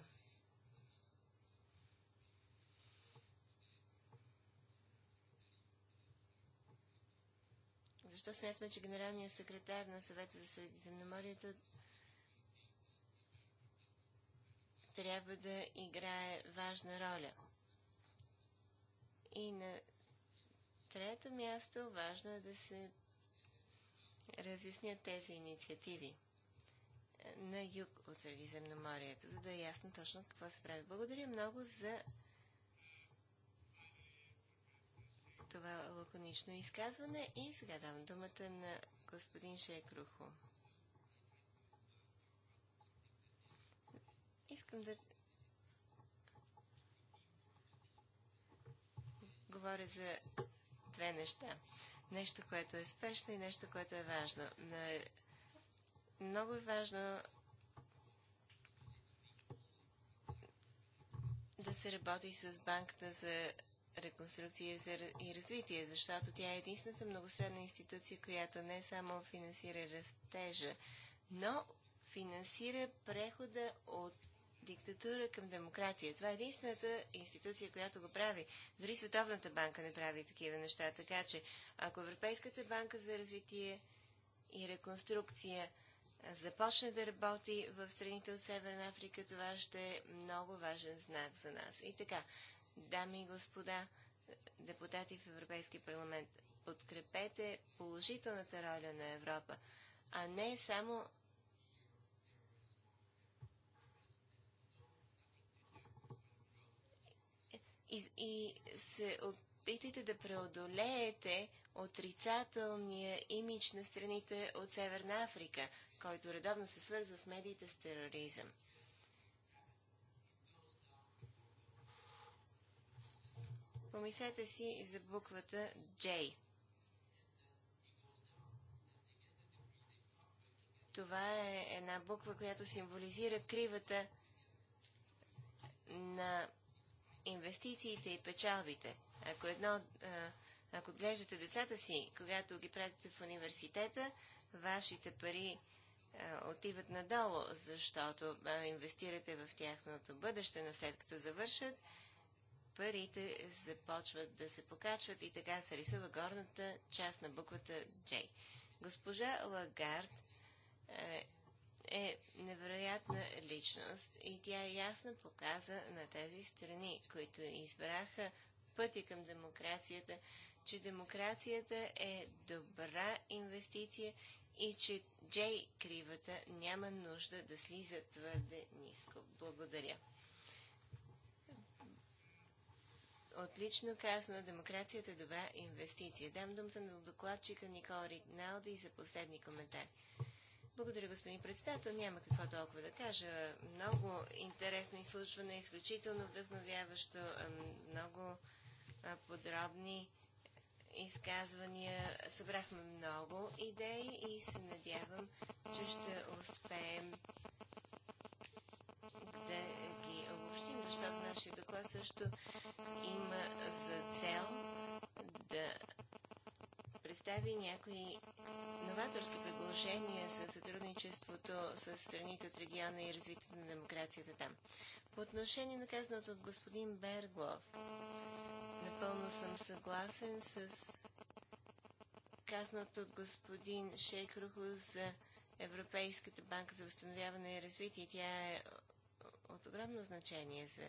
Защо смятаме, че генералният секретар на съвета за Средиземноморието трябва да играе важна роля. И на трето място важно е да се разяснят тези инициативи на юг от Средиземноморието, за да е ясно точно какво се прави. Благодаря много за това лаконично изказване и сега давам думата на господин Шекрухо. Искам да говоря за две неща. Нещо, което е спешно и нещо, което е важно. Е много е важно да се работи с банката за реконструкция и развитие, защото тя е единствената многосредна институция, която не само финансира растежа, но финансира прехода от диктатура към демокрация. Това е единствената институция, която го прави. Дори Световната банка не прави такива неща. Така че, ако Европейската банка за развитие и реконструкция започне да работи в страните от Северна Африка, това ще е много важен знак за нас. И така, дами и господа, депутати в Европейски парламент, подкрепете положителната роля на Европа, а не само и, и се опитайте да преодолеете отрицателния имидж на страните от Северна Африка, който редовно се свързва в медиите с тероризъм. Помислете си за буквата J. Това е една буква, която символизира кривата на инвестициите и печалбите. Ако едно, ако отглеждате децата си, когато ги пратите в университета, вашите пари отиват надолу, защото инвестирате в тяхното бъдеще, но след като завършат, парите започват да се покачват и така се рисува горната част на буквата J. Госпожа Лагард е, е невероятна личност и тя ясно показа на тези страни, които избраха пъти към демокрацията, че демокрацията е добра инвестиция и че Джей кривата няма нужда да слиза твърде ниско. Благодаря. Отлично казано, демокрацията е добра инвестиция. Дам думата на докладчика Никола Ригналди за последни коментари. Благодаря, господин председател. Няма какво толкова да кажа. Много интересно изслушване, изключително вдъхновяващо, много подробни изказвания. Събрахме много идеи и се надявам, че ще успеем да ги обобщим, защото нашия доклад също има за цел да представи някои новаторски предложения за сътрудничеството с страните от региона и развитието на демокрацията там. По отношение на казаното от господин Берглов, напълно съм съгласен с казаното от господин Шейкруху за Европейската банка за възстановяване и развитие. Тя е от огромно значение за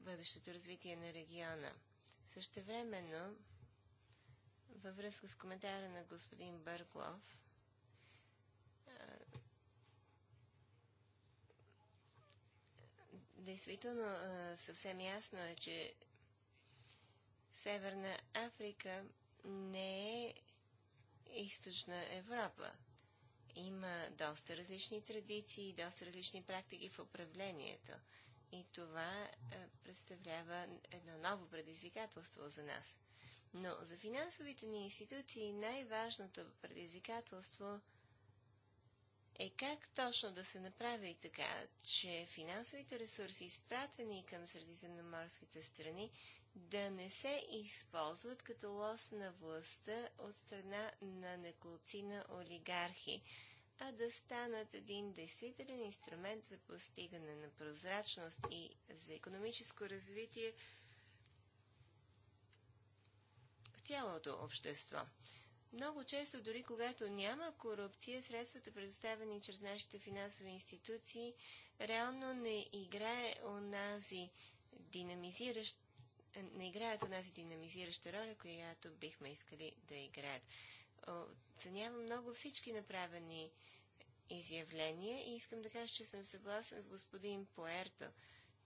бъдещето развитие на региона. времено, във връзка с коментара на господин Бърглов. Действително, съвсем ясно е, че Северна Африка не е източна Европа. Има доста различни традиции, доста различни практики в управлението. И това представлява едно ново предизвикателство за нас. Но за финансовите ни институции най-важното предизвикателство е как точно да се направи така, че финансовите ресурси, изпратени към средиземноморските страни, да не се използват като лос на властта от страна на неколцина олигархи, а да станат един действителен инструмент за постигане на прозрачност и за економическо развитие цялото общество. Много често, дори когато няма корупция, средствата, предоставени чрез нашите финансови институции, реално не играе онази динамизиращ не играят онази динамизираща роля, която бихме искали да играят. Оценявам много всички направени изявления и искам да кажа, че съм съгласен с господин Поерто,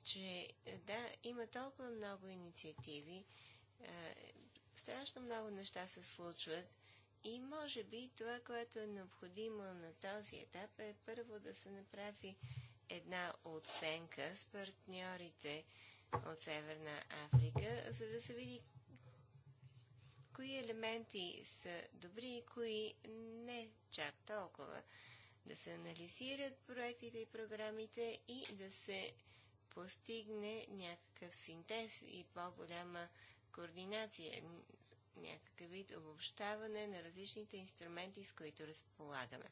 че е, да, има толкова много инициативи, е, Страшно много неща се случват и може би това, което е необходимо на този етап е първо да се направи една оценка с партньорите от Северна Африка, за да се види кои елементи са добри и кои не чак толкова. Да се анализират проектите и програмите и да се постигне някакъв синтез и по-голяма координация, някакъв вид обобщаване на различните инструменти, с които разполагаме.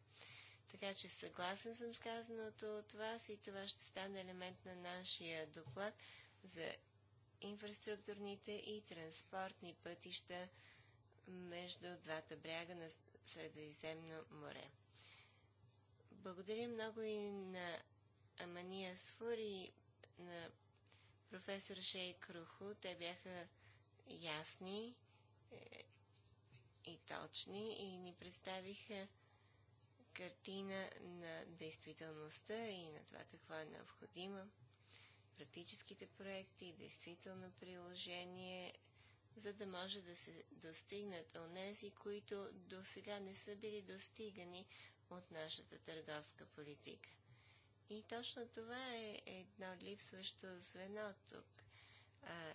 Така че съгласен съм с казаното от вас и това ще стане елемент на нашия доклад за инфраструктурните и транспортни пътища между двата бряга на Средиземно море. Благодаря много и на Амания и на професор Шей Круху. Те бяха ясни е, и точни и ни представиха картина на действителността и на това какво е необходимо. Практическите проекти, действително приложение, за да може да се достигнат онези, които до сега не са били достигани от нашата търговска политика. И точно това е едно липсващо звено тук. А,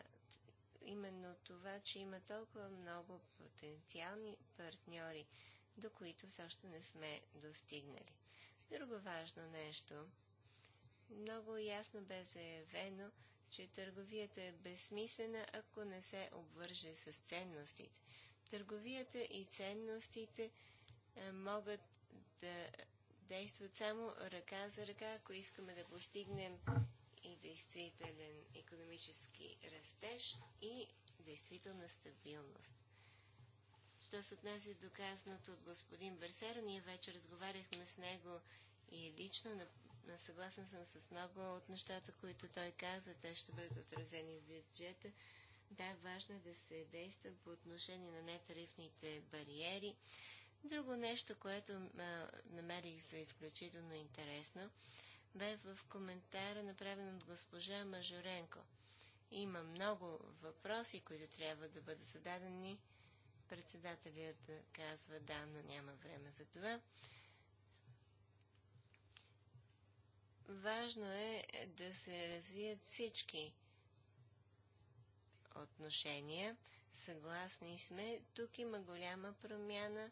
именно това, че има толкова много потенциални партньори, до които все още не сме достигнали. Друго важно нещо. Много ясно бе заявено, че търговията е безсмислена, ако не се обвърже с ценностите. Търговията и ценностите е, могат да действат само ръка за ръка, ако искаме да постигнем действителен економически растеж и действителна стабилност. Що се отнася до казаното от господин Берсер, ние вече разговаряхме с него и лично. Съгласен съм с много от нещата, които той каза. Те ще бъдат отразени в бюджета. Да, важно е да се действа по отношение на нетарифните бариери. Друго нещо, което а, намерих за изключително интересно, бе в коментара, направен от госпожа Мажоренко. Има много въпроси, които трябва да бъдат зададени. Председателят казва да, но няма време за това. Важно е да се развият всички отношения. Съгласни сме, тук има голяма промяна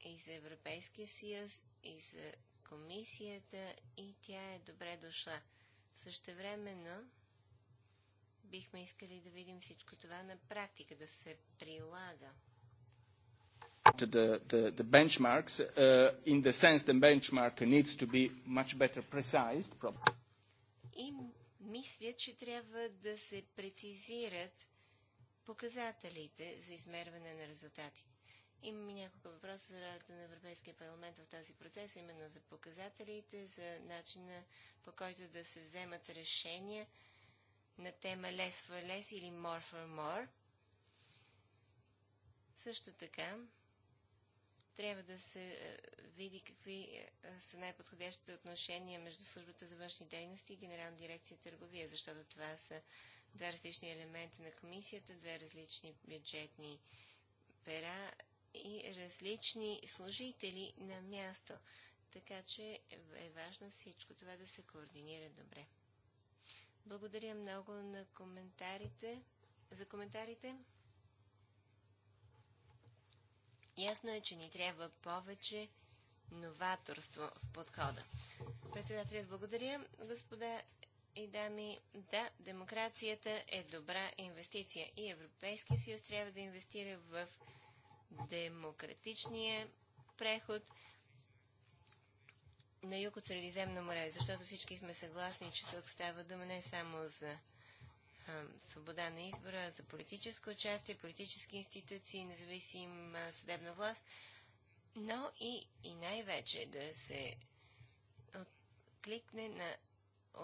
и за Европейския съюз, и за комисията и тя е добре дошла. Същевременно бихме искали да видим всичко това на практика да се прилага. The, the, the benchmarks, uh, in the sense the benchmark needs to be much better precised. И мисля, че трябва да се прецизират показателите за измерване на резултатите. Имаме няколко въпроса за ролята на Европейския парламент в този процес, именно за показателите, за начина по който да се вземат решения на тема Less for Less или More for More. Също така, трябва да се е, види какви е, са най-подходящите отношения между службата за външни дейности и Генерална дирекция търговия, защото това са две различни елемента на комисията, две различни бюджетни пера и различни служители на място. Така че е важно всичко това да се координира добре. Благодаря много на коментарите. За коментарите. Ясно е, че ни трябва повече новаторство в подхода. Председателят благодаря. Господа и дами, да, демокрацията е добра инвестиция и Европейския съюз трябва да инвестира в демократичния преход на юг от Средиземно море, защото всички сме съгласни, че тук става дума не само за а, свобода на избора, за политическо участие, политически институции, независима съдебна власт, но и, и най-вече да се откликне на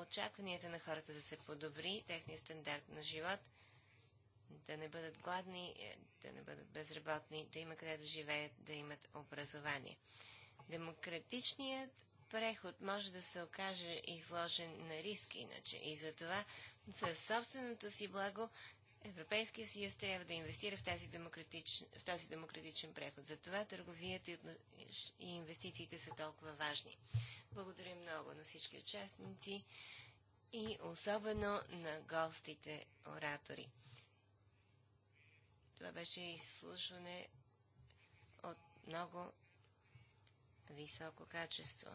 очакванията на хората да се подобри техния стандарт на живот – да не бъдат гладни, е, да не бъдат безработни, да има къде да живеят, да имат образование. Демократичният преход може да се окаже изложен на риск иначе. И затова със собственото си благо Европейския съюз трябва да инвестира в, тази демократич... в този демократичен преход. Затова търговията и, отно... и инвестициите са толкова важни. Благодаря много на всички участници и особено на гостите оратори. Това беше изслушване от много високо качество.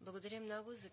Благодаря много. за